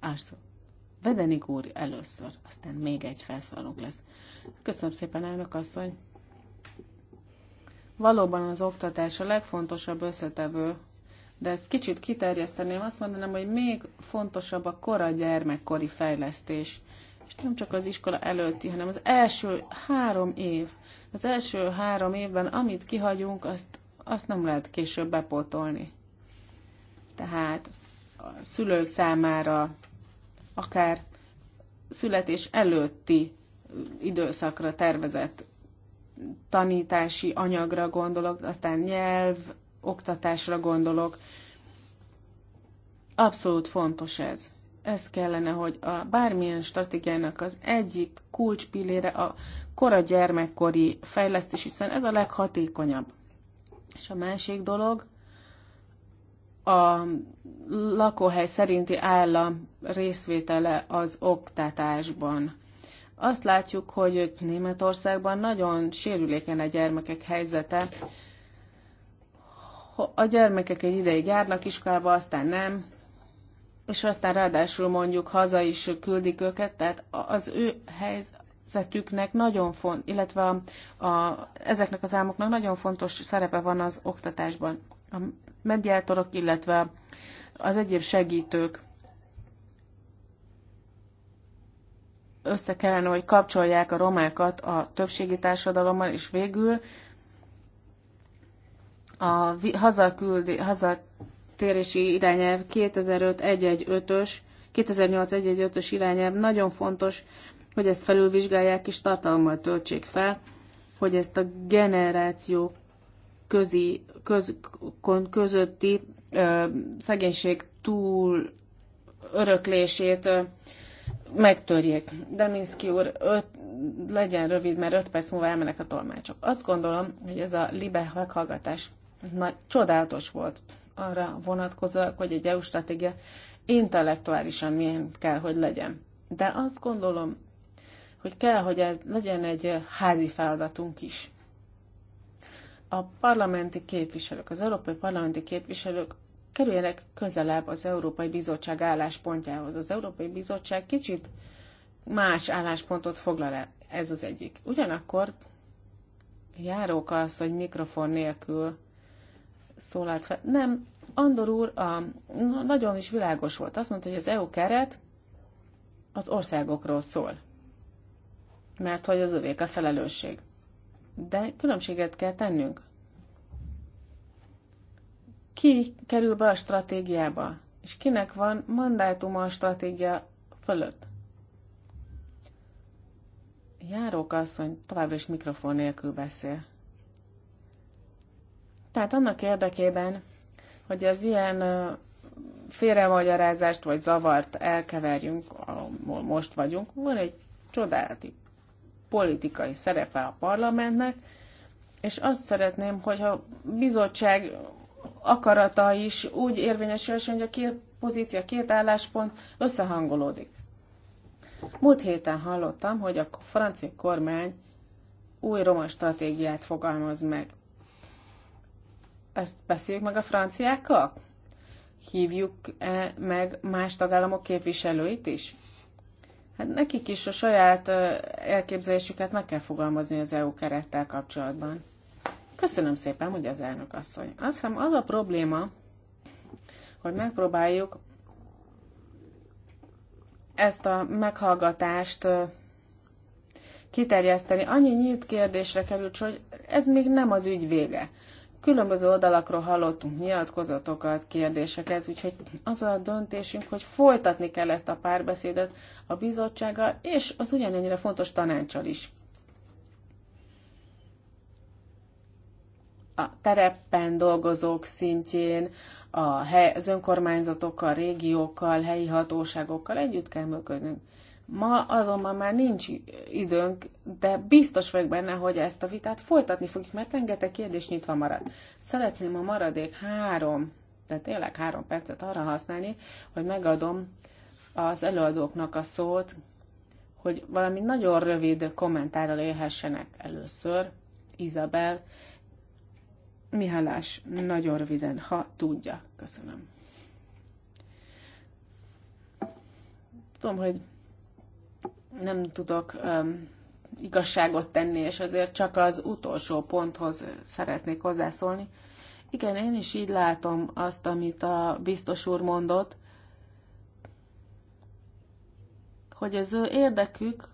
Árszok Vedenik úr először, aztán még egy felszólalónk lesz. Köszönöm szépen, elnök asszony. Valóban az oktatás a legfontosabb összetevő, de ezt kicsit kiterjeszteném, azt mondanám, hogy még fontosabb a kora gyermekkori fejlesztés. És nem csak az iskola előtti, hanem az első három év. Az első három évben, amit kihagyunk, azt, azt nem lehet később bepótolni. Tehát a szülők számára akár születés előtti időszakra tervezett tanítási anyagra gondolok, aztán nyelv, oktatásra gondolok. Abszolút fontos ez. Ez kellene, hogy a bármilyen stratégiának az egyik kulcspillére a kora gyermekkori fejlesztés, hiszen ez a leghatékonyabb. És a másik dolog, a lakóhely szerinti állam részvétele az oktatásban. Azt látjuk, hogy Németországban nagyon sérülékeny a gyermekek helyzete. A gyermekek egy ideig járnak iskolába, aztán nem, és aztán ráadásul mondjuk haza is küldik őket, tehát az ő helyzetüknek nagyon font, illetve a, a, ezeknek az álmoknak nagyon fontos szerepe van az oktatásban. A mediátorok, illetve az egyéb segítők össze kellene, hogy kapcsolják a romákat a többségi társadalommal, és végül a hazaküldi, hazatérési irányelv 2005-115-ös, 2008-115-ös irányelv nagyon fontos, hogy ezt felülvizsgálják és tartalommal töltsék fel, hogy ezt a generációk közi, köz, közötti ö, szegénység túl öröklését ö, megtörjék. Minszki úr, öt, legyen rövid, mert öt perc múlva elmenek a tolmácsok. Azt gondolom, hogy ez a libe meghallgatás nagy, csodálatos volt arra vonatkozóak, hogy egy EU stratégia intellektuálisan milyen kell, hogy legyen. De azt gondolom, hogy kell, hogy legyen egy házi feladatunk is a parlamenti képviselők, az európai parlamenti képviselők kerüljenek közelebb az Európai Bizottság álláspontjához. Az Európai Bizottság kicsit más álláspontot foglal el. Ez az egyik. Ugyanakkor járók az, hogy mikrofon nélkül szólalt fel. Nem, Andor úr a, nagyon is világos volt. Azt mondta, hogy az EU keret az országokról szól. Mert hogy az övék a felelősség de különbséget kell tennünk. Ki kerül be a stratégiába, és kinek van mandátuma a stratégia fölött? Járók asszony továbbra is mikrofon nélkül beszél. Tehát annak érdekében, hogy az ilyen félremagyarázást vagy zavart elkeverjünk, ahol most vagyunk, van egy csodálati politikai szerepe a parlamentnek, és azt szeretném, hogy a bizottság akarata is úgy érvényesül, hogy a két pozíció, a két álláspont összehangolódik. Múlt héten hallottam, hogy a francia kormány új roma stratégiát fogalmaz meg. Ezt beszéljük meg a franciákkal? Hívjuk -e meg más tagállamok képviselőit is? Hát nekik is a saját elképzelésüket meg kell fogalmazni az EU kerettel kapcsolatban. Köszönöm szépen, hogy az elnök asszony. Azt hiszem az a probléma, hogy megpróbáljuk ezt a meghallgatást kiterjeszteni. Annyi nyílt kérdésre került, hogy ez még nem az ügy vége. Különböző oldalakról hallottunk nyilatkozatokat, kérdéseket, úgyhogy az a döntésünk, hogy folytatni kell ezt a párbeszédet a bizottsággal, és az ugyanennyire fontos tanácsal is. A terepen dolgozók szintjén, a hely, az önkormányzatokkal, régiókkal, helyi hatóságokkal együtt kell működnünk. Ma azonban már nincs időnk, de biztos vagyok benne, hogy ezt a vitát folytatni fogjuk, mert rengeteg kérdés nyitva marad. Szeretném a maradék három, tehát tényleg három percet arra használni, hogy megadom az előadóknak a szót, hogy valami nagyon rövid kommentárral élhessenek először. Izabel, Mihálás nagyon röviden, ha tudja. Köszönöm. Tudom, hogy nem tudok um, igazságot tenni, és azért csak az utolsó ponthoz szeretnék hozzászólni. Igen, én is így látom azt, amit a biztos úr mondott, hogy az ő érdekük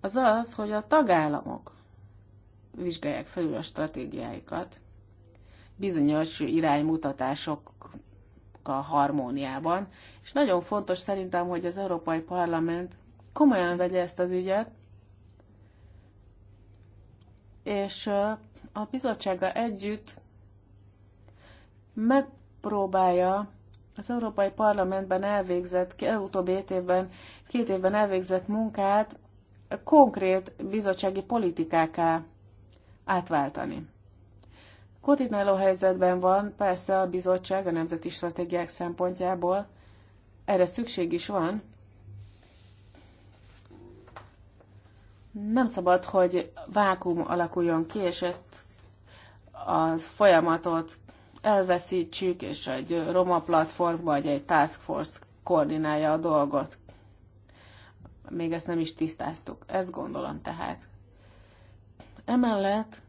az az, hogy a tagállamok vizsgálják felül a stratégiáikat, bizonyos iránymutatások a harmóniában, és nagyon fontos szerintem, hogy az Európai Parlament komolyan vegye ezt az ügyet, és a bizottsága együtt megpróbálja az Európai Parlamentben elvégzett, utóbbi két évben, két évben elvégzett munkát konkrét bizottsági politikáká átváltani. Koordináló helyzetben van persze a bizottság a nemzeti stratégiák szempontjából, erre szükség is van. Nem szabad, hogy vákum alakuljon ki, és ezt a folyamatot elveszítsük, és egy Roma platform vagy egy task force koordinálja a dolgot. Még ezt nem is tisztáztuk, ezt gondolom tehát. Emellett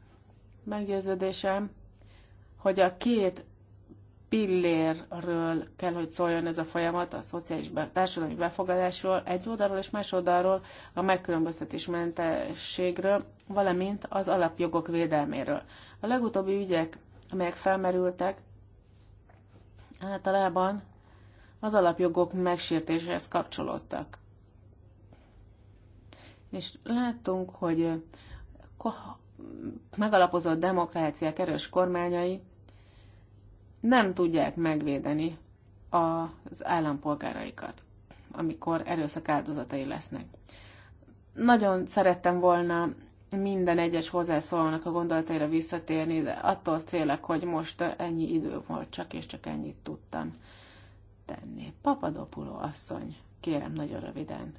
meggyőződésem, hogy a két pillérről kell, hogy szóljon ez a folyamat, a szociális be, társadalmi befogadásról egy oldalról és más oldalról a megkülönböztetésmentességről, valamint az alapjogok védelméről. A legutóbbi ügyek, amelyek felmerültek, általában az alapjogok megsértéséhez kapcsolódtak. És láttunk, hogy megalapozott demokráciák erős kormányai nem tudják megvédeni az állampolgáraikat, amikor erőszak áldozatai lesznek. Nagyon szerettem volna minden egyes hozzászólónak a gondolataira visszatérni, de attól félek, hogy most ennyi idő volt csak, és csak ennyit tudtam tenni. Papadopuló asszony, kérem nagyon röviden.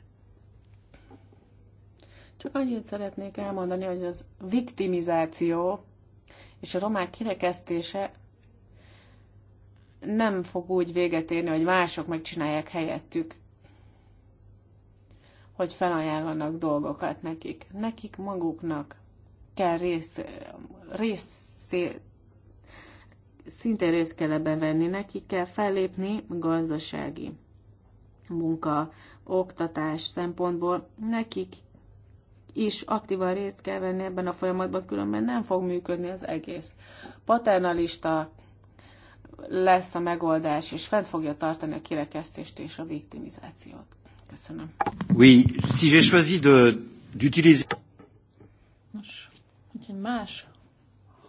Csak annyit szeretnék elmondani, hogy az viktimizáció és a romák kirekesztése nem fog úgy véget érni, hogy mások megcsinálják helyettük, hogy felajánlanak dolgokat nekik. Nekik maguknak kell rész, rész szintén részt kell ebben venni, nekik kell fellépni gazdasági munka, oktatás szempontból, nekik is aktívan részt kell venni ebben a folyamatban, különben nem fog működni az egész. Paternalista lesz a megoldás, és fent fogja tartani a kirekesztést és a viktimizációt. Köszönöm. Oui, si j'ai choisi de, d'utiliser... Nos, úgyhogy más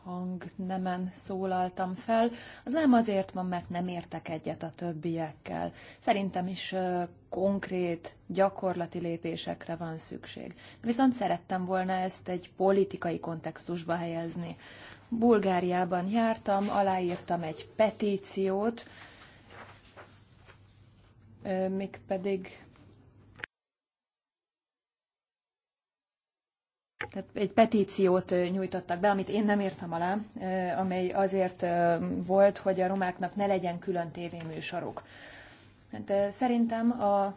hangnemen szólaltam fel. Az nem azért van, mert nem értek egyet a többiekkel. Szerintem is konkrét, gyakorlati lépésekre van szükség. Viszont szerettem volna ezt egy politikai kontextusba helyezni. Bulgáriában jártam, aláírtam egy petíciót, pedig Tehát egy petíciót nyújtottak be, amit én nem írtam alá, amely azért volt, hogy a romáknak ne legyen külön tévéműsoruk. Hát, szerintem a, az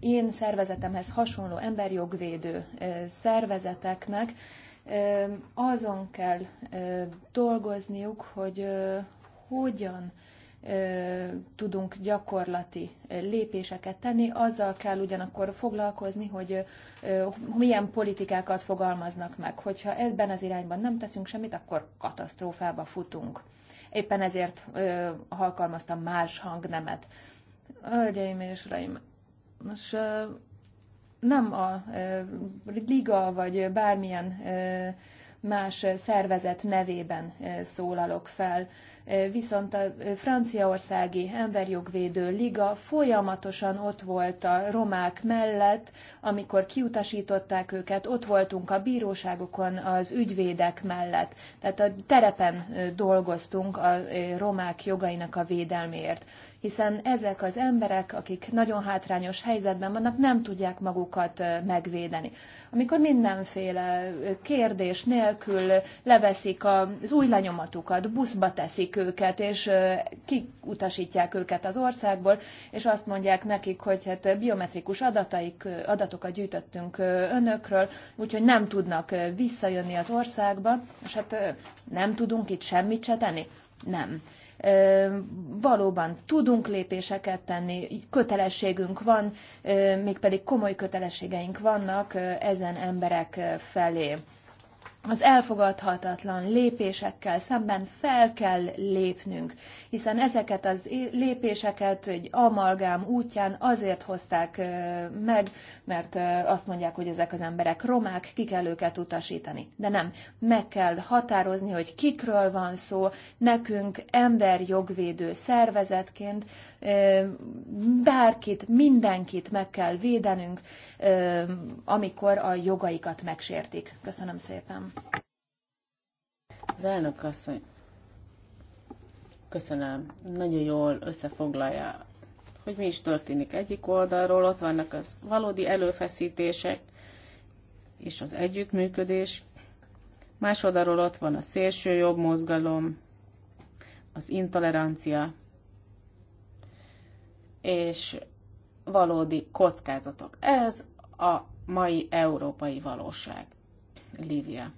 én szervezetemhez hasonló emberjogvédő szervezeteknek azon kell dolgozniuk, hogy hogyan tudunk gyakorlati lépéseket tenni, azzal kell ugyanakkor foglalkozni, hogy milyen politikákat fogalmaznak meg. Hogyha ebben az irányban nem teszünk semmit, akkor katasztrófába futunk. Éppen ezért alkalmaztam más hangnemet. Hölgyeim és uraim, most nem a liga vagy bármilyen más szervezet nevében szólalok fel. Viszont a franciaországi emberjogvédő liga folyamatosan ott volt a romák mellett, amikor kiutasították őket, ott voltunk a bíróságokon az ügyvédek mellett. Tehát a terepen dolgoztunk a romák jogainak a védelméért hiszen ezek az emberek, akik nagyon hátrányos helyzetben vannak, nem tudják magukat megvédeni. Amikor mindenféle kérdés nélkül leveszik az új lenyomatukat, buszba teszik őket, és kiutasítják őket az országból, és azt mondják nekik, hogy hát biometrikus adataik, adatokat gyűjtöttünk önökről, úgyhogy nem tudnak visszajönni az országba, és hát nem tudunk itt semmit se tenni. Nem valóban tudunk lépéseket tenni, kötelességünk van, mégpedig komoly kötelességeink vannak ezen emberek felé az elfogadhatatlan lépésekkel szemben fel kell lépnünk, hiszen ezeket az lépéseket egy amalgám útján azért hozták meg, mert azt mondják, hogy ezek az emberek romák, ki kell őket utasítani. De nem, meg kell határozni, hogy kikről van szó, nekünk emberjogvédő szervezetként bárkit, mindenkit meg kell védenünk, amikor a jogaikat megsértik. Köszönöm szépen. Az elnök asszony, köszönöm, nagyon jól összefoglalja, hogy mi is történik egyik oldalról, ott vannak az valódi előfeszítések és az együttműködés, más oldalról ott van a szélső jobb mozgalom, az intolerancia, és valódi kockázatok. Ez a mai európai valóság. Lívia.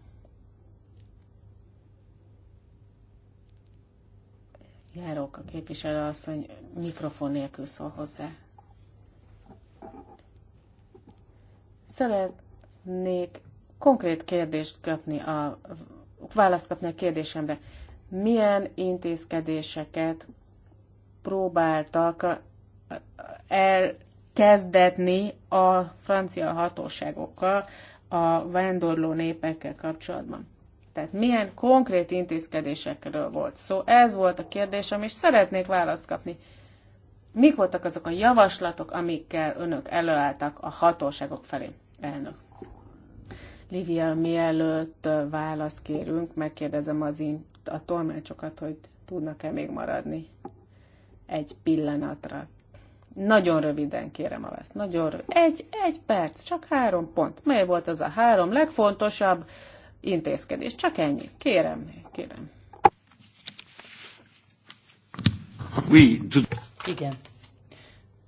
Járók a képviselő asszony mikrofon nélkül szól hozzá. Szeretnék konkrét kérdést kapni, a, választ kapni a kérdésemre. Milyen intézkedéseket próbáltak elkezdetni a francia hatóságokkal a vándorló népekkel kapcsolatban. Tehát milyen konkrét intézkedésekről volt szó? Ez volt a kérdésem, és szeretnék választ kapni. Mik voltak azok a javaslatok, amikkel önök előálltak a hatóságok felé, elnök? Livia, mielőtt választ kérünk, megkérdezem az a tolmácsokat, hogy tudnak-e még maradni egy pillanatra. Nagyon röviden kérem a választ. Nagyon röviden. Egy, egy perc, csak három pont. Mely volt az a három legfontosabb intézkedés? Csak ennyi. Kérem, kérem. Oui, Igen.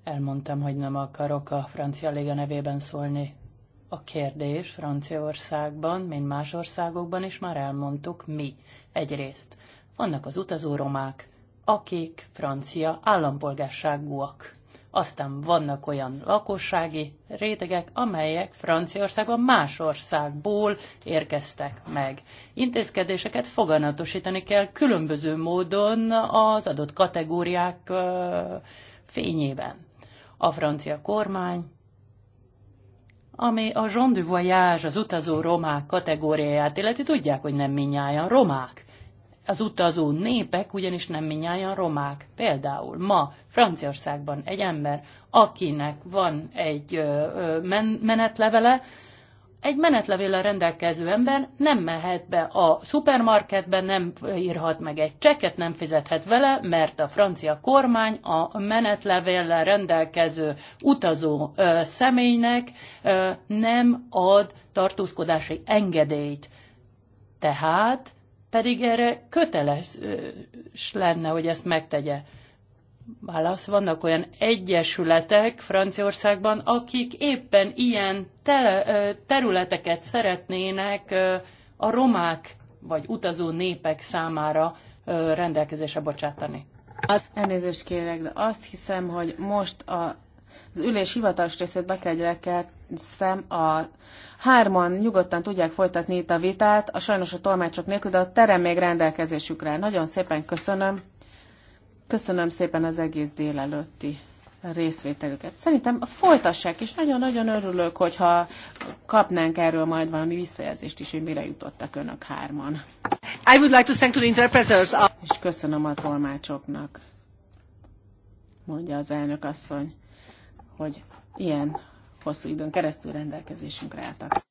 Elmondtam, hogy nem akarok a francia Liga nevében szólni. A kérdés Franciaországban, mint más országokban is már elmondtuk mi. Egyrészt vannak az utazó romák, akik francia állampolgárságúak. Aztán vannak olyan lakossági rétegek, amelyek Franciaországban más országból érkeztek meg. Intézkedéseket foganatosítani kell különböző módon az adott kategóriák fényében. A francia kormány ami a Jean du Voyage, az utazó romák kategóriáját illeti, tudják, hogy nem minnyáján romák az utazó népek ugyanis nem minnyáján romák. Például ma Franciaországban egy ember, akinek van egy men- menetlevele, egy menetlevéllel rendelkező ember nem mehet be a szupermarketbe, nem írhat meg egy cseket, nem fizethet vele, mert a francia kormány a menetlevéllel rendelkező utazó ö, személynek ö, nem ad tartózkodási engedélyt. Tehát pedig erre köteles lenne, hogy ezt megtegye. Válasz, vannak olyan egyesületek Franciaországban, akik éppen ilyen tele, területeket szeretnének a romák vagy utazó népek számára rendelkezésre bocsátani. Az elnézést kérek, de azt hiszem, hogy most a, az ülés hivatalos részét be kell szem, a hárman nyugodtan tudják folytatni itt a vitát, a sajnos a tolmácsok nélkül, de a terem még rendelkezésükre. Nagyon szépen köszönöm. Köszönöm szépen az egész délelőtti részvételüket. Szerintem folytassák, és nagyon-nagyon örülök, hogyha kapnánk erről majd valami visszajelzést is, hogy mire jutottak önök hárman. I would like to thank to the interpreters. És köszönöm a tolmácsoknak, mondja az elnök asszony, hogy ilyen hosszú időn keresztül rendelkezésünkre álltak.